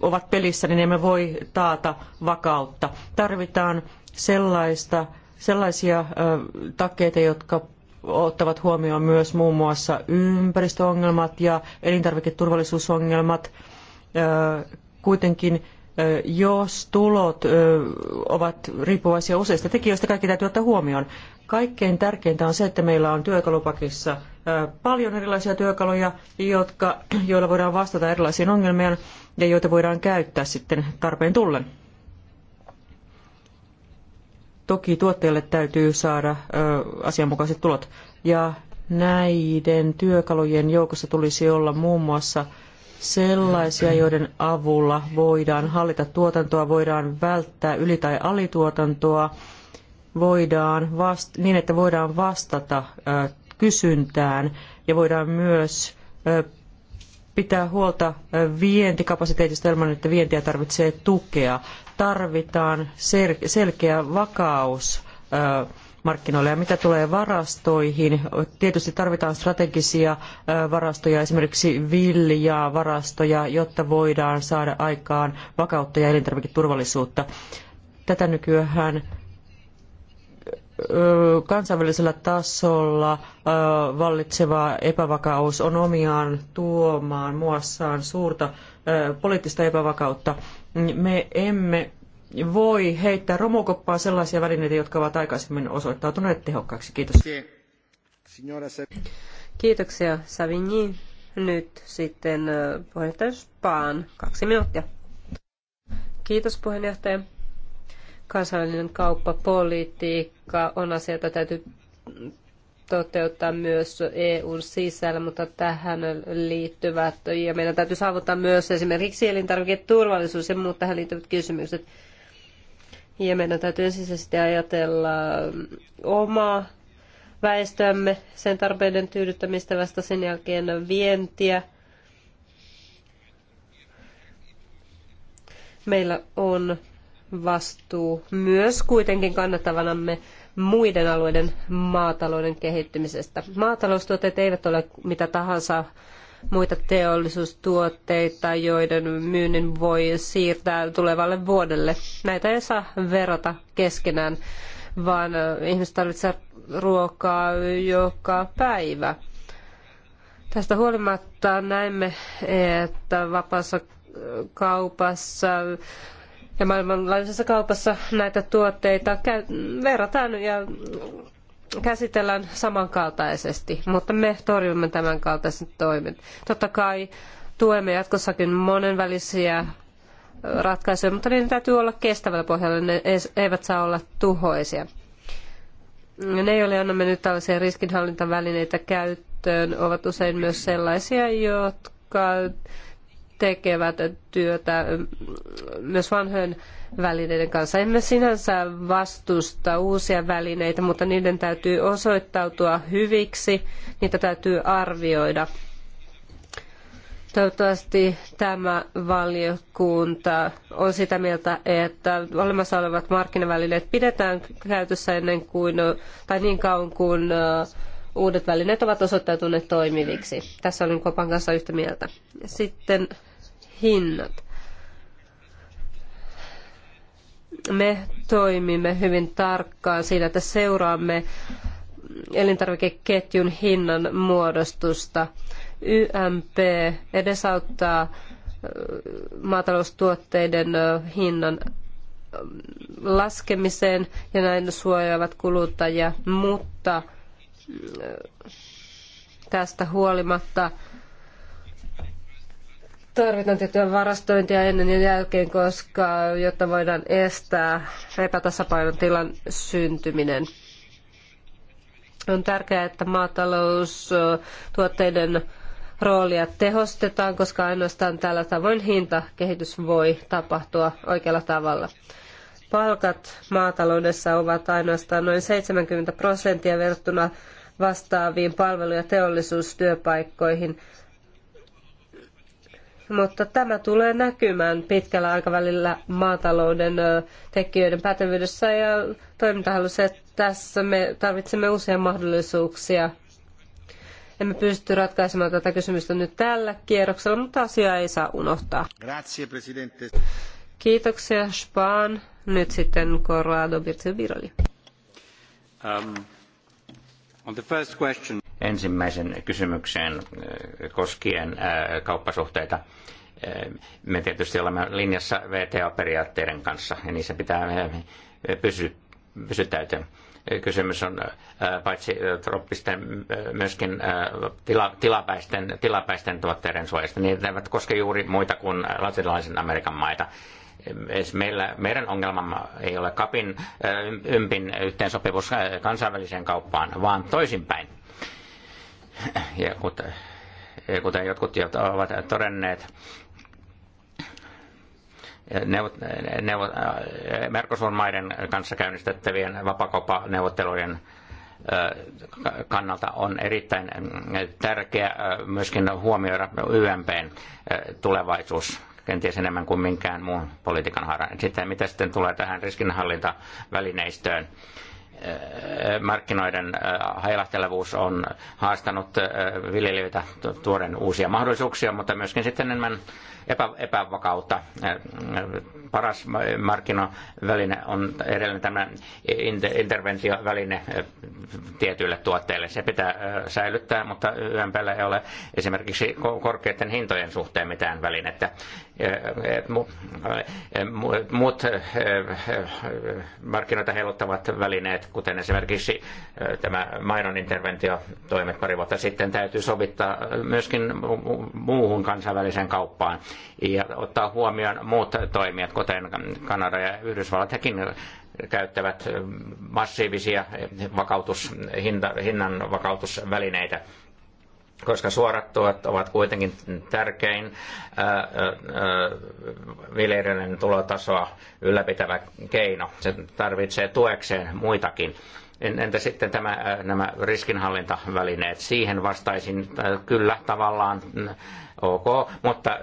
S1: ovat pelissä, niin emme voi taata vakautta. Tarvitaan sellaista, sellaisia takkeita, jotka ottavat huomioon myös muun muassa ympäristöongelmat ja elintarviketurvallisuusongelmat. Kuitenkin jos tulot ovat riippuvaisia useista tekijöistä, kaikki täytyy ottaa huomioon. Kaikkein tärkeintä on se, että meillä on työkalupakissa paljon erilaisia työkaluja, jotka, joilla voidaan vastata erilaisiin ongelmiin ja joita voidaan käyttää sitten tarpeen tullen. Toki tuotteille täytyy saada asianmukaiset tulot. Ja näiden työkalujen joukossa tulisi olla muun muassa – sellaisia, joiden avulla voidaan hallita tuotantoa, voidaan välttää yli- tai alituotantoa, voidaan vast- niin, että voidaan vastata kysyntään ja voidaan myös pitää huolta vientikapasiteetista ilman, että vientiä tarvitsee tukea. Tarvitaan selkeä vakaus markkinoille Ja mitä tulee varastoihin, tietysti tarvitaan strategisia varastoja, esimerkiksi viljaa varastoja, jotta voidaan saada aikaan vakautta ja elintarviketurvallisuutta. Tätä nykyään kansainvälisellä tasolla vallitseva epävakaus on omiaan tuomaan muassaan suurta poliittista epävakautta. Me emme voi heittää romukoppaan sellaisia välineitä, jotka ovat aikaisemmin osoittautuneet tehokkaiksi. Kiitos.
S2: Kiitoksia Savigny. Nyt sitten puheenjohtaja Spaan. Kaksi minuuttia. Kiitos puheenjohtaja. Kansainvälinen kauppapolitiikka on asia, jota täytyy toteuttaa myös EUn sisällä, mutta tähän liittyvät, ja meidän täytyy saavuttaa myös esimerkiksi elintarviketurvallisuus ja muut tähän liittyvät kysymykset. Ja meidän täytyy ensisijaisesti ajatella mm, omaa väestöämme, sen tarpeiden tyydyttämistä vasta sen jälkeen vientiä. Meillä on vastuu myös kuitenkin kannattavanamme muiden alueiden maatalouden kehittymisestä. Maataloustuotteet eivät ole mitä tahansa muita teollisuustuotteita, joiden myynnin voi siirtää tulevalle vuodelle. Näitä ei saa verrata keskenään, vaan äh, ihmiset tarvitsevat ruokaa joka päivä. Tästä huolimatta näemme, että vapaassa kaupassa ja maailmanlaajuisessa kaupassa näitä tuotteita verrataan ja käsitellään samankaltaisesti, mutta me torjumme tämän toimet. Totta kai tuemme jatkossakin monenvälisiä ratkaisuja, mutta niiden täytyy olla kestävällä pohjalla, ne eivät saa olla tuhoisia. Ne, joille annamme nyt tällaisia riskinhallintavälineitä käyttöön, ovat usein myös sellaisia, jotka tekevät työtä myös vanhojen välineiden kanssa. Emme sinänsä vastusta uusia välineitä, mutta niiden täytyy osoittautua hyviksi, niitä täytyy arvioida. Toivottavasti tämä valiokunta on sitä mieltä, että olemassa olevat markkinavälineet pidetään käytössä ennen kuin, tai niin kauan kuin uh, uudet välineet ovat osoittautuneet toimiviksi. Tässä olen Kopan kanssa yhtä mieltä. Sitten hinnat. Me toimimme hyvin tarkkaan siinä, että seuraamme elintarvikeketjun hinnan muodostusta. YMP edesauttaa maataloustuotteiden hinnan laskemiseen ja näin suojaavat kuluttajia, mutta tästä huolimatta tarvitaan tiettyä varastointia ennen ja jälkeen, koska jotta voidaan estää epätasapainon tilan syntyminen. On tärkeää, että maataloustuotteiden roolia tehostetaan, koska ainoastaan tällä tavoin hintakehitys voi tapahtua oikealla tavalla. Palkat maataloudessa ovat ainoastaan noin 70 prosenttia verrattuna vastaaviin palvelu- ja teollisuustyöpaikkoihin, mutta tämä tulee näkymään pitkällä aikavälillä maatalouden tekijöiden pätevyydessä ja toimintahalussa. Tässä me tarvitsemme uusia mahdollisuuksia. Emme pysty ratkaisemaan tätä kysymystä nyt tällä kierroksella, mutta asiaa ei saa unohtaa.
S3: Grazie, presidente.
S2: Kiitoksia, Spaan. Nyt sitten Corrado Birtio
S3: Um. Ähm, Ensimmäisen kysymykseen äh, koskien äh, kauppasuhteita. Äh, me tietysti olemme linjassa VTO-periaatteiden kanssa ja niissä pitää pysy, pysytäytyä. Kysymys on paitsi troppisten myöskin tila, tilapäisten, tilapäisten tuotteiden suojasta. Niitä eivät koske juuri muita kuin latinalaisen Amerikan maita meillä, meidän ongelmamme ei ole kapin ympin yhteensopivuus kansainväliseen kauppaan, vaan toisinpäin. Ja kuten, kuten jotkut ovat todenneet, neuvot, neuvot, Mercosur-maiden kanssa käynnistettävien vapakauppaneuvotteluiden kannalta on erittäin mm, tärkeää myöskin huomioida YMPn tulevaisuus kenties enemmän kuin minkään muun politiikan haaran. Sitten mitä sitten tulee tähän riskinhallintavälineistöön? markkinoiden hailahtelevuus on haastanut viljelijöitä tuoden uusia mahdollisuuksia, mutta myöskin sitten enemmän epä, epävakautta. Paras markkinaväline on edelleen tämä interventioväline tietyille tuotteille. Se pitää säilyttää, mutta YMPllä ei ole esimerkiksi korkeiden hintojen suhteen mitään välinettä. Muut markkinoita heiluttavat välineet, kuten esimerkiksi tämä mainon toimet pari vuotta sitten, täytyy sovittaa myöskin muuhun kansainväliseen kauppaan ja ottaa huomioon muut toimijat, kuten Kanada ja Yhdysvallat, hekin käyttävät massiivisia vakautus, hinnan vakautusvälineitä koska suorat tuet ovat kuitenkin tärkein ää, ää, viljelijöiden tulotasoa ylläpitävä keino. Se tarvitsee tuekseen muitakin. Entä sitten tämä, nämä riskinhallintavälineet? Siihen vastaisin kyllä tavallaan ok, mutta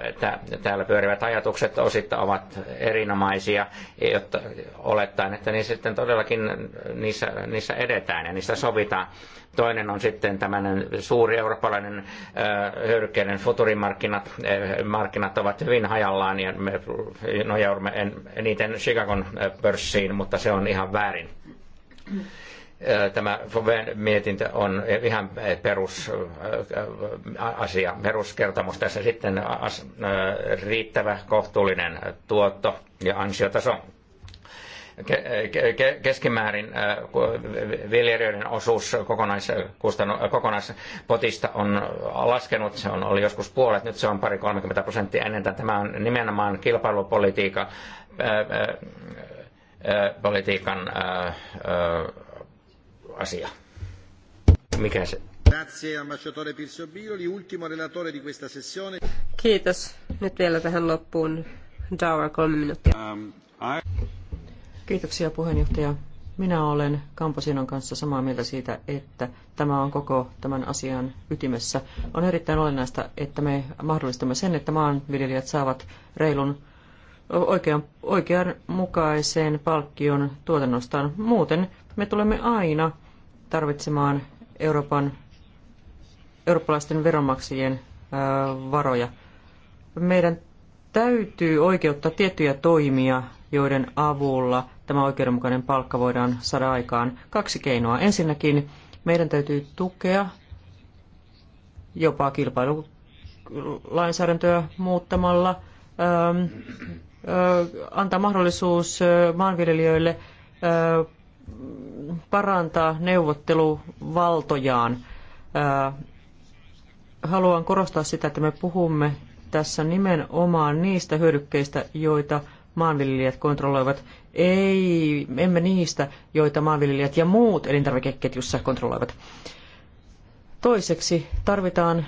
S3: täällä pyörivät ajatukset osittain ovat erinomaisia, jotta olettaen, että niin sitten todellakin niissä, niissä edetään ja niistä sovitaan. Toinen on sitten tämmöinen suuri eurooppalainen hyödykkeiden futurimarkkinat. Markkinat ovat hyvin hajallaan ja me nojaudumme eniten Chicagon pörssiin, mutta se on ihan väärin tämä mietintö on ihan perusasia, peruskertomus. Tässä sitten riittävä kohtuullinen tuotto ja ansiotaso. Keskimäärin viljelijöiden osuus kokonaispotista on laskenut, se on, oli joskus puolet, nyt se on pari 30 prosenttia ennen. Tämä on nimenomaan kilpailupolitiikan politiikan asia. Mikä se?
S2: Kiitos. Nyt vielä tähän loppuun. Dauer, kolme minuuttia. Um,
S1: Kiitoksia puheenjohtaja. Minä olen Kamposinon kanssa samaa mieltä siitä, että tämä on koko tämän asian ytimessä. On erittäin olennaista, että me mahdollistamme sen, että maanviljelijät saavat reilun oikean, oikeanmukaisen palkkion tuotannostaan. Muuten me tulemme aina tarvitsemaan Euroopan, eurooppalaisten veronmaksajien varoja. Meidän täytyy oikeuttaa tiettyjä toimia, joiden avulla tämä oikeudenmukainen palkka voidaan saada aikaan. Kaksi keinoa. Ensinnäkin meidän täytyy tukea jopa kilpailulainsäädäntöä muuttamalla, antaa mahdollisuus maanviljelijöille parantaa neuvotteluvaltojaan. Äh, haluan korostaa sitä, että me puhumme tässä nimenomaan niistä hyödykkeistä, joita maanviljelijät kontrolloivat, ei, emme niistä, joita maanviljelijät ja muut elintarvikeketjussa kontrolloivat. Toiseksi tarvitaan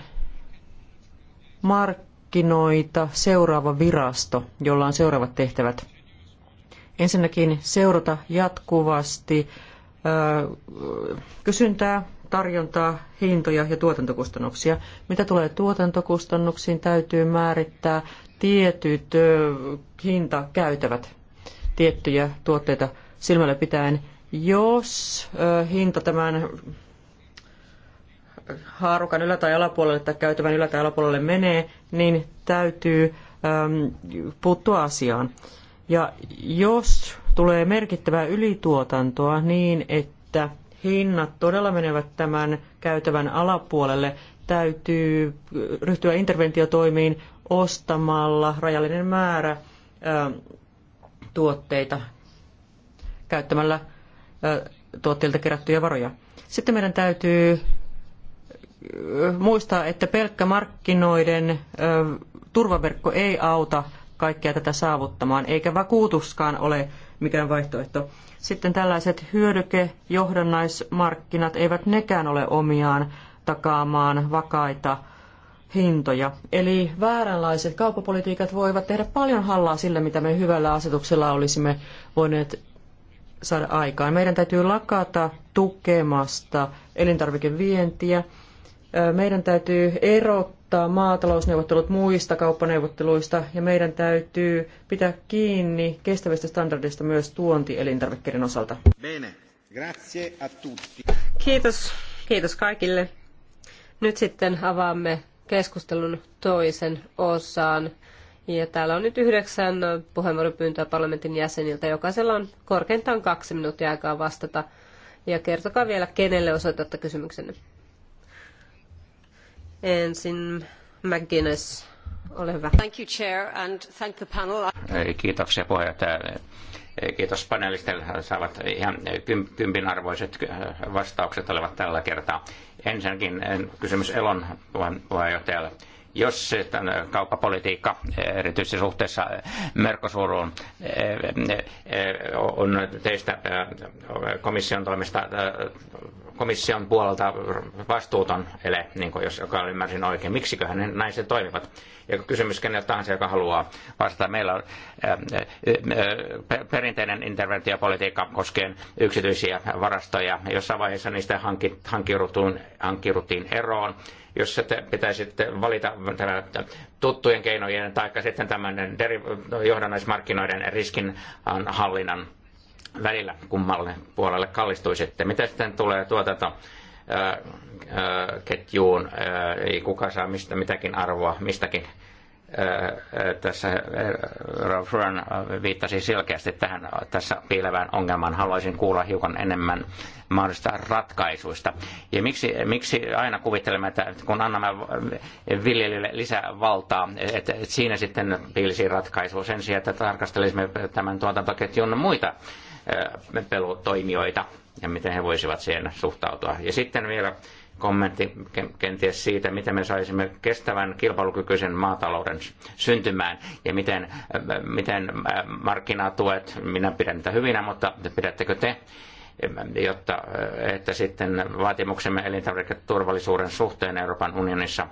S1: markkinoita seuraava virasto, jolla on seuraavat tehtävät. Ensinnäkin seurata jatkuvasti kysyntää, tarjontaa, hintoja ja tuotantokustannuksia. Mitä tulee tuotantokustannuksiin, täytyy määrittää tietyt hintakäytävät tiettyjä tuotteita silmällä pitäen. Jos hinta tämän haarukan ylä- tai alapuolelle tai käytävän ylä- tai alapuolelle menee, niin täytyy puuttua asiaan. Ja jos tulee merkittävää ylituotantoa niin, että hinnat todella menevät tämän käytävän alapuolelle, täytyy ryhtyä interventiotoimiin ostamalla rajallinen määrä tuotteita käyttämällä tuotteilta kerättyjä varoja. Sitten meidän täytyy muistaa, että pelkkä markkinoiden turvaverkko ei auta kaikkea tätä saavuttamaan, eikä vakuutuskaan ole mikään vaihtoehto. Sitten tällaiset hyödykejohdannaismarkkinat eivät nekään ole omiaan takaamaan vakaita hintoja. Eli vääränlaiset kauppapolitiikat voivat tehdä paljon hallaa sille, mitä me hyvällä asetuksella olisimme voineet saada aikaan. Meidän täytyy lakata tukemasta elintarvikevientiä. Meidän täytyy erottaa erottaa maatalousneuvottelut muista kauppaneuvotteluista ja meidän täytyy pitää kiinni kestävistä standardeista myös tuontielintarvikkeiden osalta.
S3: Bene. Grazie a tutti.
S2: Kiitos. Kiitos kaikille. Nyt sitten avaamme keskustelun toisen osaan. Ja täällä on nyt yhdeksän puheenvuoropyyntöä parlamentin jäseniltä. Jokaisella on korkeintaan kaksi minuuttia aikaa vastata. Ja kertokaa vielä, kenelle osoitatte kysymyksenne. Ensin McGuinness, ole hyvä. Thank you, Chair, and thank the panel.
S3: Kiitoksia puheenjohtaja. Kiitos panelistille. Saavat ihan kympin arvoiset äh, vastaukset olevat tällä kertaa. Ensinnäkin kysymys Elon puheenjohtajalle jos äh, kauppapolitiikka äh, erityisesti suhteessa Mercosuruun on teistä komission toimesta komission puolelta vastuuton ele, niin kuin jos joka ymmärsin oikein. Miksiköhän näin se toimivat? Ja kysymys kenellä tahansa, joka haluaa vastata. Meillä on ää, äh, ää, äh, perinteinen interventiopolitiikka koskien yksityisiä varastoja. Jossain vaiheessa niistä hankkiuduttiin, hankkiuduttiin eroon. Jos pitäisi valita tämä tuttujen keinojen tai sitten tämmöinen deri, johdannaismarkkinoiden riskin hallinnan välillä kummalle puolelle sitten. Mitä sitten tulee tuotanto ketjuun, ei kuka saa mistä mitäkin arvoa mistäkin. Tässä Ralph Run viittasi selkeästi tähän tässä piilevään ongelmaan. Haluaisin kuulla hiukan enemmän mahdollisista ratkaisuista. Ja miksi, miksi aina kuvittelemme, että kun annamme viljelijöille lisää valtaa, että siinä sitten piilisi ratkaisu sen sijaan, että tarkastelisimme tämän tuotantoketjun muita pelutoimijoita ja miten he voisivat siihen suhtautua. Ja sitten vielä kommentti kenties siitä, miten me saisimme kestävän kilpailukykyisen maatalouden syntymään ja miten, miten markkinatuet, minä pidän niitä hyvinä, mutta pidättekö te, jotta että sitten vaatimuksemme elintarviketurvallisuuden suhteen Euroopan unionissa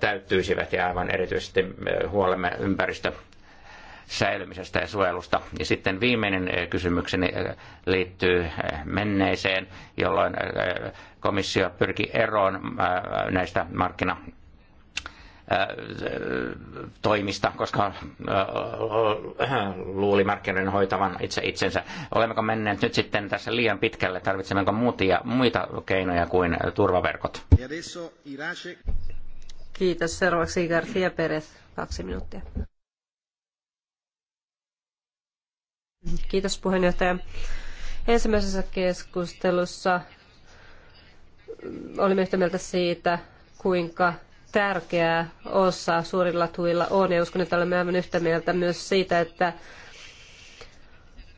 S3: täyttyisivät ja aivan erityisesti huolemme ympäristö- säilymisestä ja suojelusta. Ja sitten viimeinen eh, kysymykseni eh, liittyy eh, menneeseen, jolloin komissio pyrki eroon näistä markkina toimista, koska luuli markkinoiden hoitavan itse itsensä. Olemmeko menneet nyt sitten tässä liian pitkälle? Tarvitsemmeko muutia, muita keinoja kuin turvaverkot?
S2: Kiitos. Seuraavaksi Garcia Perez, kaksi minuuttia. Kiitos puheenjohtaja. Ensimmäisessä keskustelussa olimme yhtä mieltä siitä, kuinka tärkeää osa suurilla tuilla on. Ja uskon, että olemme aivan yhtä mieltä myös siitä, että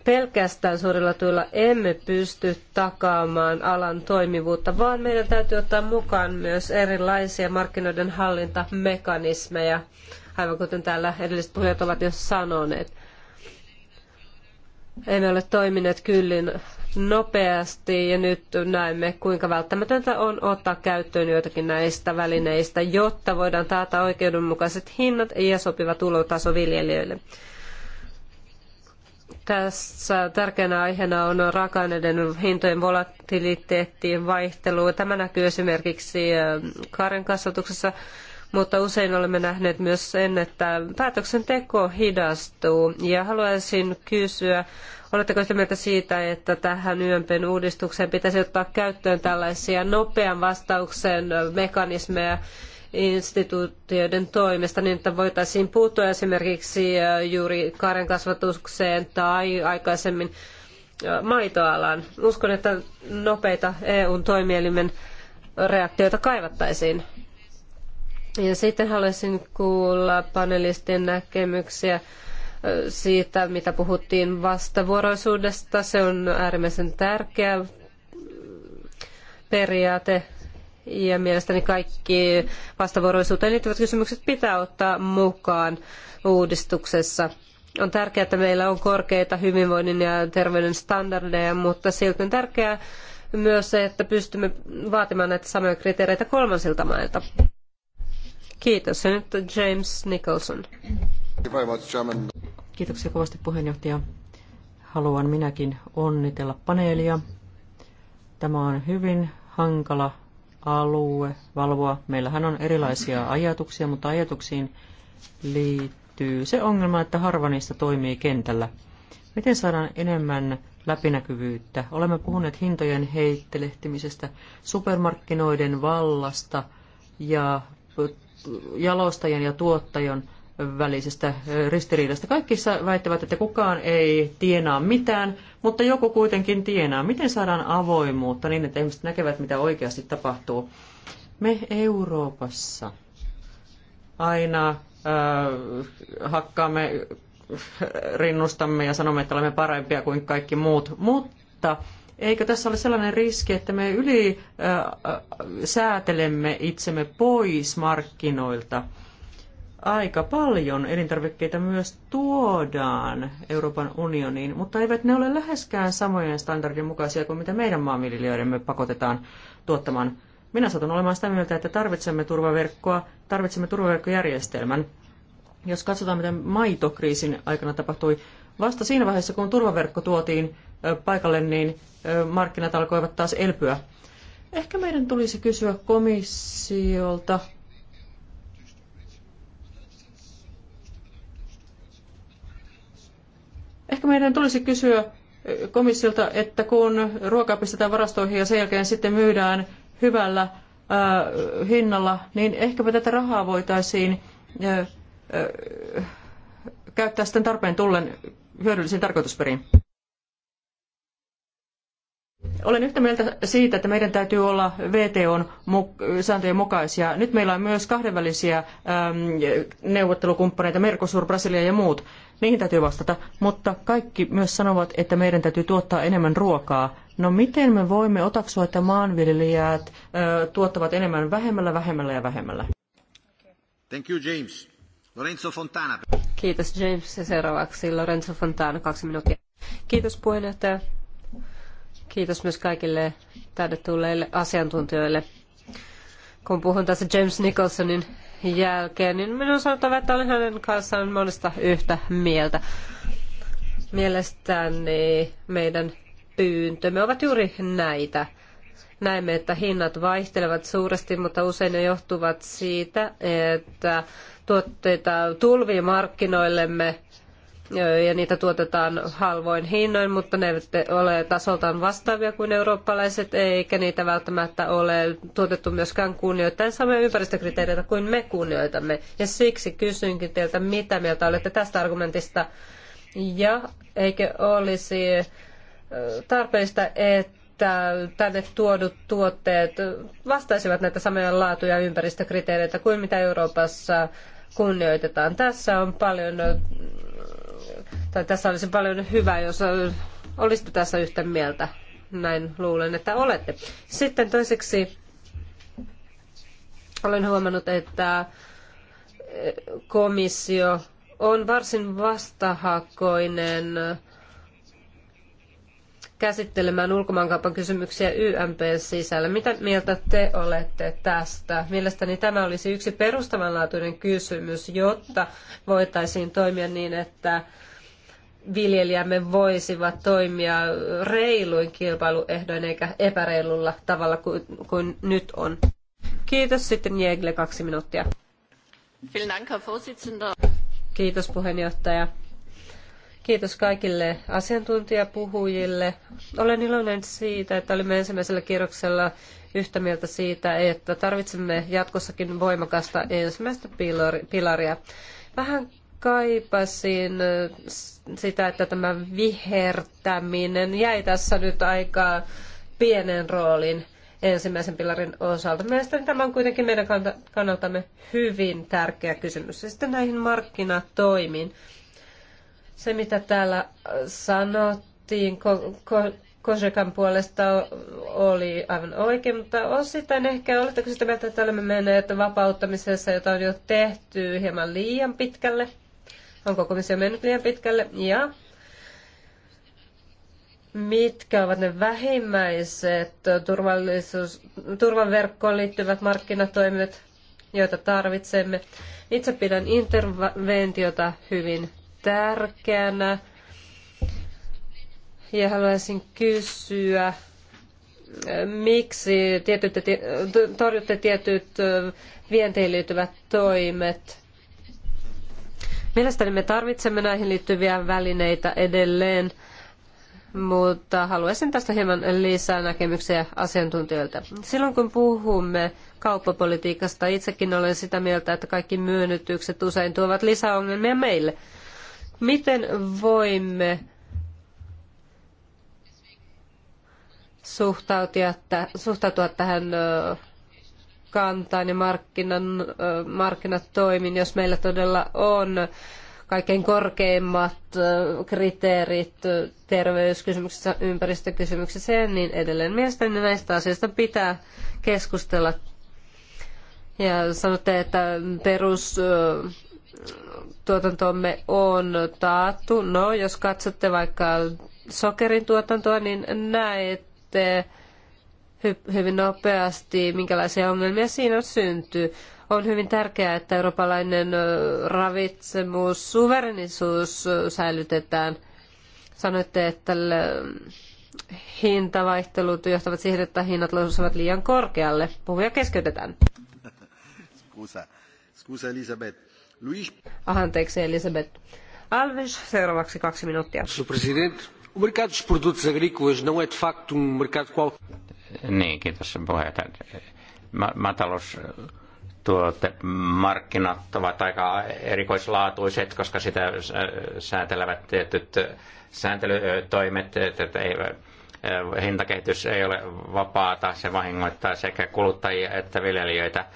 S2: pelkästään suurilla tuilla emme pysty takaamaan alan toimivuutta, vaan meidän täytyy ottaa mukaan myös erilaisia markkinoiden hallintamekanismeja, aivan kuten täällä edelliset puhujat ovat jo sanoneet. Emme ole toimineet kyllin nopeasti ja nyt näemme, kuinka välttämätöntä on ottaa käyttöön joitakin näistä välineistä, jotta voidaan taata oikeudenmukaiset hinnat ja sopiva tulotaso viljelijöille. Tässä tärkeänä aiheena on raaka-aineiden hintojen volatiliteetti, vaihtelu. Tämä näkyy esimerkiksi karjan kasvatuksessa mutta usein olemme nähneet myös sen, että päätöksenteko hidastuu. Ja haluaisin kysyä, oletteko sitä mieltä siitä, että tähän YMPn uudistukseen pitäisi ottaa käyttöön tällaisia nopean vastauksen mekanismeja, instituutioiden toimesta, niin että voitaisiin puuttua esimerkiksi juuri kaaren kasvatukseen tai aikaisemmin maitoalaan. Uskon, että nopeita EUn toimielimen reaktioita kaivattaisiin. Ja sitten haluaisin kuulla panelistien näkemyksiä siitä, mitä puhuttiin vastavuoroisuudesta. Se on äärimmäisen tärkeä periaate. Ja mielestäni kaikki vastavuoroisuuteen liittyvät kysymykset pitää ottaa mukaan uudistuksessa. On tärkeää, että meillä on korkeita hyvinvoinnin ja terveyden standardeja, mutta silti on tärkeää myös se, että pystymme vaatimaan näitä samoja kriteereitä kolmansilta mailta. Kiitos. Ja James Nicholson. Kiitoksia kovasti puheenjohtaja.
S1: Haluan minäkin onnitella paneelia. Tämä on hyvin hankala alue valvoa. Meillähän on erilaisia ajatuksia, mutta ajatuksiin liittyy se ongelma, että harva niistä toimii kentällä. Miten saadaan enemmän läpinäkyvyyttä? Olemme puhuneet hintojen heittelehtimisestä, supermarkkinoiden vallasta ja jalostajan ja tuottajan välisestä ristiriidasta. Kaikki väittävät, että kukaan ei tienaa mitään, mutta joku kuitenkin tienaa. Miten saadaan avoimuutta niin, että ihmiset näkevät, mitä oikeasti tapahtuu? Me Euroopassa aina äh, hakkaamme, rinnustamme ja sanomme, että olemme parempia kuin kaikki muut, mutta Eikö tässä ole sellainen riski, että me yli säätelemme itsemme pois markkinoilta? Aika paljon elintarvikkeita myös tuodaan Euroopan unioniin, mutta eivät ne ole läheskään samojen standardien mukaisia kuin mitä meidän maanviljelijöidemme pakotetaan tuottamaan. Minä satun olemaan sitä mieltä, että tarvitsemme turvaverkkoa, tarvitsemme turvaverkkojärjestelmän. Jos katsotaan, mitä maitokriisin aikana tapahtui, vasta siinä vaiheessa, kun turvaverkko tuotiin paikalle, niin markkinat alkoivat taas elpyä. Ehkä meidän tulisi kysyä komissiolta, Ehkä meidän tulisi kysyä komissiolta, että kun ruokaa pistetään varastoihin ja sen jälkeen sitten myydään hyvällä ää, hinnalla, niin ehkäpä tätä rahaa voitaisiin ää, ää, käyttää sitten tarpeen tullen hyödyllisiin tarkoitusperiin. Olen yhtä mieltä siitä, että meidän täytyy olla VTOn sääntöjen mukaisia. Nyt meillä on myös kahdenvälisiä neuvottelukumppaneita, Mercosur, Brasilia ja muut. Niihin täytyy vastata, mutta kaikki myös sanovat, että meidän täytyy tuottaa enemmän ruokaa. No miten me voimme otaksua, että maanviljelijät
S2: tuottavat enemmän vähemmällä, vähemmällä ja vähemmällä?
S3: Thank you, James. Lorenzo Fontana.
S2: Kiitos James. Ja seuraavaksi Lorenzo Fontana, kaksi minuuttia. Kiitos puheenjohtaja. Kiitos myös kaikille tänne tulleille asiantuntijoille. Kun puhun tässä James Nicholsonin jälkeen, niin minun sanottava, että olen hänen kanssaan monesta yhtä mieltä. Mielestäni meidän pyyntömme ovat juuri näitä. Näemme, että hinnat vaihtelevat suuresti, mutta usein ne johtuvat siitä, että tuotteita tulvii markkinoillemme ja niitä tuotetaan halvoin hinnoin, mutta ne eivät ole tasoltaan vastaavia kuin eurooppalaiset, eikä niitä välttämättä ole tuotettu myöskään kunnioittain samoja ympäristökriteereitä kuin me kunnioitamme. Ja siksi kysynkin teiltä, mitä mieltä olette tästä argumentista, ja eikö olisi tarpeellista, että tänne tuodut tuotteet vastaisivat näitä samoja laatu- ja ympäristökriteereitä kuin mitä Euroopassa kunnioitetaan. Tässä on paljon tai tässä olisi paljon hyvää, jos olisitte tässä yhtä mieltä. Näin luulen, että olette. Sitten toiseksi olen huomannut, että komissio on varsin vastahakoinen käsittelemään ulkomaankaupan kysymyksiä YMPn sisällä. Mitä mieltä te olette tästä? Mielestäni tämä olisi yksi perustavanlaatuinen kysymys, jotta voitaisiin toimia niin, että viljelijämme voisivat toimia reiluin kilpailuehdoin eikä epäreilulla tavalla kuin, kuin nyt on. Kiitos sitten Jegle kaksi minuuttia. Kiitos puheenjohtaja. Kiitos kaikille asiantuntijapuhujille. Olen iloinen siitä, että olimme ensimmäisellä kierroksella yhtä mieltä siitä, että tarvitsemme jatkossakin voimakasta ensimmäistä pilaria. Vähän kaipasin sitä, että tämä vihertäminen jäi tässä nyt aika pienen roolin ensimmäisen pilarin osalta. Mielestäni tämä on kuitenkin meidän kannaltamme hyvin tärkeä kysymys. Ja sitten näihin markkinatoimiin. Se, mitä täällä sanottiin Kosekan puolesta oli aivan oikein, mutta osittain ehkä oletteko sitä mieltä, että olemme menneet vapauttamisessa, jota on jo tehty hieman liian pitkälle – Onko komissio mennyt liian pitkälle? Ja mitkä ovat ne vähimmäiset turvallisuus, turvaverkkoon liittyvät markkinatoimet, joita tarvitsemme. Itse pidän interventiota hyvin tärkeänä ja haluaisin kysyä, miksi tietyt, torjutte tietyt vientiin liittyvät toimet Mielestäni me tarvitsemme näihin liittyviä välineitä edelleen, mutta haluaisin tästä hieman lisää näkemyksiä asiantuntijoilta. Silloin kun puhumme kauppapolitiikasta, itsekin olen sitä mieltä, että kaikki myönnytykset usein tuovat lisää ongelmia meille. Miten voimme suhtautua, suhtautua tähän kantaan ja markkinan, toimin, jos meillä todella on kaikkein korkeimmat kriteerit terveyskysymyksissä, ympäristökysymyksissä ja niin edelleen. Mielestäni näistä asioista pitää keskustella. Ja sanotte, että perustuotantomme on taattu. No, jos katsotte vaikka sokerin tuotantoa, niin näette, hyvin nopeasti, minkälaisia ongelmia siinä syntyy. On hyvin tärkeää, että eurooppalainen ravitsemus, suverenisuus säilytetään. Sanoitte, että hintavaihtelut johtavat siihen, että hinnat nousevat liian korkealle. Puhuja keskeytetään. Scusa. Scusa Elisabeth. Luis... anteeksi Elisabeth. Alves, seuraavaksi kaksi minuuttia. Presidente,
S3: o mercado dos produtos agrícolas não é de facto um mercado qualquer niin, kiitos puheenjohtaja. Maatalous markkinat ovat aika erikoislaatuiset, koska sitä säätelevät tietyt sääntelytoimet, että ei, äh, hintakehitys ei ole vapaata, se vahingoittaa sekä kuluttajia että viljelijöitä äh,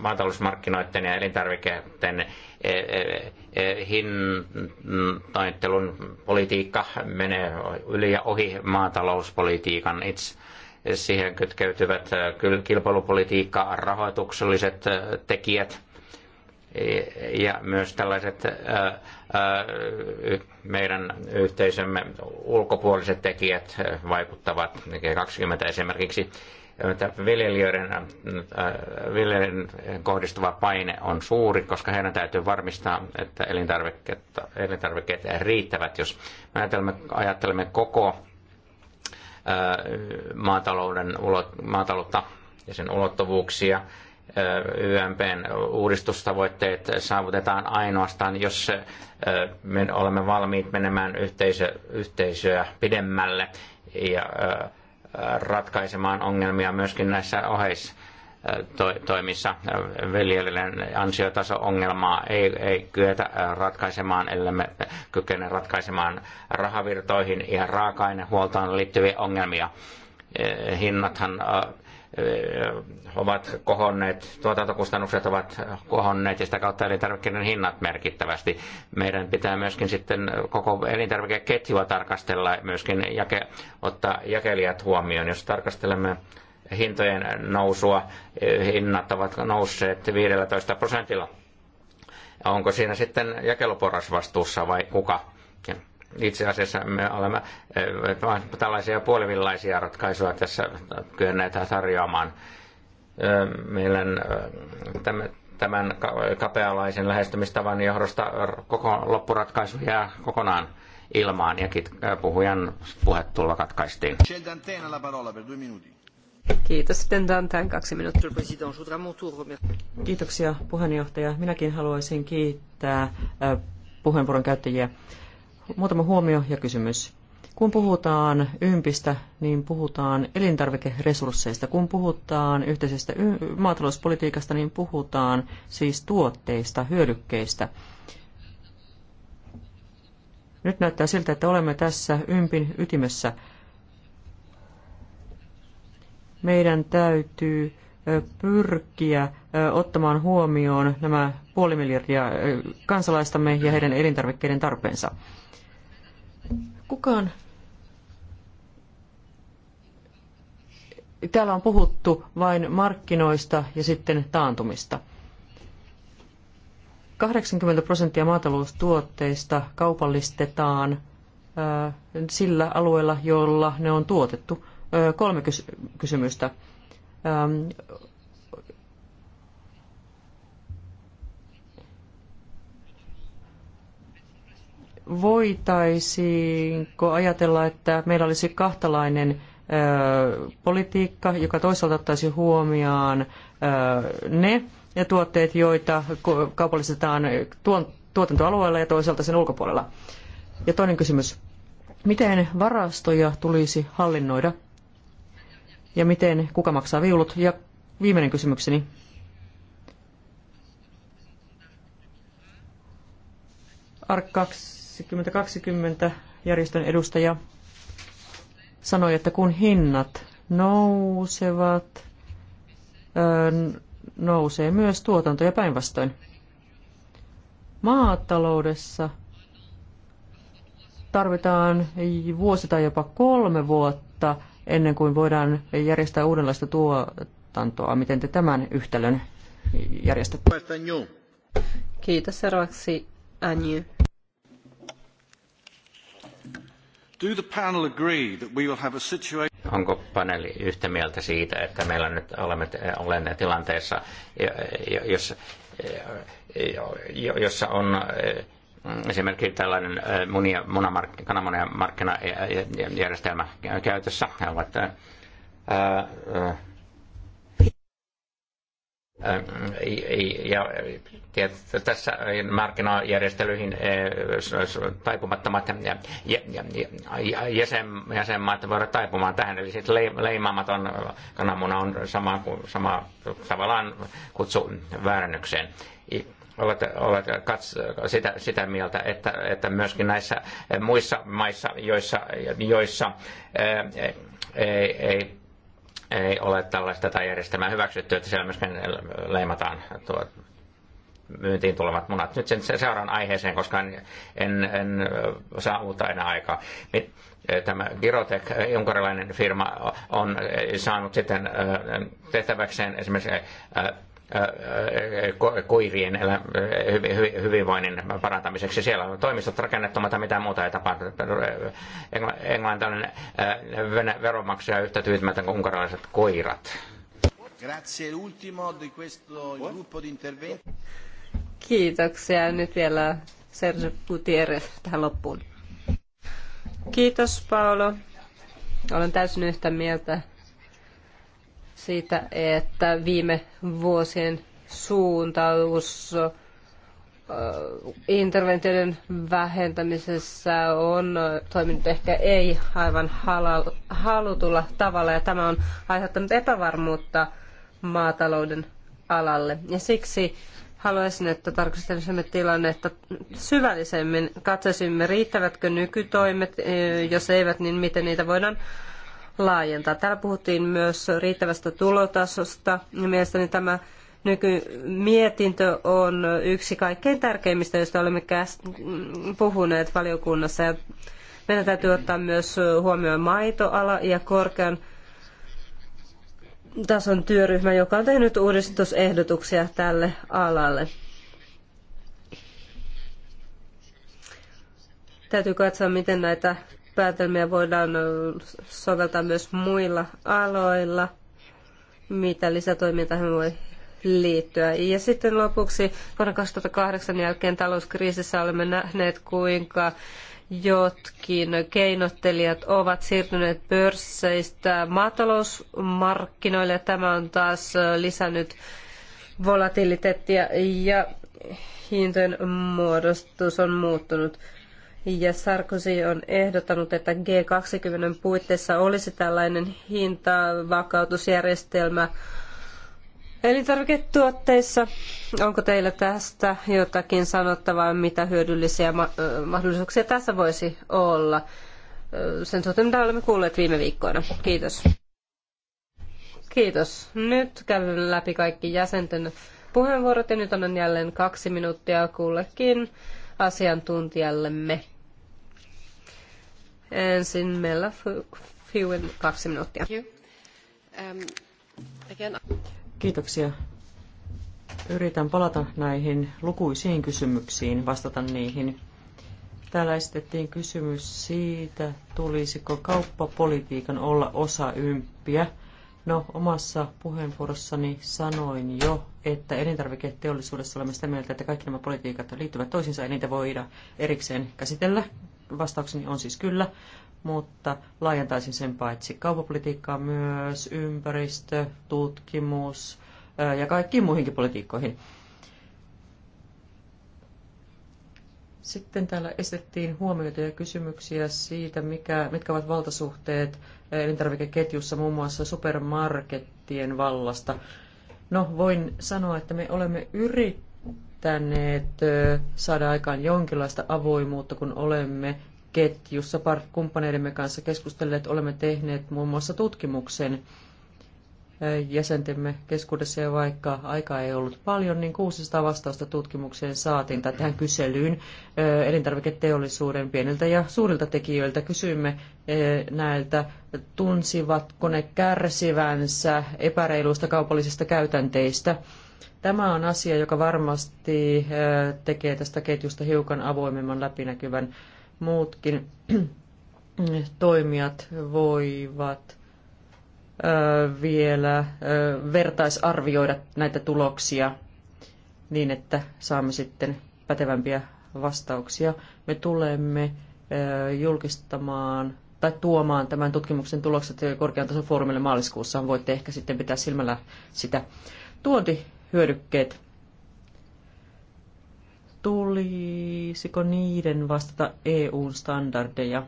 S3: maatalousmarkkinoiden ja elintarvikkeiden E, e, e, hintaittelun politiikka menee yli ja ohi maatalouspolitiikan itse. Siihen kytkeytyvät kilpailupolitiikka, rahoitukselliset tekijät ja myös tällaiset meidän yhteisömme ulkopuoliset tekijät vaikuttavat, G20 esimerkiksi viljelijöiden, äh, viljelijöiden kohdistuva paine on suuri, koska heidän täytyy varmistaa, että elintarvikkeet, elintarvikkeet riittävät. Jos me ajattelemme, ajattelemme koko äh, maatalouden, maataloutta ja sen ulottuvuuksia, äh, YMPn uudistustavoitteet saavutetaan ainoastaan, jos me olemme valmiit menemään yhteisö, yhteisöä pidemmälle ja ratkaisemaan ongelmia myöskin näissä oheistoimissa. toimissa ansiotaso-ongelmaa ei, ei kyetä ratkaisemaan, ellei me kykene ratkaisemaan rahavirtoihin ja raaka-ainehuoltoon liittyviä ongelmia. Hinnathan ovat kohonneet, tuotantokustannukset ovat kohonneet ja sitä kautta elintarvikkeiden hinnat merkittävästi. Meidän pitää myöskin sitten koko elintarvikeketjua tarkastella, myöskin jake, ottaa jakelijat huomioon. Jos tarkastelemme hintojen nousua, hinnat ovat nousseet 15 prosentilla. Onko siinä sitten jakeluporras vastuussa vai kuka? itse asiassa me olemme eh, tällaisia puolivillaisia ratkaisuja tässä kyenneet tarjoamaan. Eh, meidän eh, tämän kapealaisen lähestymistavan johdosta koko loppuratkaisu jää kokonaan ilmaan ja puhujan puhetulla katkaistiin.
S1: Kiitos. Sitten Dantan kaksi minuuttia. Kiitoksia puheenjohtaja. Minäkin haluaisin kiittää puheenvuoron käyttäjiä. Muutama huomio ja kysymys. Kun puhutaan ympistä, niin puhutaan elintarvikeresursseista. Kun puhutaan yhteisestä maatalouspolitiikasta, niin puhutaan siis tuotteista, hyödykkeistä. Nyt näyttää siltä, että olemme tässä ympin ytimessä. Meidän täytyy pyrkiä ottamaan huomioon nämä puoli miljardia kansalaistamme ja heidän elintarvikkeiden tarpeensa. Kukaan täällä on puhuttu vain markkinoista ja sitten taantumista. 80 prosenttia maataloustuotteista kaupallistetaan sillä alueella, jolla ne on tuotettu. Kolme kysymystä. voitaisiinko ajatella, että meillä olisi kahtalainen politiikka, joka toisaalta ottaisi huomioon ne tuotteet, joita kaupallistetaan tuotantoalueella ja toisaalta sen ulkopuolella. Ja toinen kysymys. Miten varastoja tulisi hallinnoida ja miten kuka maksaa viulut? Ja viimeinen kysymykseni. Arkaksi 2020 järjestön edustaja sanoi, että kun hinnat nousevat, nousee myös tuotanto ja päinvastoin. Maataloudessa tarvitaan vuosi tai jopa kolme vuotta ennen kuin voidaan järjestää uudenlaista tuotantoa. Miten te tämän yhtälön järjestätte?
S2: Kiitos seuraavaksi Anju.
S3: Do the panel agree that we will have a situation... Onko paneeli yhtä mieltä siitä, että meillä nyt olemme, olemme tilanteessa, jossa on eh, esimerkiksi tällainen eh, munia, munamark, markkinajärjestelmä käytössä. He ovat ää, eh, ää, ja tässä markkinajärjestelyihin taipumattomat jäsen, jäsenmaat voivat taipumaan tähän. Eli sitten leimaamaton kananmuna on sama, kuin, sama tavallaan kutsu väärännökseen ovat, ovat kats, sitä, sitä mieltä, että, että myöskin näissä muissa maissa, joissa, joissa ei, ei ei ole tällaista tai järjestelmää hyväksytty, että siellä myöskin leimataan tuo myyntiin tulevat munat. Nyt sen seuraan aiheeseen, koska en, en, en saa uutta enää aikaa. Tämä Girotech, unkarilainen firma, on saanut sitten tehtäväkseen esimerkiksi koirien hyvinvoinnin parantamiseksi. Siellä on toimistot rakennettomat mitä muuta ei tapahdu. Englantilainen veronmaksaja yhtä tyytymätön kuin unkaralaiset koirat.
S2: Kiitoksia. Nyt vielä Serge Gutierrez tähän loppuun. Kiitos Paolo. Olen täysin yhtä mieltä siitä, että viime vuosien suuntaus interventioiden vähentämisessä on toiminut ehkä ei aivan halutulla tavalla ja tämä on aiheuttanut epävarmuutta maatalouden alalle. Ja siksi haluaisin, että tarkastelisimme tilannetta syvällisemmin, katsoisimme riittävätkö nykytoimet, jos eivät, niin miten niitä voidaan laajentaa. Täällä puhuttiin myös riittävästä tulotasosta. Mielestäni tämä nykymietintö on yksi kaikkein tärkeimmistä, joista olemme puhuneet valiokunnassa. Ja meidän täytyy ottaa myös huomioon maitoala ja korkean tason työryhmä, joka on tehnyt uudistusehdotuksia tälle alalle. Täytyy katsoa, miten näitä päätelmiä voidaan soveltaa myös muilla aloilla, mitä lisätoimia tähän voi liittyä. Ja sitten lopuksi vuonna 2008 jälkeen talouskriisissä olemme nähneet, kuinka jotkin keinottelijat ovat siirtyneet pörsseistä maatalousmarkkinoille. Tämä on taas lisännyt volatiliteettia ja hintojen muodostus on muuttunut. Ja Sarkozy on ehdottanut, että G20 puitteissa olisi tällainen hintavakautusjärjestelmä elintarviketuotteissa. Onko teillä tästä jotakin sanottavaa, mitä hyödyllisiä mahdollisuuksia tässä voisi olla? Sen suhteen, mitä olemme kuulleet viime viikkoina. Kiitos. Kiitos. Nyt käydään läpi kaikki jäsenten puheenvuorot ja nyt annan jälleen kaksi minuuttia kullekin asiantuntijallemme. Ensin meillä Fiuen kaksi minuuttia. Um,
S1: Kiitoksia. Yritän palata näihin lukuisiin kysymyksiin, vastata niihin. Täällä esitettiin kysymys siitä, tulisiko kauppapolitiikan olla osa ympiä. No, omassa puheenvuorossani sanoin jo, että elintarviketeollisuudessa olemme sitä mieltä, että kaikki nämä politiikat liittyvät toisiinsa, ja niitä voidaan erikseen käsitellä vastaukseni on siis kyllä, mutta laajentaisin sen paitsi kaupapolitiikkaa myös ympäristö, tutkimus ja kaikkiin muihinkin politiikkoihin. Sitten täällä esitettiin huomioita ja kysymyksiä siitä, mikä, mitkä ovat valtasuhteet elintarvikeketjussa muun muassa supermarkettien vallasta. No, voin sanoa, että me olemme yrittäneet yrittäneet saada aikaan jonkinlaista avoimuutta, kun olemme ketjussa kumppaneidemme kanssa keskustelleet. Olemme tehneet muun muassa tutkimuksen jäsentemme keskuudessa ja vaikka aikaa ei ollut paljon, niin 600 vastausta tutkimukseen saatiin tai tähän kyselyyn elintarviketeollisuuden pieniltä ja suurilta tekijöiltä. Kysyimme näiltä, tunsivatko ne kärsivänsä epäreiluista kaupallisista käytänteistä – Tämä on asia, joka varmasti tekee tästä ketjusta hiukan avoimemman läpinäkyvän. Muutkin toimijat voivat vielä vertaisarvioida näitä tuloksia niin, että saamme sitten pätevämpiä vastauksia. Me tulemme julkistamaan tai tuomaan tämän tutkimuksen tulokset korkean tason foorumille maaliskuussa. Voitte ehkä sitten pitää silmällä sitä. Tuonti hyödykkeet. Tulisiko niiden vastata EUn standardeja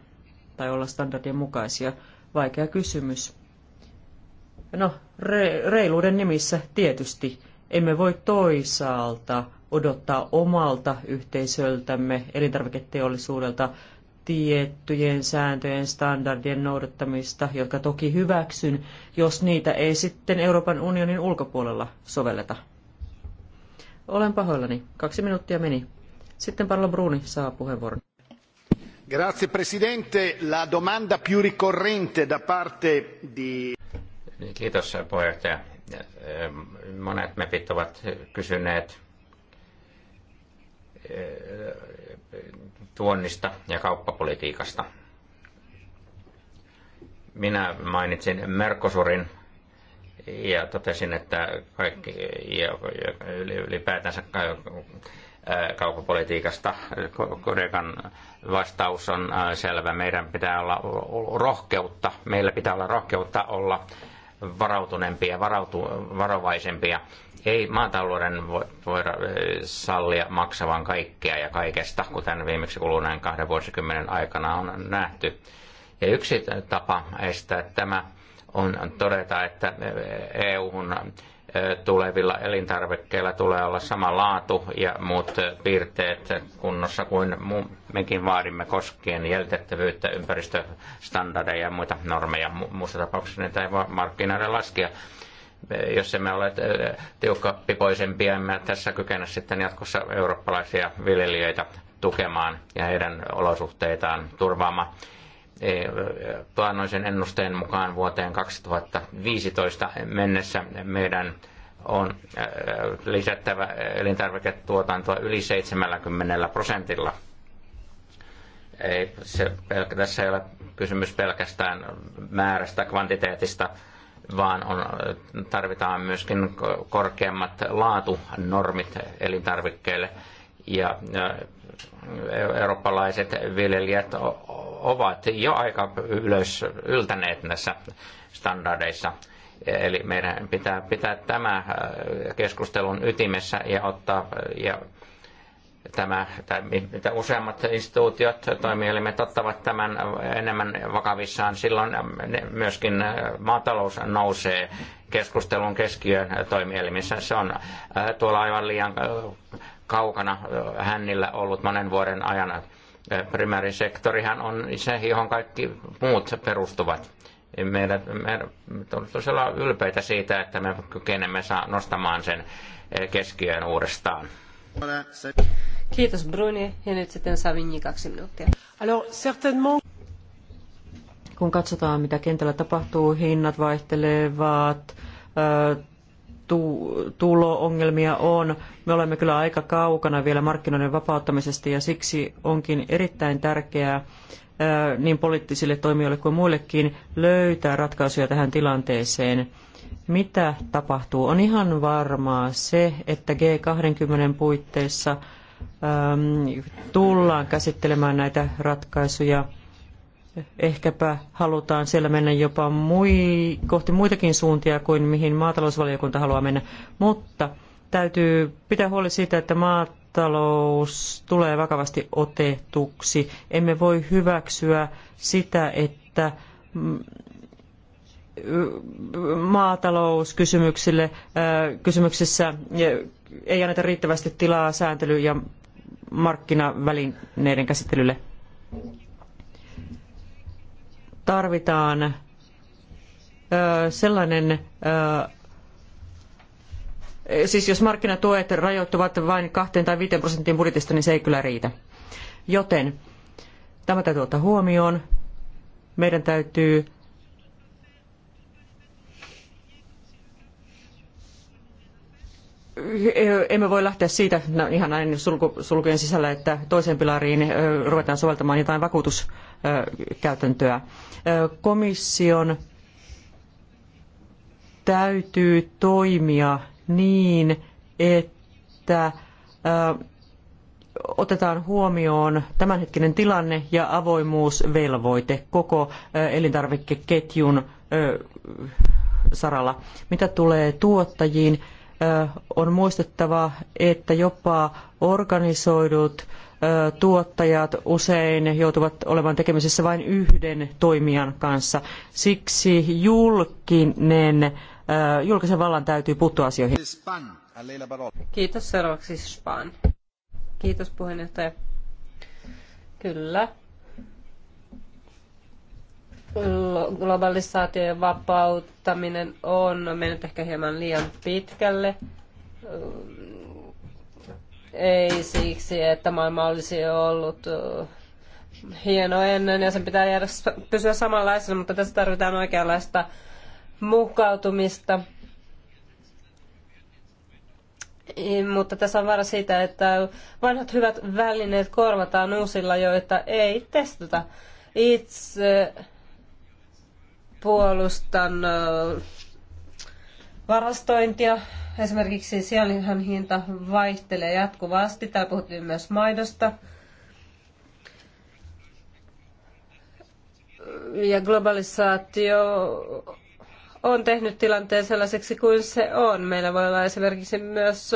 S1: tai olla standardien mukaisia? Vaikea kysymys. No, re- reiluuden nimissä tietysti. Emme voi toisaalta odottaa omalta yhteisöltämme, elintarviketeollisuudelta, tiettyjen sääntöjen standardien noudattamista, jotka toki hyväksyn, jos niitä ei sitten Euroopan unionin ulkopuolella sovelleta. Olen pahoillani. Kaksi minuuttia meni. Sitten Parlo Bruni saa puheenvuoron.
S3: Grazie Presidente. La domanda più ricorrente da parte di... Niin, kiitos puheenjohtaja. Monet mepit ovat kysyneet eh, tuonnista ja kauppapolitiikasta. Minä mainitsin Mercosurin ja totesin, että kaikki ja ylipäätänsä kaupapolitiikasta Korekan vastaus on selvä. Meidän pitää olla rohkeutta, meillä pitää olla rohkeutta olla varautuneempia, varautu, varovaisempia. Ei maatalouden voida sallia maksavan kaikkea ja kaikesta, kuten viimeksi kuluneen kahden vuosikymmenen aikana on nähty. Ja yksi tapa estää tämä on todeta, että EU-hun äh, tulevilla elintarvikkeilla tulee olla sama laatu ja muut äh, piirteet kunnossa kuin mekin vaadimme koskien jäljitettävyyttä, ympäristöstandardeja ja muita normeja. Muussa tapauksessa niitä ei voi markkinoiden laskea. Äh, jos emme ole tiukkapipoisempia, emme tässä kykene sitten jatkossa eurooppalaisia viljelijöitä tukemaan ja heidän olosuhteitaan turvaamaan taannoisen ennusteen mukaan vuoteen 2015 mennessä meidän on äh, lisättävä elintarviketuotantoa yli 70 prosentilla. Ei, se, pelkä, tässä ei ole kysymys pelkästään määrästä, kvantiteetista, vaan on, tarvitaan myöskin korkeammat laatunormit elintarvikkeille. Ja, ja äh, eurooppalaiset viljelijät ovat jo aika ylös yltäneet näissä standardeissa. Eli meidän pitää pitää tämä äh, keskustelun ytimessä ja ottaa äh, ja tämä, tai mitä useammat instituutiot, toimielimet ottavat tämän enemmän vakavissaan, silloin myöskin äh, maatalous nousee keskustelun keskiöön toimielimissä. Se on tuolla aivan liian kaukana hännillä ollut monen vuoden ajan. Primäärisektorihan on se, johon kaikki muut perustuvat. Meillä, me on tosiaan ylpeitä siitä, että me kykenemme saa nostamaan sen keskiöön uudestaan.
S2: Kiitos Bruni. Ja nyt sitten Savigny kaksi minuuttia. Alors, certainement...
S1: Kun katsotaan, mitä kentällä tapahtuu, hinnat vaihtelevat, tulo-ongelmia on. Me olemme kyllä aika kaukana vielä markkinoiden vapauttamisesta ja siksi onkin erittäin tärkeää niin poliittisille toimijoille kuin muillekin löytää ratkaisuja tähän tilanteeseen. Mitä tapahtuu? On ihan varmaa se, että G20 puitteissa tullaan käsittelemään näitä ratkaisuja – ehkäpä halutaan siellä mennä jopa mui, kohti muitakin suuntia kuin mihin maatalousvaliokunta haluaa mennä. Mutta täytyy pitää huoli siitä, että maatalous tulee vakavasti otetuksi. Emme voi hyväksyä sitä, että mm, maatalouskysymyksille äh, kysymyksissä ei anneta riittävästi tilaa sääntely- ja markkinavälineiden käsittelylle tarvitaan sellainen, siis jos markkinatuet rajoittuvat vain kahteen tai viiteen prosenttiin budjetista, niin se ei kyllä riitä. Joten tämä täytyy ottaa huomioon. Meidän täytyy emme voi lähteä siitä no ihan näin sulkujen sisällä, että toiseen pilariin ruvetaan soveltamaan jotain vakuutuskäytäntöä komission täytyy toimia niin, että otetaan huomioon tämänhetkinen tilanne ja avoimuusvelvoite koko elintarvikeketjun saralla. Mitä tulee tuottajiin, on muistettava, että jopa organisoidut tuottajat usein joutuvat olemaan tekemisissä vain yhden toimijan kanssa. Siksi julkinen, julkisen vallan täytyy puuttua asioihin.
S2: Kiitos seuraavaksi Span. Kiitos puheenjohtaja. Kyllä. Globalisaation vapauttaminen on mennyt ehkä hieman liian pitkälle ei siksi, että maailma olisi ollut uh, hieno ennen ja sen pitää jäädä, pysyä samanlaisena, mutta tässä tarvitaan oikeanlaista mukautumista. Mutta tässä on vaara siitä, että vanhat hyvät välineet korvataan uusilla, joita ei testata. Itse puolustan uh, varastointia. Esimerkiksi sianlihan hinta vaihtelee jatkuvasti. Täällä puhuttiin myös maidosta. Ja globalisaatio on tehnyt tilanteen sellaiseksi kuin se on. Meillä voi olla esimerkiksi myös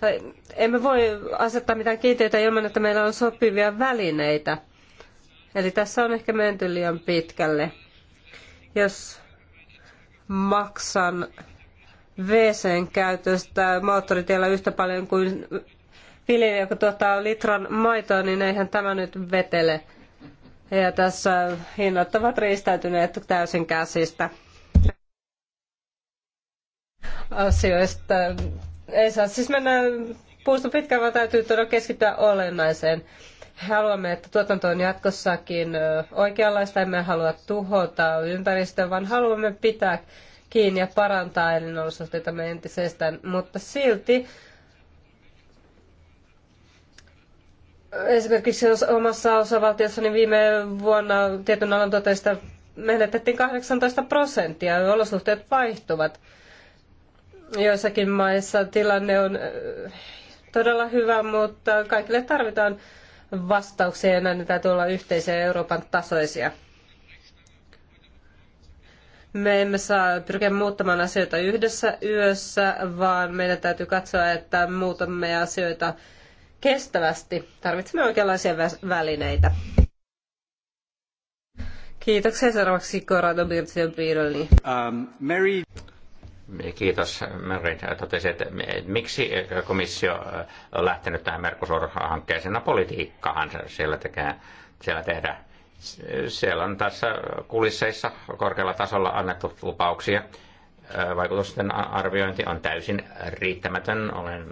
S2: tai emme voi asettaa mitään kiintiöitä ilman, että meillä on sopivia välineitä. Eli tässä on ehkä menty liian pitkälle. Jos maksan WCn käytöstä moottoritiellä yhtä paljon kuin viljelijä, joka tuottaa litran maitoa, niin eihän tämä nyt vetele. Ja tässä hinnat ovat riistäytyneet täysin käsistä. Asioista ei saa siis mennä puusta pitkään, vaan täytyy todella keskittyä olennaiseen. Haluamme, että tuotanto on jatkossakin oikeanlaista, emme halua tuhota ympäristöä, vaan haluamme pitää kiinni ja parantaa elinolosuhteitamme entisestään, mutta silti esimerkiksi omassa osavaltiossani viime vuonna tietyn alan tuotteista menetettiin 18 prosenttia, ja olosuhteet vaihtuvat. Joissakin maissa tilanne on todella hyvä, mutta kaikille tarvitaan vastauksia ja näiden täytyy olla yhteisiä Euroopan tasoisia. Me emme saa pyrkiä muuttamaan asioita yhdessä yössä, vaan meidän täytyy katsoa, että muutamme asioita kestävästi. Tarvitsemme oikeanlaisia välineitä. Kiitoksia seuraavaksi Corrado Birtio Piroli.
S3: Um, Mary... Kiitos, Murray. Totesin, että miksi komissio äh, on lähtenyt tähän Mercosur-hankkeeseen? No, politiikkahan siellä, tekee, siellä tehdään. Siellä on tässä kulisseissa korkealla tasolla annettu lupauksia. Äh, vaikutusten arviointi on täysin riittämätön. Olen,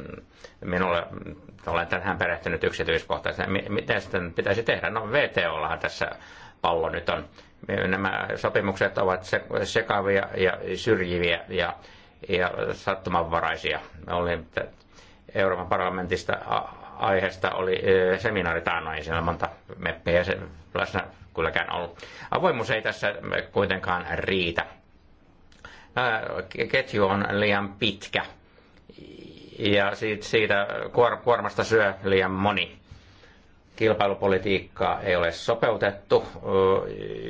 S3: minulle, olen tähän perehtynyt yksityiskohtaisesti. Mitä sitten pitäisi tehdä? No VTOllahan tässä pallo nyt on niin nämä sopimukset ovat sekavia ja syrjiviä ja, ja sattumanvaraisia. Olin Euroopan parlamentista aiheesta oli seminaari taannoin, siellä monta meppiä se läsnä kylläkään ollut. Avoimuus ei tässä kuitenkaan riitä. Ketju on liian pitkä ja siitä kuormasta syö liian moni kilpailupolitiikkaa ei ole sopeutettu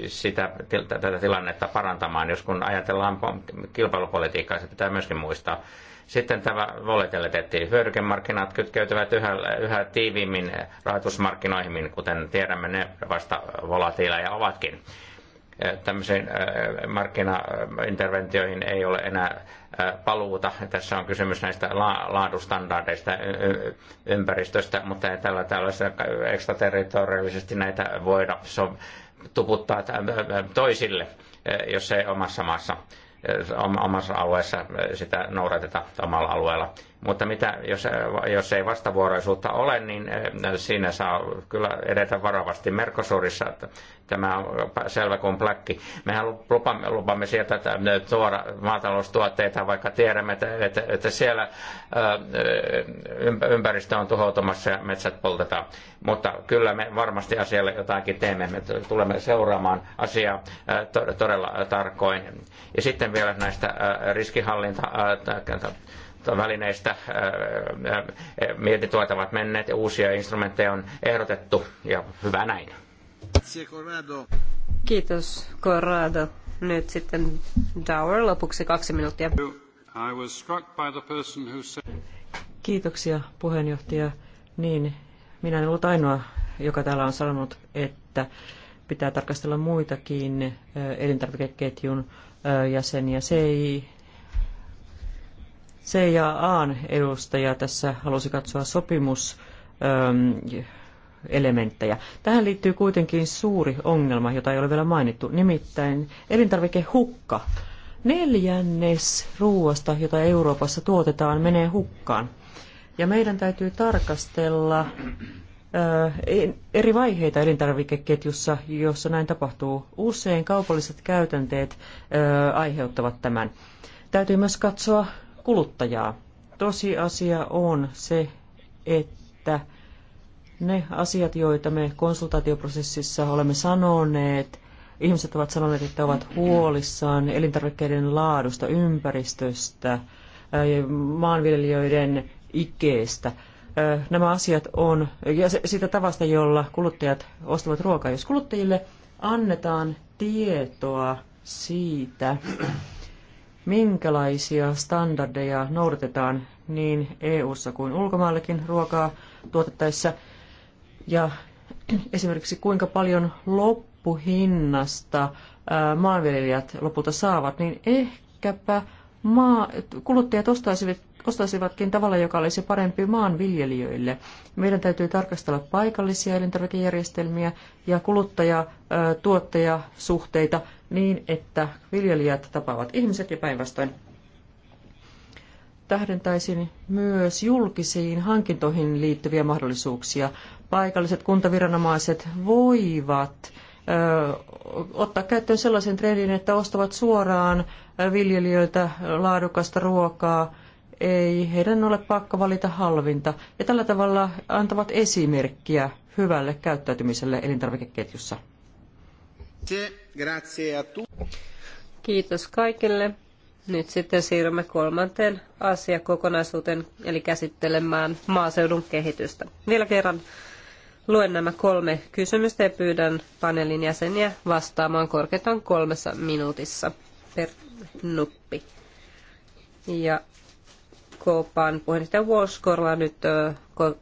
S3: sitä, tätä tilannetta parantamaan. Jos kun ajatellaan kilpailupolitiikkaa, se pitää myöskin muistaa. Sitten tämä volatiliteetti. Hyödykemarkkinat kytkeytyvät yhä, yhä tiiviimmin rahoitusmarkkinoihin, kuten tiedämme, ne vasta volatiileja ovatkin. Tämmöisiin markkinainterventioihin ei ole enää paluuta. Tässä on kysymys näistä laadustandardeista ympäristöstä, mutta ei tällä tällaisella ekstraterritoriallisesti näitä voida tuputtaa toisille, jos ei omassa maassa omassa alueessa sitä noudateta omalla alueella. Mutta mitä, jos, jos ei vastavuoroisuutta ole, niin eh, siinä saa kyllä edetä varovasti. Merkosurissa tämä on selvä kuin pläkki. Mehän lupamme, lupamme sieltä tuoda maataloustuotteita, vaikka tiedämme, että, että, että siellä eh, ympäristö on tuhoutumassa ja metsät poltetaan. Mutta kyllä me varmasti asialle jotakin teemme. Me tulemme seuraamaan asiaa eh, todella tarkoin. Ja sitten vielä näistä riskihallinta välineistä äh, äh, mietituot ovat menneet ja uusia instrumentteja on ehdotettu ja hyvä näin.
S2: Kiitos Corrado. Nyt sitten Dower lopuksi kaksi minuuttia.
S1: Kiitoksia puheenjohtaja. Niin, minä en ollut ainoa, joka täällä on sanonut, että pitää tarkastella muitakin äh, elintarvikeketjun jäseniä. Se ei C ja Aan edustaja tässä halusi katsoa sopimus ähm, elementtejä. Tähän liittyy kuitenkin suuri ongelma, jota ei ole vielä mainittu, nimittäin elintarvikehukka. Neljännes ruoasta, jota Euroopassa tuotetaan, menee hukkaan. Ja meidän täytyy tarkastella äh, eri vaiheita elintarvikeketjussa, jossa näin tapahtuu. Usein kaupalliset käytänteet äh, aiheuttavat tämän. Täytyy myös katsoa kuluttajaa. Tosiasia on se, että ne asiat, joita me konsultaatioprosessissa olemme sanoneet, ihmiset ovat sanoneet, että ovat huolissaan elintarvikkeiden laadusta, ympäristöstä, maanviljelijöiden ikeestä. Nämä asiat on, ja sitä tavasta, jolla kuluttajat ostavat ruokaa. Jos kuluttajille annetaan tietoa siitä, minkälaisia standardeja noudatetaan niin EU-ssa kuin ulkomaillakin ruokaa tuotettaessa. Ja esimerkiksi kuinka paljon loppuhinnasta maanviljelijät lopulta saavat, niin ehkäpä maa, kuluttajat ostaisivat ostaisivatkin tavalla, joka olisi parempi maanviljelijöille. Meidän täytyy tarkastella paikallisia elintarvikejärjestelmiä ja kuluttaja-tuottajasuhteita niin, että viljelijät tapaavat ihmiset ja päinvastoin. Tähdentäisin myös julkisiin hankintoihin liittyviä mahdollisuuksia. Paikalliset kuntaviranomaiset voivat ottaa käyttöön sellaisen trendin, että ostavat suoraan viljelijöiltä laadukasta ruokaa ei heidän ole pakko valita halvinta, ja tällä tavalla antavat esimerkkiä hyvälle käyttäytymiselle elintarvikeketjussa.
S2: Kiitos kaikille. Nyt sitten siirrymme kolmanteen asiakokonaisuuteen, eli käsittelemään maaseudun kehitystä. Vielä kerran luen nämä kolme kysymystä ja pyydän paneelin jäseniä vastaamaan korkeintaan kolmessa minuutissa per nuppi. Ja Kopan puheenjohtaja Woskorla nyt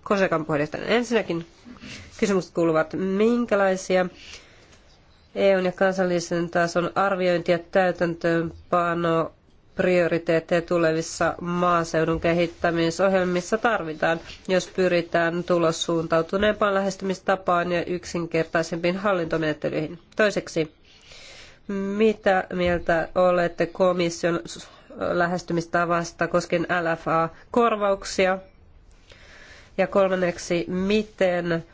S2: Kosekan puheenjohtajana. Ensinnäkin kysymykset kuuluvat, minkälaisia EUn ja kansallisen tason arviointi- ja täytäntöönpano prioriteetteja tulevissa maaseudun kehittämisohjelmissa tarvitaan, jos pyritään tulossuuntautuneempaan lähestymistapaan ja yksinkertaisempiin hallintomenettelyihin. Toiseksi, mitä mieltä olette komission lähestymistavasta koskien LFA-korvauksia. Ja kolmanneksi, miten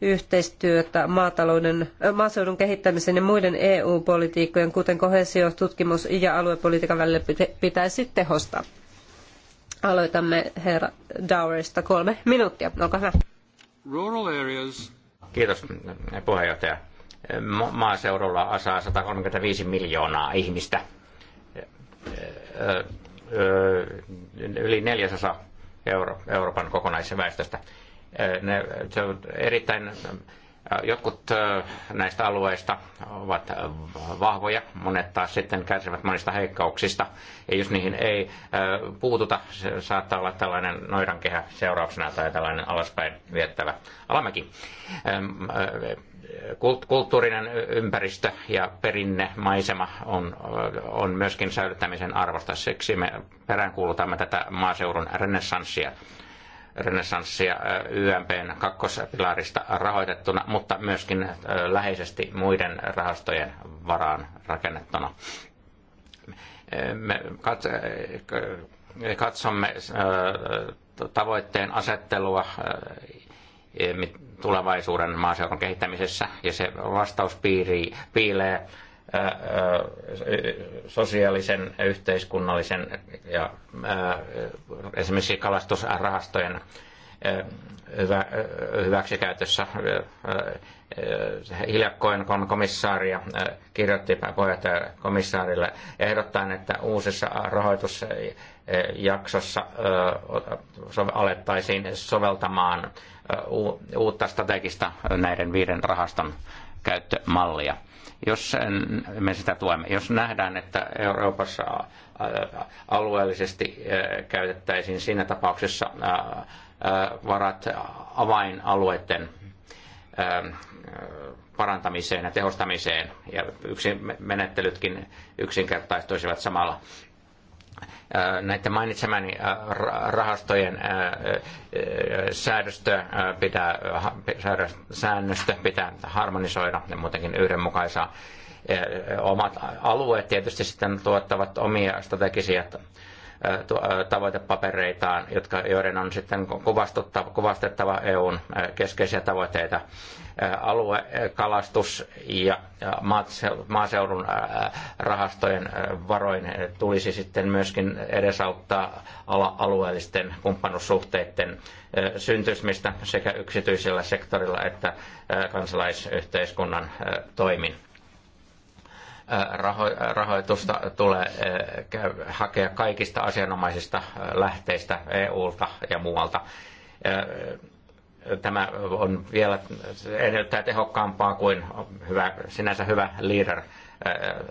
S2: yhteistyötä maatalouden, maaseudun kehittämisen ja muiden EU-politiikkojen, kuten kohesio, tutkimus ja aluepolitiikan välillä pitäisi tehostaa. Aloitamme herra Dowerista kolme minuuttia. Olkaa hyvä.
S3: Rural areas. Kiitos mm, puheenjohtaja. Maaseudulla asaa 135 miljoonaa ihmistä – yli neljäsosa Euro, Euroopan kokonaisväestöstä. Ne, se on erittäin, jotkut näistä alueista ovat vahvoja, monet taas sitten kärsivät monista heikkauksista. Ja jos niihin ei puututa, se saattaa olla tällainen noidankehä seurauksena tai tällainen alaspäin viettävä alamäki kulttuurinen ympäristö ja perinnemaisema on, on myöskin säilyttämisen arvosta. Siksi me peräänkuulutamme tätä maaseudun renessanssia renessanssia YMPn kakkospilarista rahoitettuna, mutta myöskin läheisesti muiden rahastojen varaan rakennettuna. Me katsomme tavoitteen asettelua tulevaisuuden maaseudun kehittämisessä. Ja se vastaus piirii, piilee ää, sosiaalisen, yhteiskunnallisen ja ää, esimerkiksi kalastusrahastojen ää, hyvä, hyväksikäytössä. Hiljakkoin komissaaria kirjoitti puheenjohtaja komissaarille ehdottaen, että uusissa rahoitusjaksossa alettaisiin soveltamaan uutta strategista näiden viiden rahaston käyttömallia. Jos me sitä tuemme, jos nähdään, että Euroopassa alueellisesti käytettäisiin siinä tapauksessa varat avainalueiden parantamiseen ja tehostamiseen, ja yksin menettelytkin yksinkertaistuisivat samalla. Äh, näiden mainitsemani äh, rahastojen äh, säädöstö pitää, säännöstö pitää harmonisoida ja muutenkin yhdenmukaisia. Omat alueet tietysti sitten tuottavat omia strategisia tavoitepapereitaan, jotka, joiden on sitten kuvastettava EUn keskeisiä tavoitteita aluekalastus ja maaseudun rahastojen varoin tulisi sitten myöskin edesauttaa alueellisten kumppanuussuhteiden syntymistä sekä yksityisellä sektorilla että kansalaisyhteiskunnan toimin rahoitusta tulee hakea kaikista asianomaisista lähteistä, EUlta ja muualta tämä on vielä edellyttää tehokkaampaa kuin hyvä, sinänsä hyvä leader äh,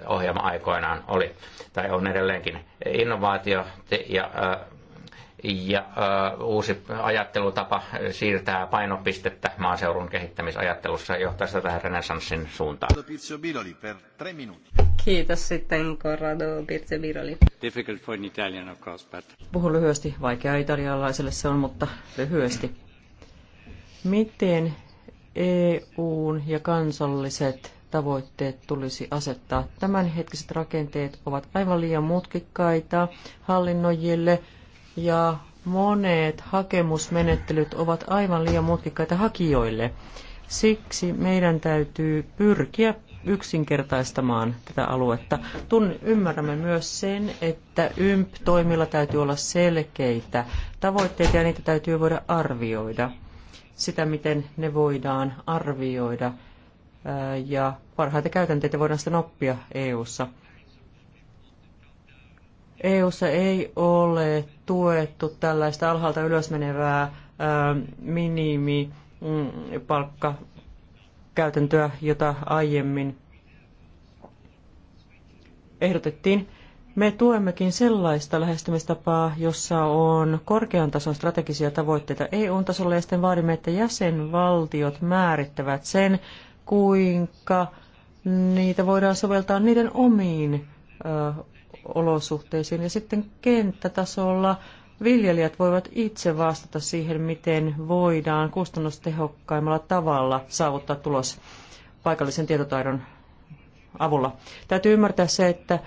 S3: ohjelma aikoinaan oli, tai on edelleenkin innovaatio ja, äh, ja äh, uusi ajattelutapa siirtää painopistettä maaseudun kehittämisajattelussa ja johtaa sitä tähän renessanssin suuntaan.
S2: Kiitos sitten Corrado Pirzebiroli.
S3: Difficult for Italian, of course, but...
S2: Puhun lyhyesti, vaikea italialaiselle se on,
S1: mutta lyhyesti Miten EUn ja kansalliset tavoitteet tulisi asettaa? Tämänhetkiset rakenteet ovat aivan liian mutkikkaita hallinnoijille ja monet hakemusmenettelyt ovat aivan liian mutkikkaita hakijoille. Siksi meidän täytyy pyrkiä yksinkertaistamaan tätä aluetta. Tun, ymmärrämme myös sen, että YMP-toimilla täytyy olla selkeitä tavoitteita ja niitä täytyy voida arvioida sitä, miten ne voidaan arvioida ja parhaita käytänteitä voidaan sitten oppia EU-ssa. EU:ssa ei ole tuettu tällaista alhaalta ylös menevää minimipalkkakäytäntöä, jota aiemmin ehdotettiin. Me tuemmekin sellaista lähestymistapaa, jossa on korkean tason strategisia tavoitteita EU-tasolla ja sitten vaadimme, että jäsenvaltiot määrittävät sen, kuinka niitä voidaan soveltaa niiden omiin ö, olosuhteisiin. Ja sitten kenttätasolla viljelijät voivat itse vastata siihen, miten voidaan kustannustehokkaimmalla tavalla saavuttaa tulos paikallisen tietotaidon avulla. Täytyy ymmärtää se, että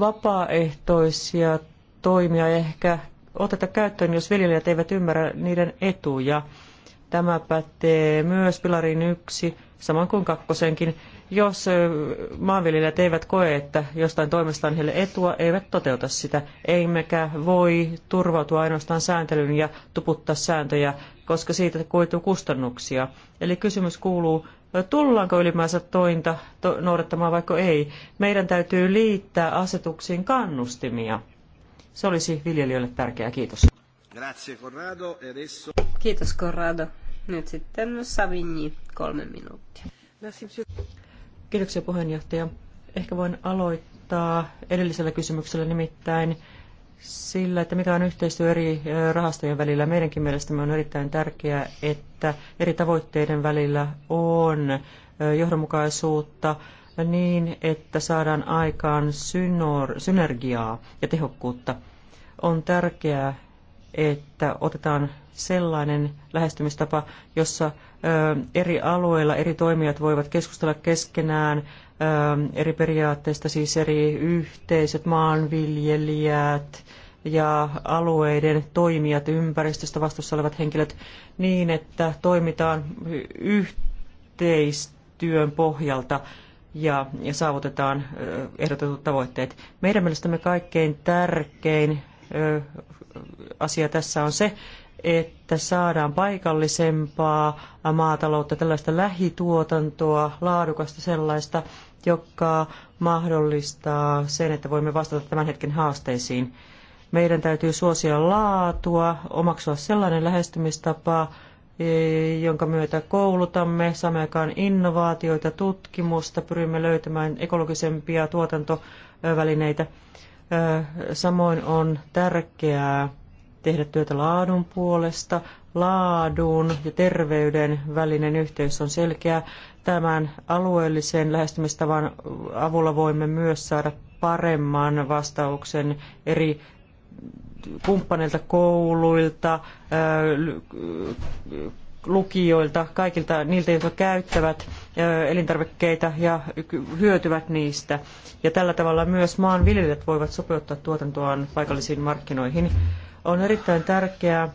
S1: vapaaehtoisia toimia ehkä oteta käyttöön, jos viljelijät eivät ymmärrä niiden etuja. Tämä pätee myös pilariin yksi, samoin kuin kakkosenkin. Jos maanviljelijät eivät koe, että jostain toimestaan heille etua, eivät toteuta sitä. Emmekä voi turvautua ainoastaan sääntelyyn ja tuputtaa sääntöjä, koska siitä koituu kustannuksia. Eli kysymys kuuluu, tullaanko ylimäänsä tointa to, noudattamaan vaikka ei. Meidän täytyy liittää asetuksiin kannustimia. Se olisi viljelijöille tärkeää. Kiitos.
S2: Grazie, Corrado. E adesso... Kiitos Corrado. Nyt sitten Savigny, kolme minuuttia.
S1: Kiitoksia puheenjohtaja. Ehkä voin aloittaa edellisellä kysymyksellä nimittäin sillä, että mikä on yhteistyö eri rahastojen välillä. Meidänkin mielestämme on erittäin tärkeää, että eri tavoitteiden välillä on johdonmukaisuutta niin, että saadaan aikaan synergiaa ja tehokkuutta. On tärkeää, että otetaan sellainen lähestymistapa, jossa eri alueilla eri toimijat voivat keskustella keskenään Ähm, eri periaatteista, siis eri yhteisöt, maanviljelijät ja alueiden toimijat, ympäristöstä vastuussa olevat henkilöt, niin että toimitaan yhteistyön pohjalta ja, ja saavutetaan ehdotetut tavoitteet. Meidän mielestämme kaikkein tärkein asia tässä on se, että saadaan paikallisempaa maataloutta, tällaista lähituotantoa, laadukasta sellaista, joka mahdollistaa sen, että voimme vastata tämän hetken haasteisiin. Meidän täytyy suosia laatua, omaksua sellainen lähestymistapa, e, jonka myötä koulutamme, saamme aikaan innovaatioita, tutkimusta, pyrimme löytämään ekologisempia tuotantovälineitä. E, samoin on tärkeää tehdä työtä laadun puolesta. Laadun ja terveyden välinen yhteys on selkeä. Tämän alueellisen lähestymistavan avulla voimme myös saada paremman vastauksen eri kumppaneilta, kouluilta, äh, lukijoilta, kaikilta niiltä, jotka käyttävät äh, elintarvikkeita ja hyötyvät niistä. Ja tällä tavalla myös maanviljelijät voivat sopeuttaa tuotantoaan paikallisiin markkinoihin. On erittäin tärkeää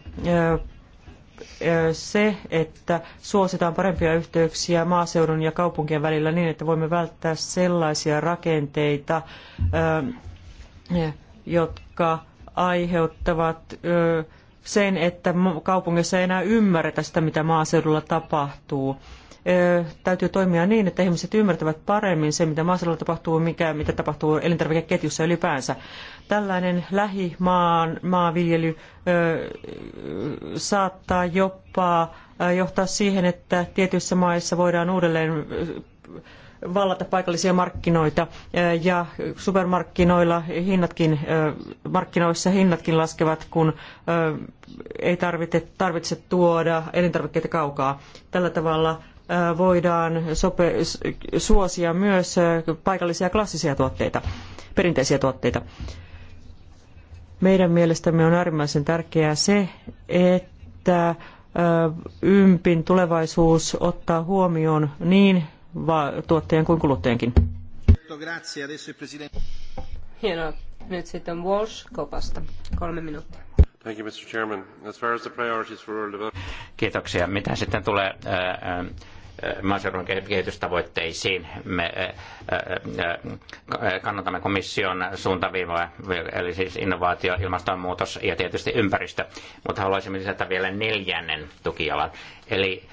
S1: se, että suositaan parempia yhteyksiä maaseudun ja kaupunkien välillä niin, että voimme välttää sellaisia rakenteita, jotka aiheuttavat sen, että kaupungissa ei enää ymmärretä sitä, mitä maaseudulla tapahtuu täytyy toimia niin, että ihmiset ymmärtävät paremmin sen, mitä maaseudulla tapahtuu, mikä, mitä tapahtuu elintarvikeketjussa ylipäänsä. Tällainen lähimaan maanviljely saattaa jopa johtaa siihen, että tietyissä maissa voidaan uudelleen vallata paikallisia markkinoita ja supermarkkinoilla hinnatkin, markkinoissa hinnatkin laskevat, kun ei tarvitse, tarvitse tuoda elintarvikkeita kaukaa. Tällä tavalla voidaan sope, suosia myös paikallisia klassisia tuotteita, perinteisiä tuotteita. Meidän mielestämme on äärimmäisen tärkeää se, että ympin tulevaisuus ottaa huomioon niin tuottajan kuin kuluttajankin.
S2: Hienoa. Nyt sitten Walsh Kopasta. Kolme minuuttia.
S3: Kiitoksia. Mitä sitten tulee äh, äh, maaseudun kehitystavoitteisiin. Me äh, kannatamme komission suuntaviivoja, eli siis innovaatio, ilmastonmuutos ja tietysti ympäristö, mutta haluaisimme lisätä vielä neljännen tukialan. Eli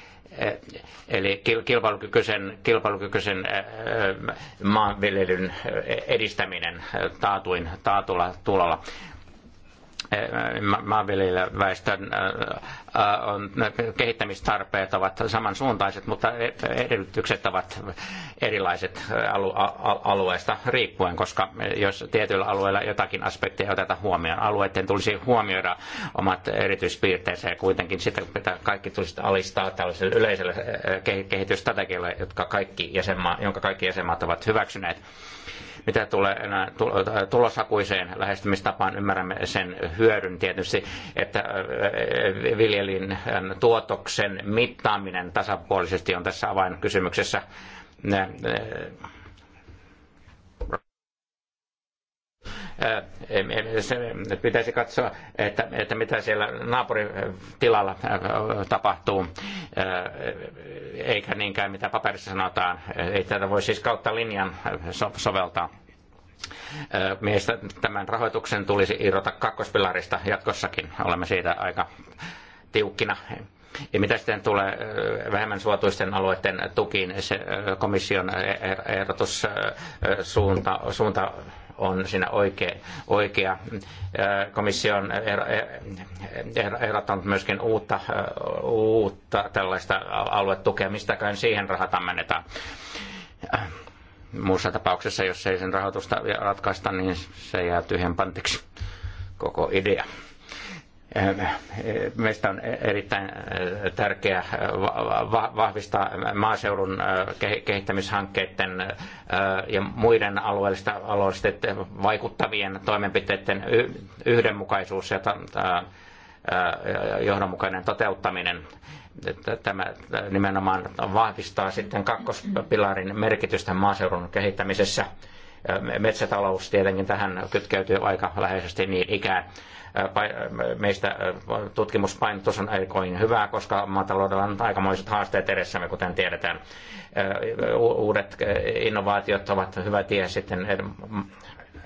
S3: Eli kilpailukykyisen, kilpailukykyisen maanviljelyn edistäminen taatuin, taatulla tulolla väestön kehittämistarpeet ovat samansuuntaiset, mutta e-, edellytykset ovat erilaiset alueesta riippuen, koska jos tietyillä alueilla jotakin aspektia oteta huomioon, alueiden tulisi huomioida omat erityispiirteensä ja kuitenkin sitä pitää kaikki tulisi alistaa tällaiselle yleiselle kehitysstrategialle, jotka kaikki jäsenmaa, jonka kaikki jäsenmaat ovat hyväksyneet mitä tulee tulosakuiseen lähestymistapaan, ymmärrämme sen hyödyn tietysti, että äh, äh, viljelin ähm, tuotoksen mittaaminen tasapuolisesti on tässä avainkysymyksessä. Äh, pitäisi katsoa, että, että mitä siellä naapuritilalla tapahtuu, eikä niinkään mitä paperissa sanotaan. Ei tätä voi siis kautta linjan soveltaa. Miestä tämän rahoituksen tulisi irrota kakkospilarista jatkossakin. Olemme siitä aika tiukkina. Ja mitä sitten tulee vähemmän suotuisten alueiden tukiin, se komission e, e, ehdotus suunta, suunta on siinä oikea. oikea. Komissio on er, e, er, ehdottanut myöskin uutta, uutta tällaista aluetukea, mistäkään siihen rahat ammennetaan Muussa tapauksessa, jos ei sen rahoitusta ratkaista, niin se jää tyhjän pantiksi koko idea. Ehm, eh, meistä on erittäin eh, tärkeää eh, vahvistaa maaseudun kehittämishankkeiden ja muiden alueellista, vaikuttavien toimenpiteiden yhdenmukaisuus ja johdonmukainen toteuttaminen että tämä nimenomaan vahvistaa sitten kakkospilarin merkitystä maaseudun kehittämisessä. Metsätalous tietenkin tähän kytkeytyy aika läheisesti niin ikään. Meistä tutkimuspainotus on aikoin hyvää, koska maataloudella on aikamoiset haasteet edessämme, kuten tiedetään. Uudet innovaatiot ovat hyvä tie sitten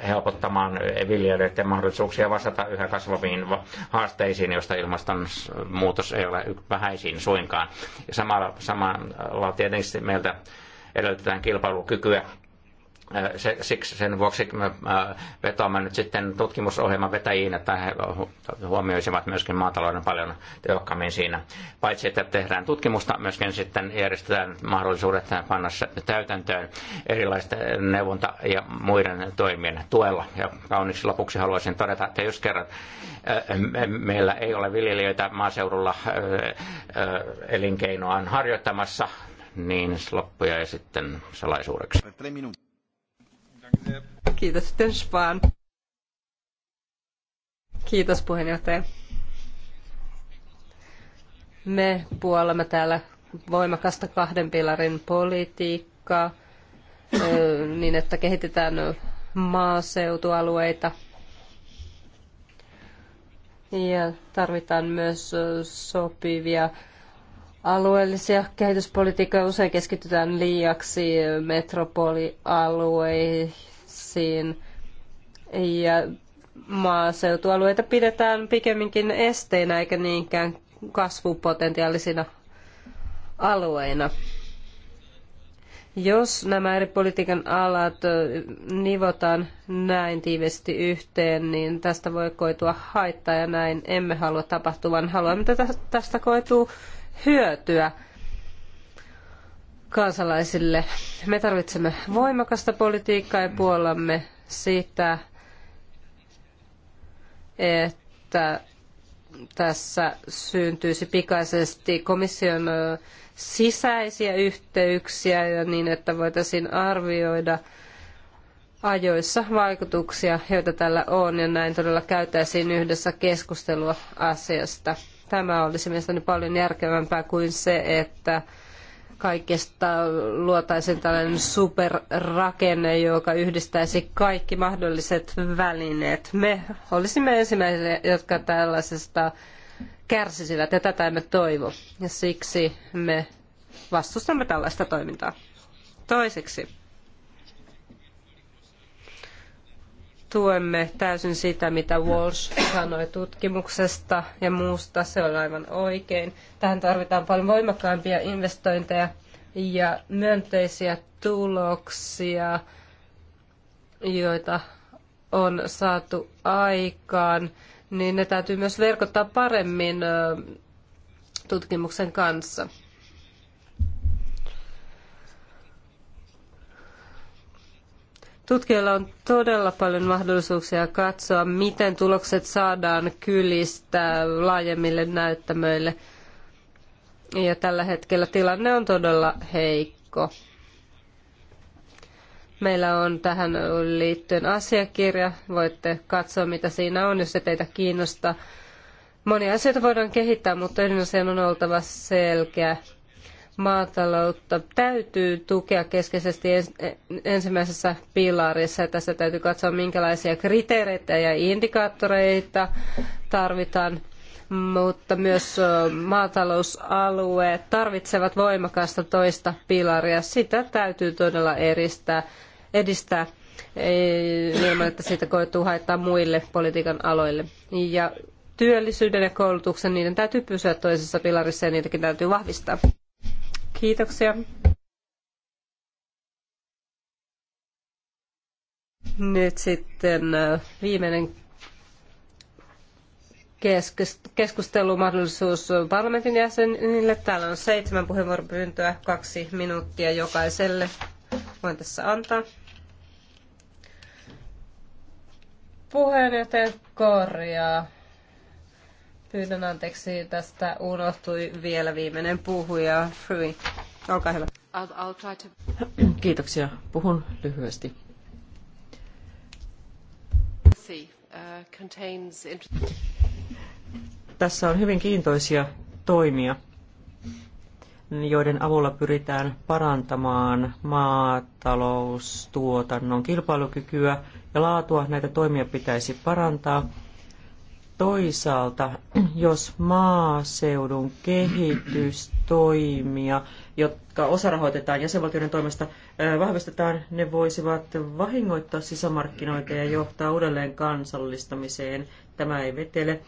S3: helpottamaan viljelijöiden mahdollisuuksia vastata yhä kasvaviin haasteisiin, joista ilmastonmuutos ei ole vähäisin suinkaan. Samalla, samalla tietenkin meiltä edellytetään kilpailukykyä Äh, se, siksi sen vuoksi äh, vetoamme nyt sitten tutkimusohjelman vetäjiin, että he huomioisivat myöskin maatalouden paljon tehokkaammin siinä. Paitsi, että tehdään tutkimusta, myöskin sitten järjestetään mahdollisuudet panna täytäntöön erilaisten neuvonta- ja muiden toimien tuella. Ja kauniksi lopuksi haluaisin todeta, että jos kerran äh, meillä ei ole viljelijöitä maaseudulla elinkeinoaan harjoittamassa, niin loppuja ja sitten salaisuudeksi.
S2: Kiitos sitten Spaan. Kiitos puheenjohtaja. Me puolemme täällä voimakasta kahden pilarin politiikkaa niin, että kehitetään maaseutualueita. Ja tarvitaan myös sopivia alueellisia kehityspolitiikkoja. Usein keskitytään liiaksi metropolialueisiin ja maaseutualueita pidetään pikemminkin esteinä eikä niinkään kasvupotentiaalisina alueina. Jos nämä eri politiikan alat nivotaan näin tiiviisti yhteen, niin tästä voi koitua haittaa ja näin emme halua tapahtuvan. Haluamme, että tästä koituu hyötyä kansalaisille. Me tarvitsemme voimakasta politiikkaa ja puolamme sitä, että tässä syntyisi pikaisesti komission sisäisiä yhteyksiä ja niin, että voitaisiin arvioida ajoissa vaikutuksia, joita tällä on, ja näin todella käytäisiin yhdessä keskustelua asiasta. Tämä olisi mielestäni paljon järkevämpää kuin se, että kaikesta luotaisiin tällainen superrakenne, joka yhdistäisi kaikki mahdolliset välineet. Me olisimme ensimmäisiä, jotka tällaisesta kärsisivät, ja tätä emme toivo. Ja siksi me vastustamme tällaista toimintaa. Toiseksi tuemme täysin sitä, mitä Walsh sanoi tutkimuksesta ja muusta. Se on aivan oikein. Tähän tarvitaan paljon voimakkaampia investointeja ja myönteisiä tuloksia, joita on saatu aikaan, niin ne täytyy myös verkottaa paremmin tutkimuksen kanssa. Tutkijoilla on todella paljon mahdollisuuksia katsoa, miten tulokset saadaan kylistä laajemmille näyttämöille. Ja tällä hetkellä tilanne on todella heikko. Meillä on tähän liittyen asiakirja. Voitte katsoa, mitä siinä on, jos se teitä kiinnostaa. Monia asioita voidaan kehittää, mutta ydinasian on oltava selkeä maataloutta täytyy tukea keskeisesti ensimmäisessä pilarissa. Tässä täytyy katsoa, minkälaisia kriteereitä ja indikaattoreita tarvitaan, mutta myös maatalousalueet tarvitsevat voimakasta toista pilaria. Sitä täytyy todella eristää, edistää ilman, että siitä koituu haittaa muille politiikan aloille. Ja työllisyyden ja koulutuksen, niiden täytyy pysyä toisessa pilarissa ja niitäkin täytyy vahvistaa. Kiitoksia. Nyt sitten äh, viimeinen keskustelumahdollisuus parlamentin jäsenille. Täällä on seitsemän puheenvuoropyyntöä, kaksi minuuttia jokaiselle. Voin tässä antaa. Puheenjohtaja korjaa. Pyydän anteeksi, tästä unohtui vielä viimeinen puhuja, Frui. Olkaa hyvä. I'll, I'll try to...
S1: Kiitoksia. Puhun lyhyesti.
S2: Uh,
S1: Tässä on hyvin kiintoisia toimia, joiden avulla pyritään parantamaan maataloustuotannon kilpailukykyä ja laatua. Näitä toimia pitäisi parantaa Toisaalta, jos maaseudun kehitystoimia, jotka osarahoitetaan jäsenvaltioiden toimesta, vahvistetaan, ne voisivat vahingoittaa sisämarkkinoita ja johtaa uudelleen kansallistamiseen. Tämä ei vetele.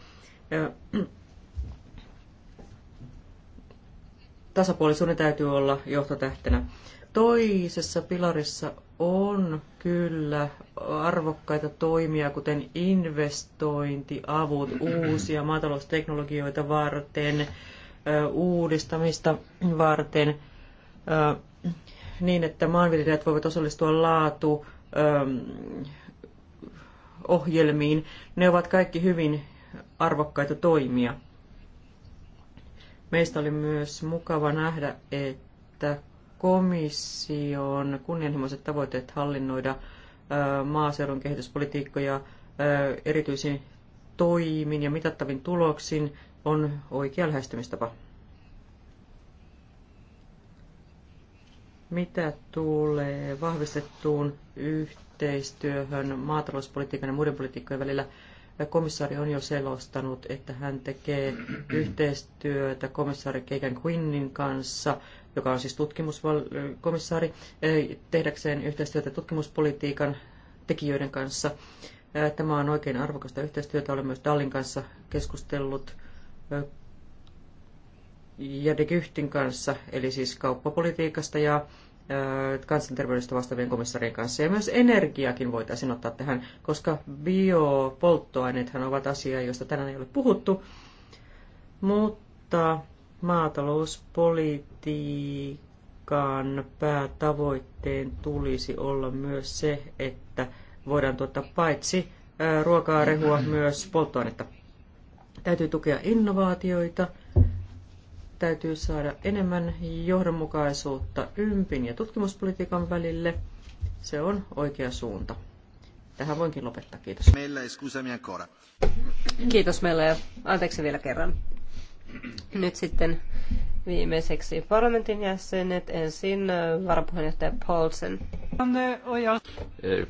S1: Tasapuolisuuden täytyy olla johtotähtenä. Toisessa pilarissa on kyllä arvokkaita toimia, kuten investointiavut uusia maatalousteknologioita varten, uudistamista varten, niin että maanviljelijät voivat osallistua laatu ohjelmiin. Ne ovat kaikki hyvin arvokkaita toimia. Meistä oli myös mukava nähdä, että komission kunnianhimoiset tavoitteet hallinnoida maaseudun kehityspolitiikkoja erityisin toimin ja mitattavin tuloksin on oikea lähestymistapa. Mitä tulee vahvistettuun yhteistyöhön maatalouspolitiikan ja muiden politiikkojen välillä, komissaari on jo selostanut, että hän tekee yhteistyötä komissaari Keikan Quinnin kanssa joka on siis tutkimuskomissaari, tehdäkseen yhteistyötä tutkimuspolitiikan tekijöiden kanssa. Tämä on oikein arvokasta yhteistyötä. Olen myös Dallin kanssa keskustellut ja De Gyhtin kanssa, eli siis kauppapolitiikasta ja kansanterveydestä vastaavien komissarien kanssa. Ja myös energiakin voitaisiin ottaa tähän, koska biopolttoaineethan ovat asia, josta tänään ei ole puhuttu. Mutta maatalouspolitiikan päätavoitteen tulisi olla myös se, että voidaan tuottaa paitsi ruokaa, rehua, myös polttoainetta. Täytyy tukea innovaatioita, täytyy saada enemmän johdonmukaisuutta ympin ja
S2: tutkimuspolitiikan välille. Se on
S1: oikea suunta. Tähän voinkin lopettaa.
S3: Kiitos. Meillä, ancora.
S2: Kiitos meille ja anteeksi vielä kerran. Nyt sitten viimeiseksi parlamentin jäsenet. Ensin äh, varapuheenjohtaja Paulsen.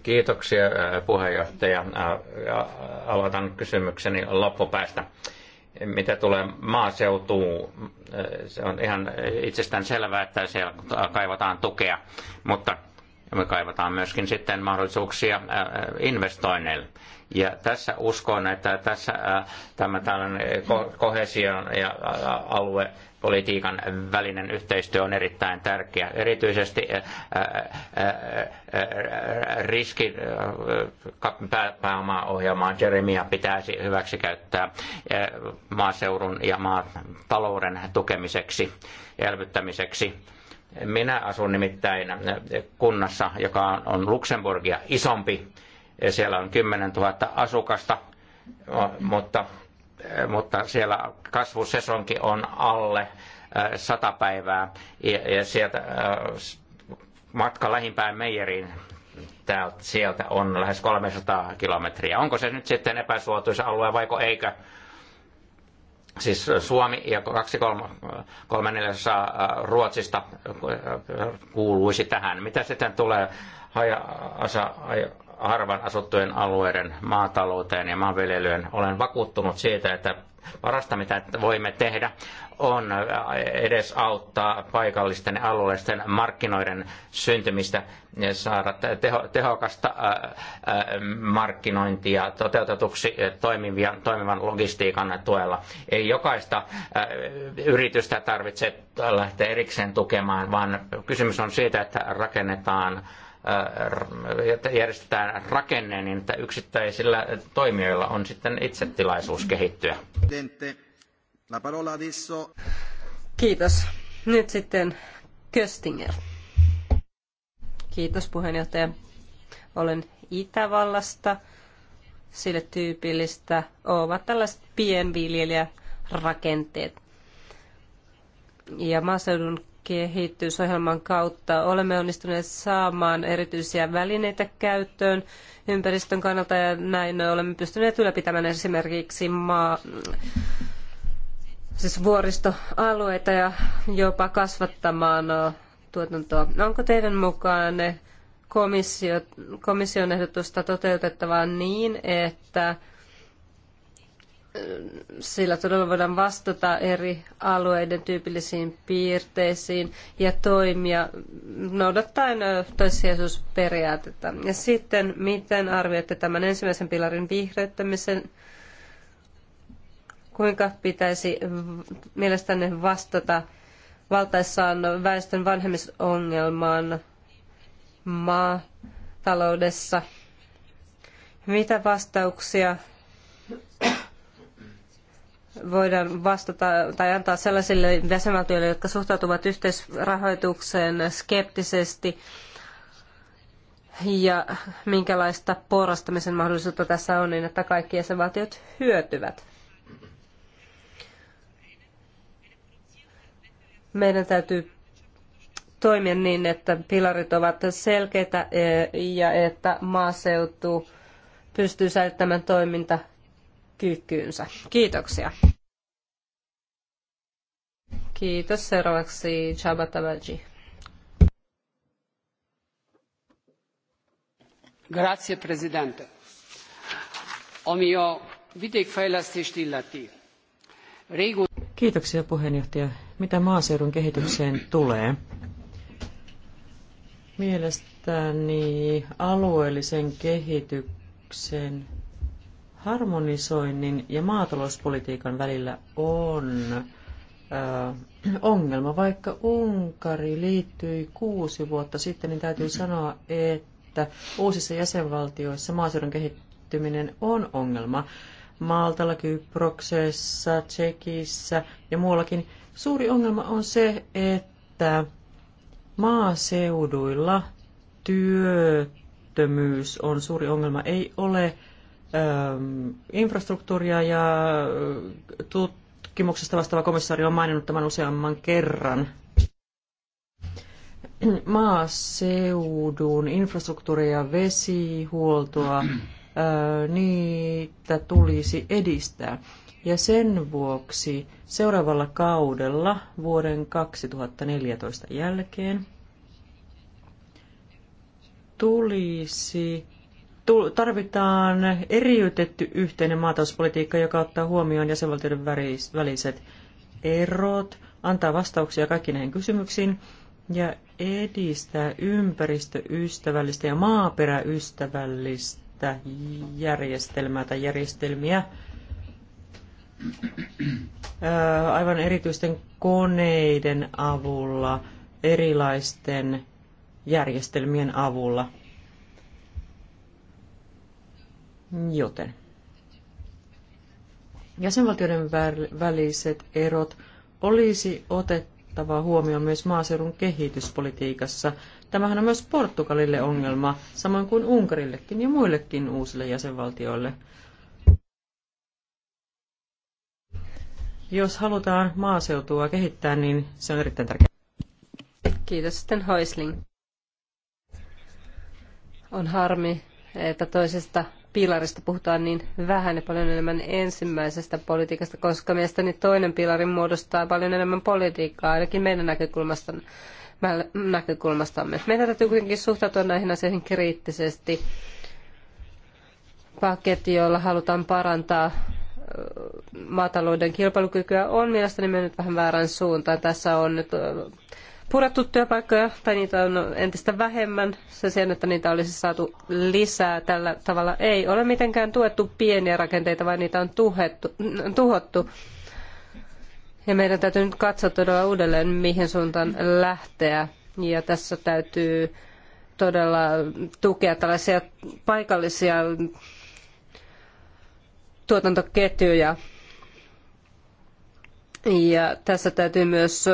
S3: Kiitoksia äh, puheenjohtaja. Äh, aloitan kysymykseni loppupäästä. Mitä tulee maaseutuun, se on ihan itsestään selvää, että siellä kaivataan tukea, mutta me kaivataan myöskin sitten mahdollisuuksia investoinneille ja tässä uskon, että tässä tämä tällainen kohesion ja aluepolitiikan välinen yhteistyö on erittäin tärkeä. Erityisesti riski pääomaohjelmaa Jeremia pitäisi hyväksikäyttää maaseudun ja maatalouden tukemiseksi ja elvyttämiseksi. Minä asun nimittäin kunnassa, joka on Luxemburgia isompi ja siellä on 10 000 asukasta, mutta, eh, mutta siellä kasvusesonkin on alle 100 eh, päivää ja, ja sieltä eh, matka lähimpään meijeriin täältä, sieltä on lähes 300 kilometriä. Onko se nyt sitten epäsuotuisa alue vaiko eikö? Siis Suomi ja kaksi kolme, kolme Ruotsista kuuluisi tähän. Mitä sitten tulee haja, asa, haja, harvan asuttujen alueiden maatalouteen ja maanviljelyyn. Olen vakuuttunut siitä, että parasta mitä voimme tehdä on edes auttaa paikallisten alueellisten markkinoiden syntymistä ja saada teho, tehokasta markkinointia toteutetuksi toimivia, toimivan logistiikan tuella. Ei jokaista yritystä tarvitse lähteä erikseen tukemaan, vaan kysymys on siitä, että rakennetaan järjestetään rakenne, niin että yksittäisillä toimijoilla on sitten itse tilaisuus kehittyä.
S2: Kiitos. Nyt sitten Köstinger. Kiitos puheenjohtaja. Olen Itävallasta. Sille tyypillistä ovat tällaiset pienviljelijärakenteet. Ja maaseudun kehitysohjelman kautta olemme onnistuneet saamaan erityisiä välineitä käyttöön ympäristön kannalta ja näin olemme pystyneet ylläpitämään esimerkiksi maa, siis vuoristoalueita ja jopa kasvattamaan tuotantoa. Onko teidän mukaan komissio, komission ehdotusta toteutettava niin, että sillä todella voidaan vastata eri alueiden tyypillisiin piirteisiin ja toimia noudattaen toissijaisuusperiaatetta. Ja sitten, miten arvioitte tämän ensimmäisen pilarin vihreyttämisen? Kuinka pitäisi mielestänne vastata valtaissaan väestön vanhemisongelmaan maataloudessa? Mitä vastauksia voidaan vastata tai antaa sellaisille jäsenvaltioille, jotka suhtautuvat yhteisrahoitukseen skeptisesti ja minkälaista porrastamisen mahdollisuutta tässä on niin, että kaikki jäsenvaltiot hyötyvät. Meidän täytyy toimia niin, että pilarit ovat selkeitä e, ja että maaseutu pystyy säilyttämään toiminta Kyykkyynsä. Kiitoksia. Kiitos. Seuraavaksi Chaba Grazie, Presidente. Omio vidik failastistillati.
S1: Kiitoksia puheenjohtaja. Mitä maaseudun kehitykseen tulee? Mielestäni alueellisen kehityksen harmonisoinnin ja maatalouspolitiikan välillä on ongelma. Vaikka Unkari liittyi kuusi vuotta sitten, niin täytyy sanoa, että uusissa jäsenvaltioissa maaseudun kehittyminen on ongelma. Maltalla, Kyproksessa, Tsekissä ja muuallakin. Suuri ongelma on se, että maaseuduilla työttömyys on suuri ongelma. Ei ole Ähm, infrastruktuuria ja äh, tutkimuksesta vastaava komissaari on maininnut tämän useamman kerran. Maaseudun infrastruktuuria ja vesihuoltoa, äh, niitä tulisi edistää. Ja sen vuoksi seuraavalla kaudella vuoden 2014 jälkeen tulisi tarvitaan eriytetty yhteinen maatalouspolitiikka, joka ottaa huomioon jäsenvaltioiden väliset erot, antaa vastauksia kaikkiin näihin kysymyksiin ja edistää ympäristöystävällistä ja maaperäystävällistä järjestelmää tai järjestelmiä äh, aivan erityisten koneiden avulla, erilaisten järjestelmien avulla – Joten jäsenvaltioiden väliset erot olisi otettava huomioon myös maaseudun kehityspolitiikassa. Tämähän on myös Portugalille ongelma, samoin kuin Unkarillekin ja muillekin uusille jäsenvaltioille. Jos halutaan maaseutua kehittää, niin se on erittäin tärkeää.
S2: Kiitos sitten Hoisling. On harmi, että toisesta pilarista puhutaan niin vähän ja paljon enemmän ensimmäisestä politiikasta, koska mielestäni toinen pilari muodostaa paljon enemmän politiikkaa, ainakin meidän näkökulmasta, näkökulmastamme. Meidän täytyy kuitenkin suhtautua näihin asioihin kriittisesti. Paketti, jolla halutaan parantaa maatalouden kilpailukykyä, on mielestäni mennyt vähän väärään suuntaan. Tässä on nyt purettu työpaikkoja tai niitä on entistä vähemmän. Sen sijaan, että niitä olisi saatu lisää tällä tavalla, ei ole mitenkään tuettu pieniä rakenteita, vaan niitä on tuhettu, tuhottu. Ja meidän täytyy nyt katsoa todella uudelleen, mihin suuntaan lähteä. Ja tässä täytyy todella tukea tällaisia paikallisia tuotantoketjuja ja tässä täytyy myös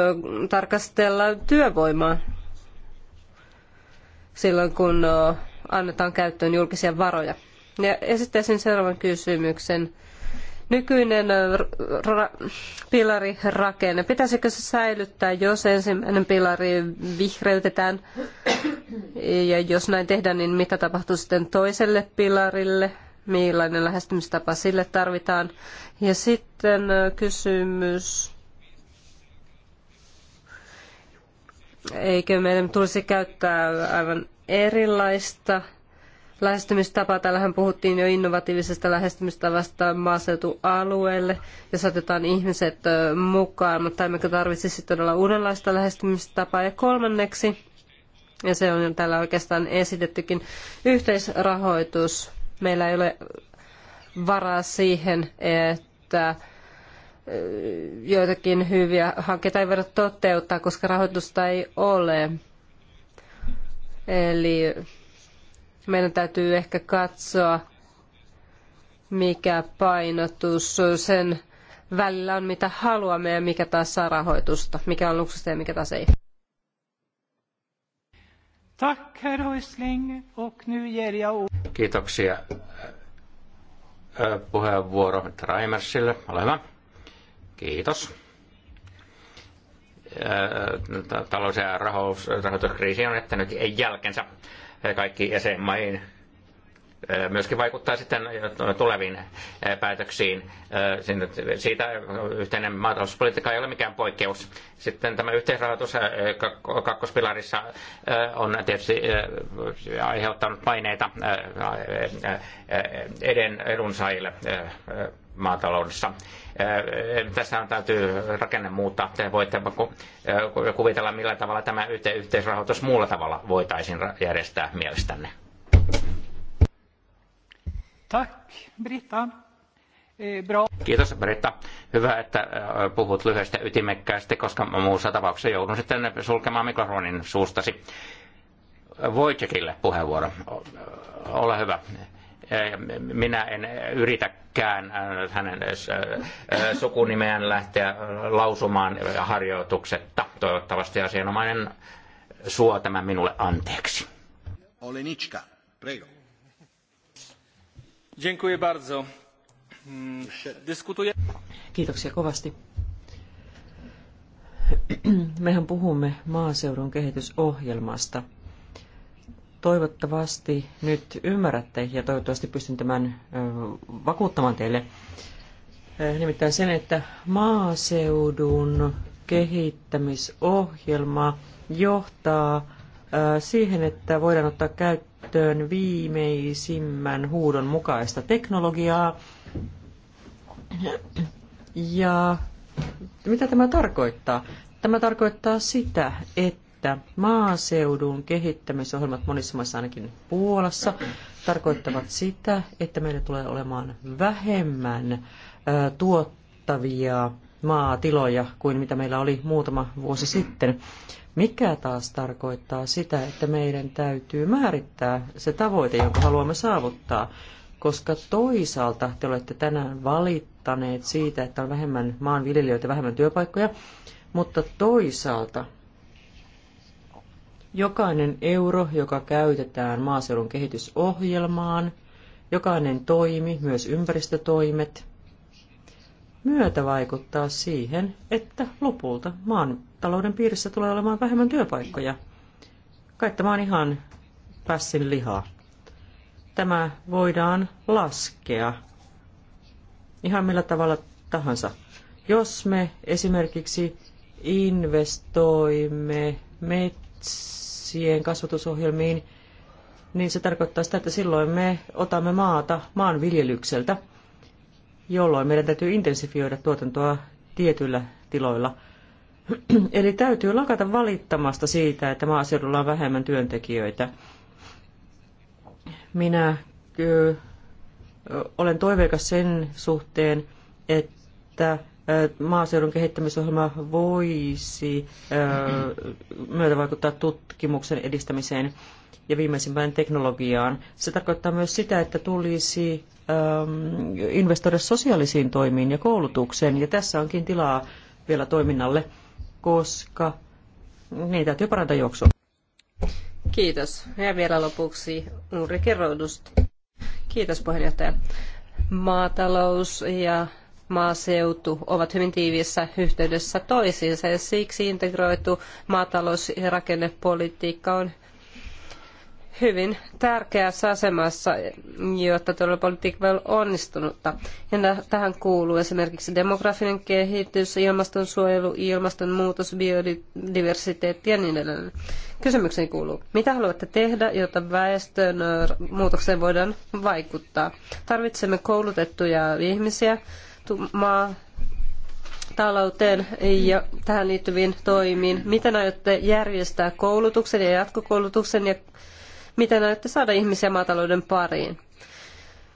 S2: tarkastella työvoimaa silloin, kun annetaan käyttöön julkisia varoja. Ja esittäisin seuraavan kysymyksen. Nykyinen ra- pilarirakenne, pitäisikö se säilyttää, jos ensimmäinen pilari vihreytetään? Ja jos näin tehdään, niin mitä tapahtuu sitten toiselle pilarille? Millainen lähestymistapa sille tarvitaan? Ja sitten kysymys. Eikö meidän tulisi käyttää aivan erilaista lähestymistapaa? Täällähän puhuttiin jo innovatiivisesta lähestymistavasta maaseutualueelle, ja otetaan ihmiset mukaan, mutta emmekö tarvitsisi todella uudenlaista lähestymistapaa? Ja kolmanneksi, ja se on jo täällä oikeastaan esitettykin, yhteisrahoitus. Meillä ei ole varaa siihen, että käyttää joitakin hyviä hankkeita ei voida toteuttaa, koska rahoitusta ei ole. Eli meidän täytyy ehkä katsoa, mikä painotus sen välillä on, mitä haluamme ja mikä taas saa rahoitusta, mikä on luksusta ja mikä taas ei. Tack, herr Häusling. Och nu ger jag...
S3: Kiitoksia, puheenvuoro Traimersille. Ole hyvä. Kiitos. Talous- ja rahoituskriisi on jättänyt jälkensä kaikki jäsenmaihin myöskin vaikuttaa sitten tuleviin päätöksiin. Siitä yhteinen maatalouspolitiikka ei ole mikään poikkeus. Sitten tämä yhteisrahoitus kakkospilarissa on tietysti aiheuttanut paineita eden edunsaajille maataloudessa. Tässä on täytyy rakenne muuttaa. Te voitte kuvitella, millä tavalla tämä yhteisrahoitus muulla tavalla voitaisiin järjestää mielestänne. Tack, Britta. Eh, bra. Kiitos Britta. Hyvä, että äh, puhut lyhyesti ytimekkäästi, koska muussa tapauksessa joudun sitten sulkemaan mikrofonin suustasi. Wojciechille puheenvuoro. Ole hyvä. Äh, minä en yritäkään äh, hänen sukunimeään lähteä lausumaan harjoituksetta. Toivottavasti asianomainen suo tämän minulle anteeksi. Olenichka, prego. Mm,
S1: Kiitoksia kovasti. Mehän puhumme maaseudun kehitysohjelmasta. Toivottavasti nyt ymmärrätte ja toivottavasti pystyn tämän vakuuttamaan teille. Nimittäin sen, että maaseudun kehittämisohjelma johtaa siihen, että voidaan ottaa käyttöön viimeisimmän huudon mukaista teknologiaa. Ja mitä tämä tarkoittaa? Tämä tarkoittaa sitä, että maaseudun kehittämisohjelmat monissa maissa, ainakin Puolassa, tarkoittavat sitä, että meillä tulee olemaan vähemmän tuottavia maatiloja kuin mitä meillä oli muutama vuosi sitten mikä taas tarkoittaa sitä, että meidän täytyy määrittää se tavoite, jonka haluamme saavuttaa, koska toisaalta te olette tänään valittaneet siitä, että on vähemmän maanviljelijöitä, vähemmän työpaikkoja, mutta toisaalta jokainen euro, joka käytetään maaseudun kehitysohjelmaan, jokainen toimi, myös ympäristötoimet, myötä vaikuttaa siihen, että lopulta maan talouden piirissä tulee olemaan vähemmän työpaikkoja. Kai tämä on ihan pässin lihaa. Tämä voidaan laskea ihan millä tavalla tahansa. Jos me esimerkiksi investoimme metsien kasvatusohjelmiin, niin se tarkoittaa sitä, että silloin me otamme maata maanviljelykseltä, jolloin meidän täytyy intensifioida tuotantoa tietyillä tiloilla – Eli täytyy lakata valittamasta siitä, että maaseudulla on vähemmän työntekijöitä. Minä ö, olen toiveikas sen suhteen, että maaseudun kehittämisohjelma voisi myötävaikuttaa tutkimuksen edistämiseen ja viimeisimpään teknologiaan. Se tarkoittaa myös sitä, että tulisi investoida sosiaalisiin toimiin ja koulutukseen, ja tässä onkin tilaa vielä toiminnalle koska niin täytyy parantaa juoksua.
S2: Kiitos. Ja vielä lopuksi Nuri Roudust. Kiitos puheenjohtaja. Maatalous ja maaseutu ovat hyvin tiiviissä yhteydessä toisiinsa ja siksi integroitu maatalous- ja rakennepolitiikka on hyvin tärkeässä asemassa, jotta todella politiikka olla onnistunutta. Ja tähän kuuluu esimerkiksi demografinen kehitys, ilmastonsuojelu, ilmastonmuutos, biodiversiteetti ja niin edelleen. Kysymykseni kuuluu, mitä haluatte tehdä, jotta väestön muutokseen voidaan vaikuttaa? Tarvitsemme koulutettuja ihmisiä maa talouteen ja tähän liittyviin toimiin. Miten aiotte järjestää koulutuksen ja jatkokoulutuksen ja miten aiotte saada ihmisiä maatalouden pariin.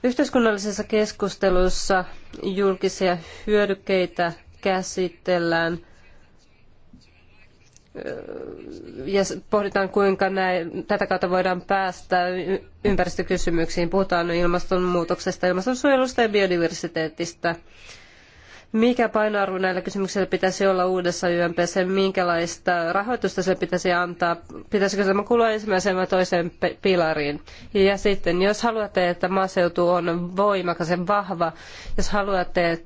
S2: Yhteiskunnallisessa keskustelussa julkisia hyödykkeitä käsitellään ja pohditaan, kuinka näin, tätä kautta voidaan päästä ympäristökysymyksiin. Puhutaan ilmastonmuutoksesta, ilmastonsuojelusta ja biodiversiteetistä mikä painoarvo näillä kysymyksillä pitäisi olla uudessa YMPssä, minkälaista rahoitusta se pitäisi antaa, pitäisikö tämä kuulua ensimmäiseen vai toiseen pilariin. Ja sitten, jos haluatte, että maaseutu on voimakas ja vahva, jos haluatte,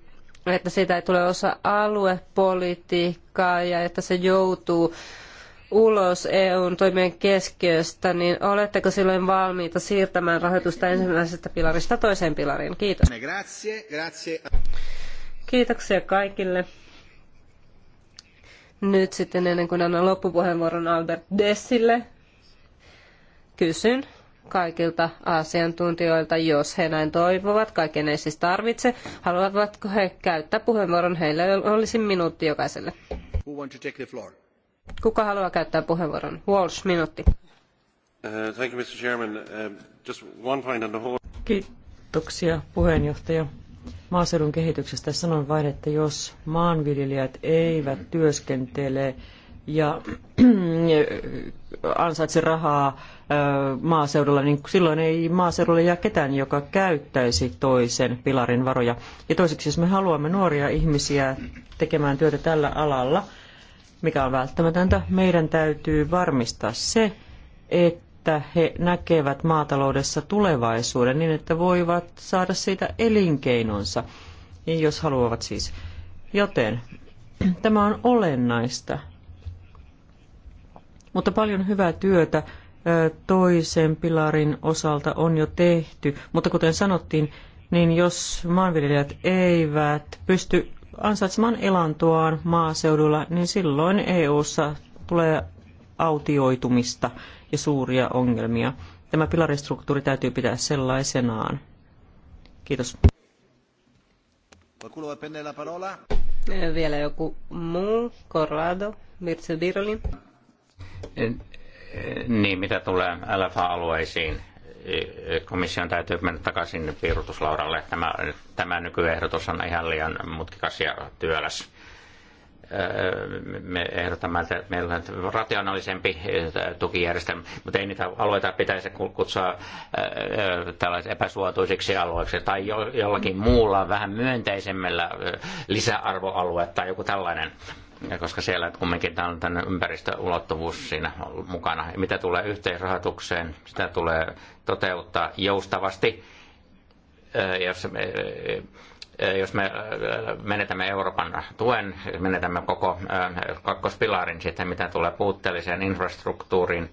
S2: että siitä ei tule osa aluepolitiikkaa ja että se joutuu ulos EUn toimien keskiöstä, niin oletteko silloin valmiita siirtämään rahoitusta ensimmäisestä pilarista toiseen pilariin? Kiitos.
S3: Grazie, grazie.
S2: Kiitoksia kaikille. Nyt sitten ennen kuin annan loppupuheenvuoron Albert Dessille, kysyn kaikilta asiantuntijoilta, jos he näin toivovat, kaiken ei siis tarvitse, haluavatko he käyttää puheenvuoron, heille olisi minuutti jokaiselle. Kuka haluaa käyttää puheenvuoron? Walsh, minuutti. Uh, thank you, Mr. Chairman. Uh, just one point on the whole... Kiitoksia,
S1: puheenjohtaja maaseudun kehityksestä sanon vain, että jos maanviljelijät eivät työskentele ja ansaitse rahaa maaseudulla, niin silloin ei maaseudulle jää ketään, joka käyttäisi toisen pilarin varoja. Ja toiseksi, jos me haluamme nuoria ihmisiä tekemään työtä tällä alalla, mikä on välttämätöntä, meidän täytyy varmistaa se, että että he näkevät maataloudessa tulevaisuuden niin, että voivat saada siitä elinkeinonsa, jos haluavat siis. Joten tämä on olennaista. Mutta paljon hyvää työtä toisen pilarin osalta on jo tehty, mutta kuten sanottiin, niin jos maanviljelijät eivät pysty ansaitsemaan elantoaan maaseudulla, niin silloin EU:ssa tulee autioitumista ja suuria ongelmia. Tämä pilaristruktuuri täytyy pitää sellaisenaan. Kiitos.
S2: Eh, vielä joku muu, Corrado, Mirce Virolin.
S3: Eh, eh, niin, mitä tulee LFA-alueisiin, komission täytyy mennä takaisin piirutuslaudalle. Tämä, tämä nykyehdotus on ihan liian mutkikas ja työläs me ehdotamme, että meillä on rationaalisempi tukijärjestelmä, mutta ei niitä alueita pitäisi kutsua tällaisiksi epäsuotuisiksi alueiksi tai jollakin muulla vähän myönteisemmällä lisäarvoalue tai joku tällainen koska siellä kumminkin on tämmöinen ympäristöulottuvuus siinä mukana. Mitä tulee yhteisrahoitukseen, sitä tulee toteuttaa joustavasti jos Äh, jos me äh, menetämme Euroopan tuen, menetämme koko äh, kakkospilarin sitten, mitä tulee puutteelliseen infrastruktuuriin,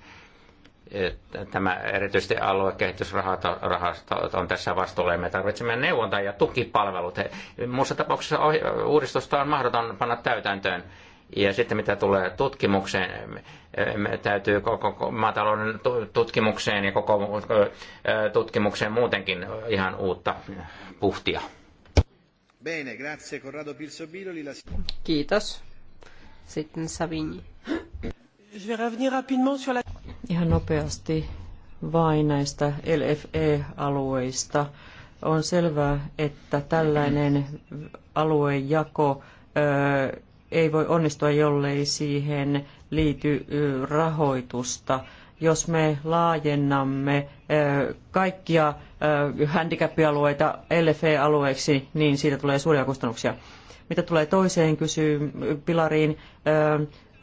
S3: tämä erityisesti aluekehitysrahasto on tässä vastuulla ja me tarvitsemme neuvontaa ja tukipalvelut. Muussa tapauksessa uudistusta on mahdoton panna täytäntöön. Ja sitten mitä tulee tutkimukseen, me täytyy koko maatalouden tutkimukseen ja koko tutkimukseen muutenkin ihan uutta puhtia. Bene, grazie
S2: Corrado La... Kiitos. Sitten Savigny. Ihan nopeasti
S1: vain näistä LFE-alueista. On selvää, että tällainen aluejako ei voi onnistua, jollei siihen liity rahoitusta jos me laajennamme kaikkia handicap-alueita LFE-alueiksi, niin siitä tulee suuria kustannuksia. Mitä tulee toiseen kysyy pilariin,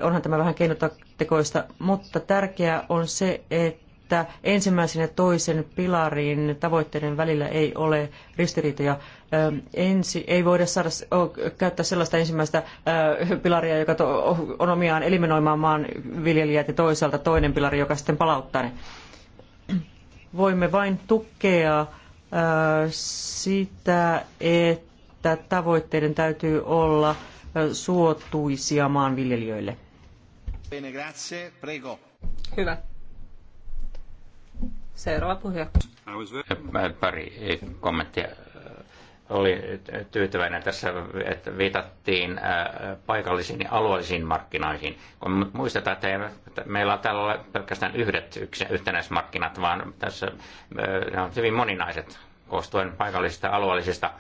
S1: onhan tämä vähän keinotekoista, mutta tärkeää on se, että että ensimmäisen ja toisen pilarin tavoitteiden välillä ei ole ristiriitoja. Ensi, ei voida saada, käyttää sellaista ensimmäistä pilaria, joka on omiaan eliminoimaan maanviljelijät ja toisaalta toinen pilari, joka sitten palauttaa ne. Voimme vain tukea sitä, että tavoitteiden täytyy olla suotuisia
S3: maanviljelijöille.
S2: Bene, grazie, prego. Hyvä. Seuraava puhuja.
S3: Pari kommenttia. Oli tyytyväinen tässä, että viitattiin äh, paikallisiin ja alueellisiin markkinoihin. Kun muistetaan, että, meillä on täällä ole pelkästään yhdet yhtenäismarkkinat, vaan tässä äh, ne on hyvin moninaiset koostuen paikallisista alueellisista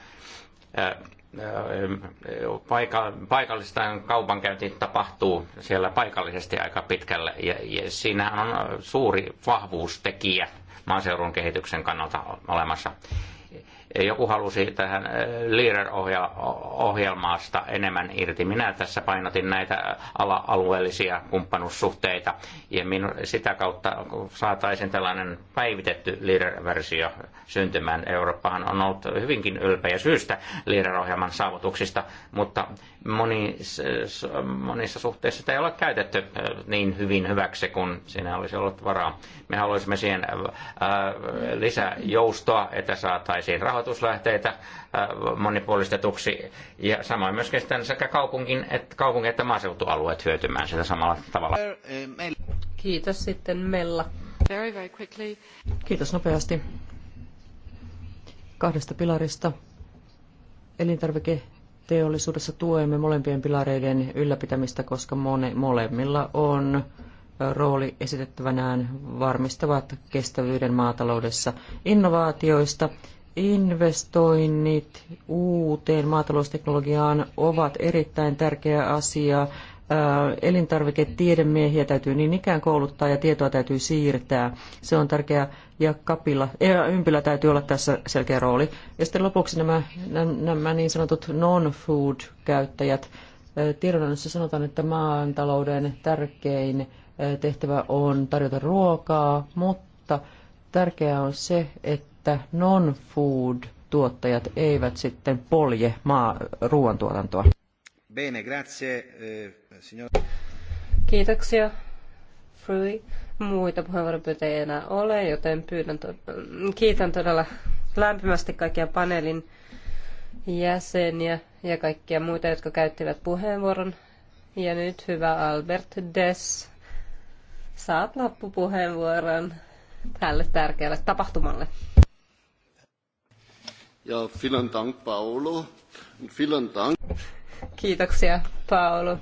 S3: äh, paikallista kaupankäynti tapahtuu siellä paikallisesti aika pitkälle ja, ja siinä on suuri vahvuustekijä maaseudun kehityksen kannalta olemassa. Joku halusi tähän eh, Leader-ohjelmaasta enemmän irti. Minä tässä painotin näitä alueellisia kumppanuussuhteita ja sitä kautta saataisiin tällainen päivitetty Leader-versio syntymään. Eurooppahan on ollut hyvinkin ylpeä syystä Leader-ohjelman saavutuksista, mutta monissa, monissa suhteissa sitä ei ole käytetty eh, niin hyvin hyväksi kuin siinä olisi ollut varaa. Me haluaisimme siihen eh, lisää joustoa, että saataisiin rahoitus rahoituslähteitä äh, monipuolistetuksi ja samoin myöskin sitten sekä kaupunkin että, kaupunki että maaseutualueet hyötymään sitä samalla tavalla.
S2: Kiitos sitten Mella. Very, very quickly.
S1: Kiitos nopeasti kahdesta pilarista. Elintarviketeollisuudessa tuemme molempien pilareiden ylläpitämistä, koska mone, molemmilla on rooli esitettävänään varmistavat kestävyyden maataloudessa innovaatioista. Investoinnit uuteen maatalousteknologiaan ovat erittäin tärkeä asia. Elintarviketiedemiehiä täytyy niin ikään kouluttaa ja tietoa täytyy siirtää. Se on tärkeää ja kapilla, ja ympillä täytyy olla tässä selkeä rooli. Ja sitten lopuksi nämä, nämä niin sanotut non-food-käyttäjät. Tiedonannossa sanotaan, että maantalouden tärkein tehtävä on tarjota ruokaa, mutta tärkeää on se, että että non-food tuottajat eivät sitten polje maa ruoantuotantoa.
S3: Bene, grazie, eh, signor...
S2: Kiitoksia, Frui. Muita puheenvuoropyyntöjä ei enää ole, joten pyydän to- mm, kiitän todella lämpimästi kaikkia paneelin jäseniä ja kaikkia muita, jotka käyttivät puheenvuoron. Ja nyt hyvä Albert Des, saat loppupuheenvuoron tälle tärkeälle tapahtumalle.
S3: Ja vielen Dank Paolo. Vielen Dank.
S2: Kiitoksia Paolo.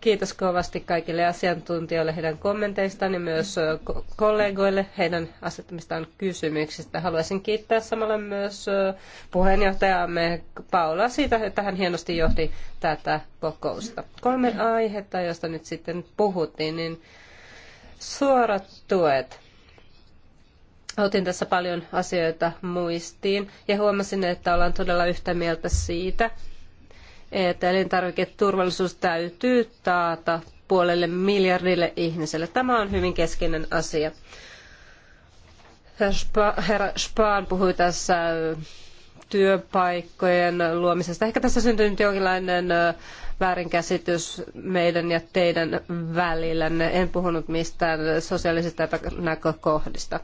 S2: Kiitos kovasti kaikille asiantuntijoille heidän kommenteistaan ja myös kollegoille heidän asettamistaan kysymyksistä. Haluaisin kiittää samalla myös puheenjohtajamme Paula siitä, että hän hienosti johti tätä kokousta. Kolme aihetta, joista nyt sitten puhuttiin, niin suorat tuet. Otin tässä paljon asioita muistiin ja huomasin, että ollaan todella yhtä mieltä siitä, että elintarviketurvallisuus täytyy taata puolelle miljardille ihmiselle. Tämä on hyvin keskeinen asia. Herra Spahn puhui tässä työpaikkojen luomisesta. Ehkä tässä syntyy nyt jonkinlainen väärinkäsitys meidän ja teidän välillä. En puhunut mistään sosiaalisista näkökohdista.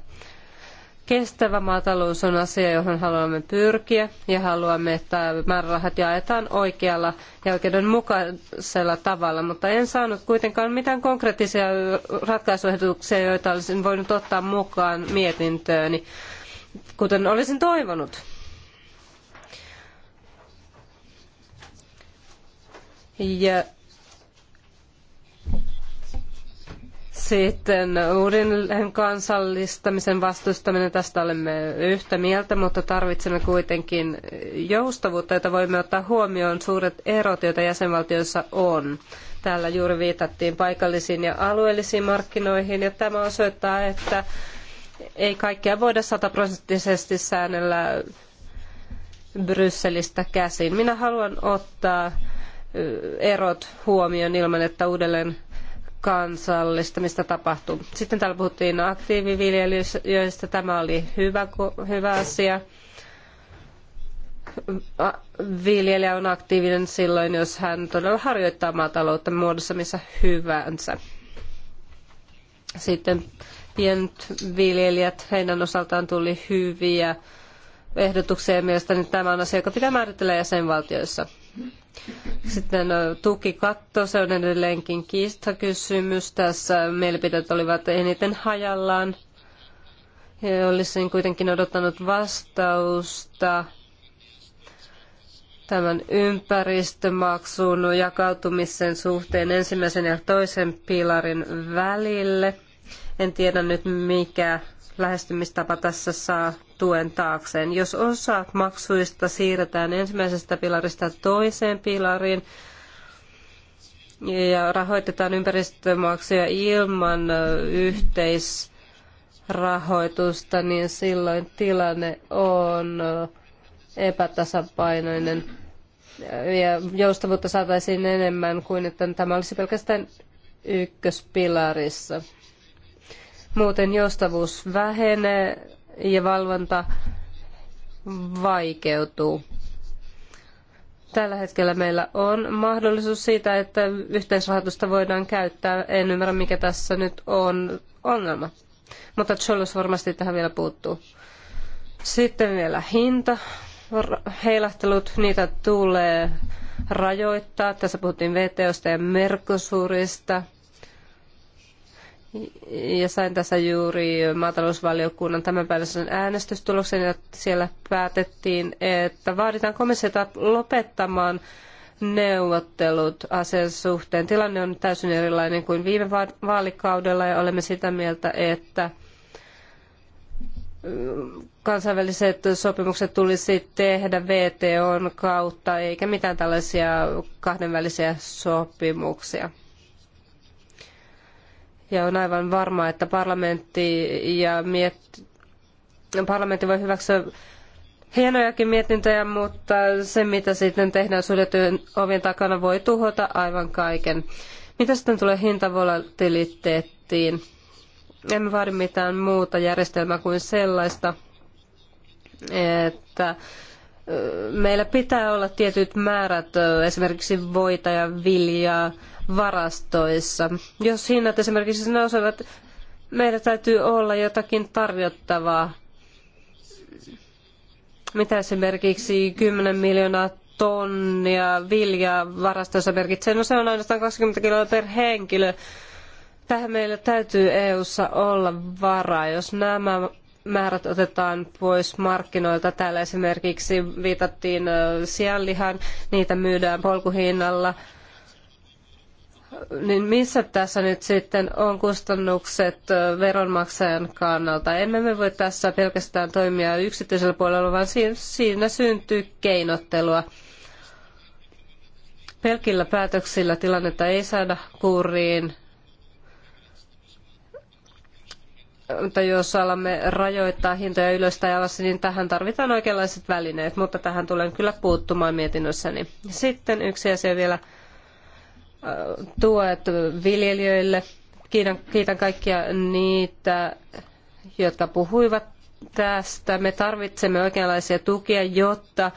S2: Kestävä maatalous on asia, johon haluamme pyrkiä ja haluamme, että määrärahat jaetaan oikealla ja oikeudenmukaisella tavalla, mutta en saanut kuitenkaan mitään konkreettisia ratkaisuehdotuksia, joita olisin voinut ottaa mukaan mietintööni, kuten olisin toivonut. Ja Sitten uudelleen kansallistamisen vastustaminen, tästä olemme yhtä mieltä, mutta tarvitsemme kuitenkin joustavuutta, jota voimme ottaa huomioon suuret erot, joita jäsenvaltioissa on. Täällä juuri viitattiin paikallisiin ja alueellisiin markkinoihin, ja tämä osoittaa, että ei kaikkea voida sataprosenttisesti säännellä Brysselistä käsin. Minä haluan ottaa erot huomioon ilman, että uudelleen kansallistamista tapahtuu. Sitten täällä puhuttiin aktiiviviljelijöistä. Tämä oli hyvä, hyvä asia. Viljelijä on aktiivinen silloin, jos hän todella harjoittaa maataloutta muodossa missä hyvänsä. Sitten pienet viljelijät, heidän osaltaan tuli hyviä ehdotukseen ja mielestäni tämä on asia, joka pitää määritellä jäsenvaltioissa. Sitten tukikatto, se on edelleenkin kiistakysymys. Tässä mielipiteet olivat eniten hajallaan. Ja olisin kuitenkin odottanut vastausta tämän ympäristömaksun jakautumisen suhteen ensimmäisen ja toisen pilarin välille. En tiedä nyt mikä lähestymistapa tässä saa tuen taakseen. Jos osa maksuista siirretään ensimmäisestä pilarista toiseen pilariin ja rahoitetaan ympäristömaksuja ilman yhteisrahoitusta, niin silloin tilanne on epätasapainoinen ja joustavuutta saataisiin enemmän kuin että tämä olisi pelkästään ykköspilarissa. Muuten joustavuus vähenee ja valvonta vaikeutuu. Tällä hetkellä meillä on mahdollisuus siitä, että yhteisrahoitusta voidaan käyttää. En ymmärrä, mikä tässä nyt on ongelma. Mutta Cholos varmasti tähän vielä puuttuu. Sitten vielä hinta. Heilahtelut, niitä tulee rajoittaa. Tässä puhuttiin VTOsta ja Merkosurista. Ja sain tässä juuri maatalousvaliokunnan tämänpäiväisen äänestystuloksen ja siellä päätettiin, että vaaditaan komissiota lopettamaan neuvottelut asian suhteen. Tilanne on täysin erilainen kuin viime vaalikaudella ja olemme sitä mieltä, että mm, kansainväliset sopimukset tulisi tehdä VTOn kautta, eikä mitään tällaisia kahdenvälisiä sopimuksia. Ja on aivan varmaa, että parlamentti, ja miet... parlamentti voi hyväksyä hienojakin mietintöjä, mutta se mitä sitten tehdään suljettujen ovien takana voi tuhota aivan kaiken. Mitä sitten tulee hintavolatiliteettiin? Emme vaadi mitään muuta järjestelmää kuin sellaista, että meillä pitää olla tietyt määrät esimerkiksi voita ja viljaa varastoissa. Jos hinnat esimerkiksi nousevat, meillä täytyy olla jotakin tarjottavaa. Mitä esimerkiksi 10 miljoonaa tonnia viljaa varastoissa merkitsee? No se on ainoastaan 20 kiloa per henkilö. Tähän meillä täytyy EU:ssa olla varaa. Jos nämä määrät otetaan pois markkinoilta. Täällä esimerkiksi viitattiin sianlihan, niitä myydään polkuhinnalla niin missä tässä nyt sitten on kustannukset veronmaksajan kannalta? Emme me voi tässä pelkästään toimia yksityisellä puolella, vaan siinä syntyy keinottelua. Pelkillä päätöksillä tilannetta ei saada kuriin. Mutta jos alamme rajoittaa hintoja ylös tai alas, niin tähän tarvitaan oikeanlaiset välineet, mutta tähän tulen kyllä puuttumaan mietinnössäni. Sitten yksi asia vielä tuet viljelijöille. Kiitän, kiitän kaikkia niitä, jotka puhuivat tästä. Me tarvitsemme oikeanlaisia tukia, jotta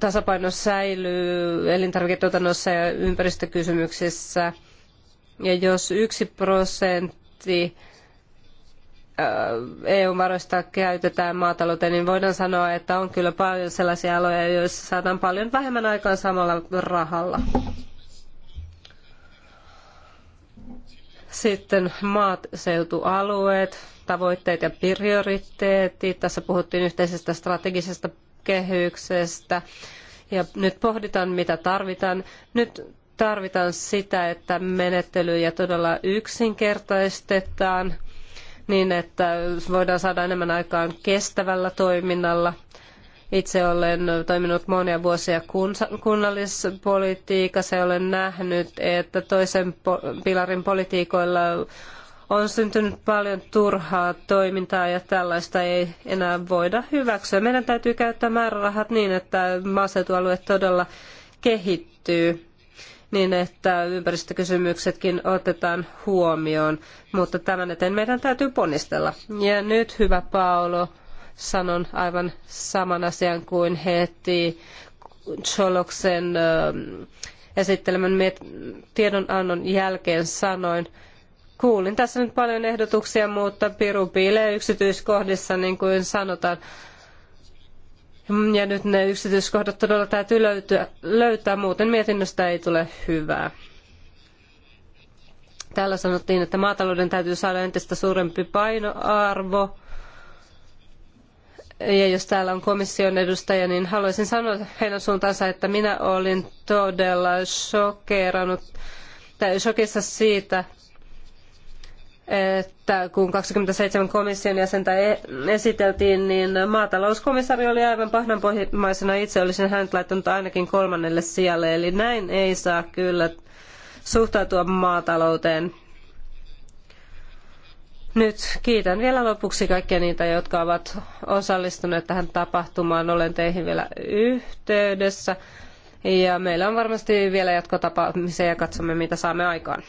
S2: tasapaino säilyy elintarviketuotannossa ja ympäristökysymyksissä. Ja jos yksi prosentti EU-varoista käytetään maatalouteen, niin voidaan sanoa, että on kyllä paljon sellaisia aloja, joissa saadaan paljon vähemmän aikaan samalla rahalla. Sitten maaseutualueet, tavoitteet ja prioriteetit. Tässä puhuttiin yhteisestä strategisesta kehyksestä. Ja nyt pohditaan, mitä tarvitaan. Nyt tarvitaan sitä, että menettelyjä todella yksinkertaistetaan niin, että voidaan saada enemmän aikaan kestävällä toiminnalla – itse olen toiminut monia vuosia kunnallispolitiikassa ja olen nähnyt, että toisen pilarin politiikoilla on syntynyt paljon turhaa toimintaa ja tällaista ei enää voida hyväksyä. Meidän täytyy käyttää määrärahat niin, että maaseutualue todella kehittyy niin, että ympäristökysymyksetkin otetaan huomioon, mutta tämän eteen meidän täytyy ponnistella. Ja nyt, hyvä Paolo, sanon aivan saman asian kuin heti Choloksen esittelemän tiedonannon jälkeen sanoin. Kuulin tässä nyt paljon ehdotuksia, mutta piru piilee yksityiskohdissa, niin kuin sanotaan. Ja nyt ne yksityiskohdat todella täytyy löytyä, löytää, muuten mietinnöstä ei tule hyvää. Täällä sanottiin, että maatalouden täytyy saada entistä suurempi painoarvo ja jos täällä on komission edustaja, niin haluaisin sanoa heidän suuntaansa, että minä olin todella shokeerannut tai shokissa siitä, että kun 27 komission jäsentä e- esiteltiin, niin maatalouskomissari oli aivan pahnanpohjimmaisena. Itse olisin hänet laittanut ainakin kolmannelle sijalle, eli näin ei saa kyllä suhtautua maatalouteen. Nyt kiitän vielä lopuksi kaikkia niitä, jotka ovat osallistuneet tähän tapahtumaan. Olen teihin vielä yhteydessä. Ja meillä on varmasti vielä jatkotapaamisia ja katsomme, mitä saamme aikaan.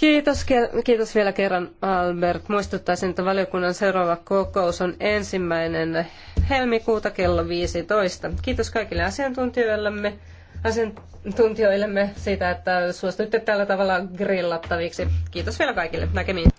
S2: Kiitos, kiitos vielä kerran Albert. Muistuttaisin, että valiokunnan seuraava kokous on ensimmäinen helmikuuta kello 15. Kiitos kaikille asiantuntijoillemme asiantuntijoillemme siitä, että suostuitte tällä tavalla grillattaviksi. Kiitos vielä kaikille. Näkemiin.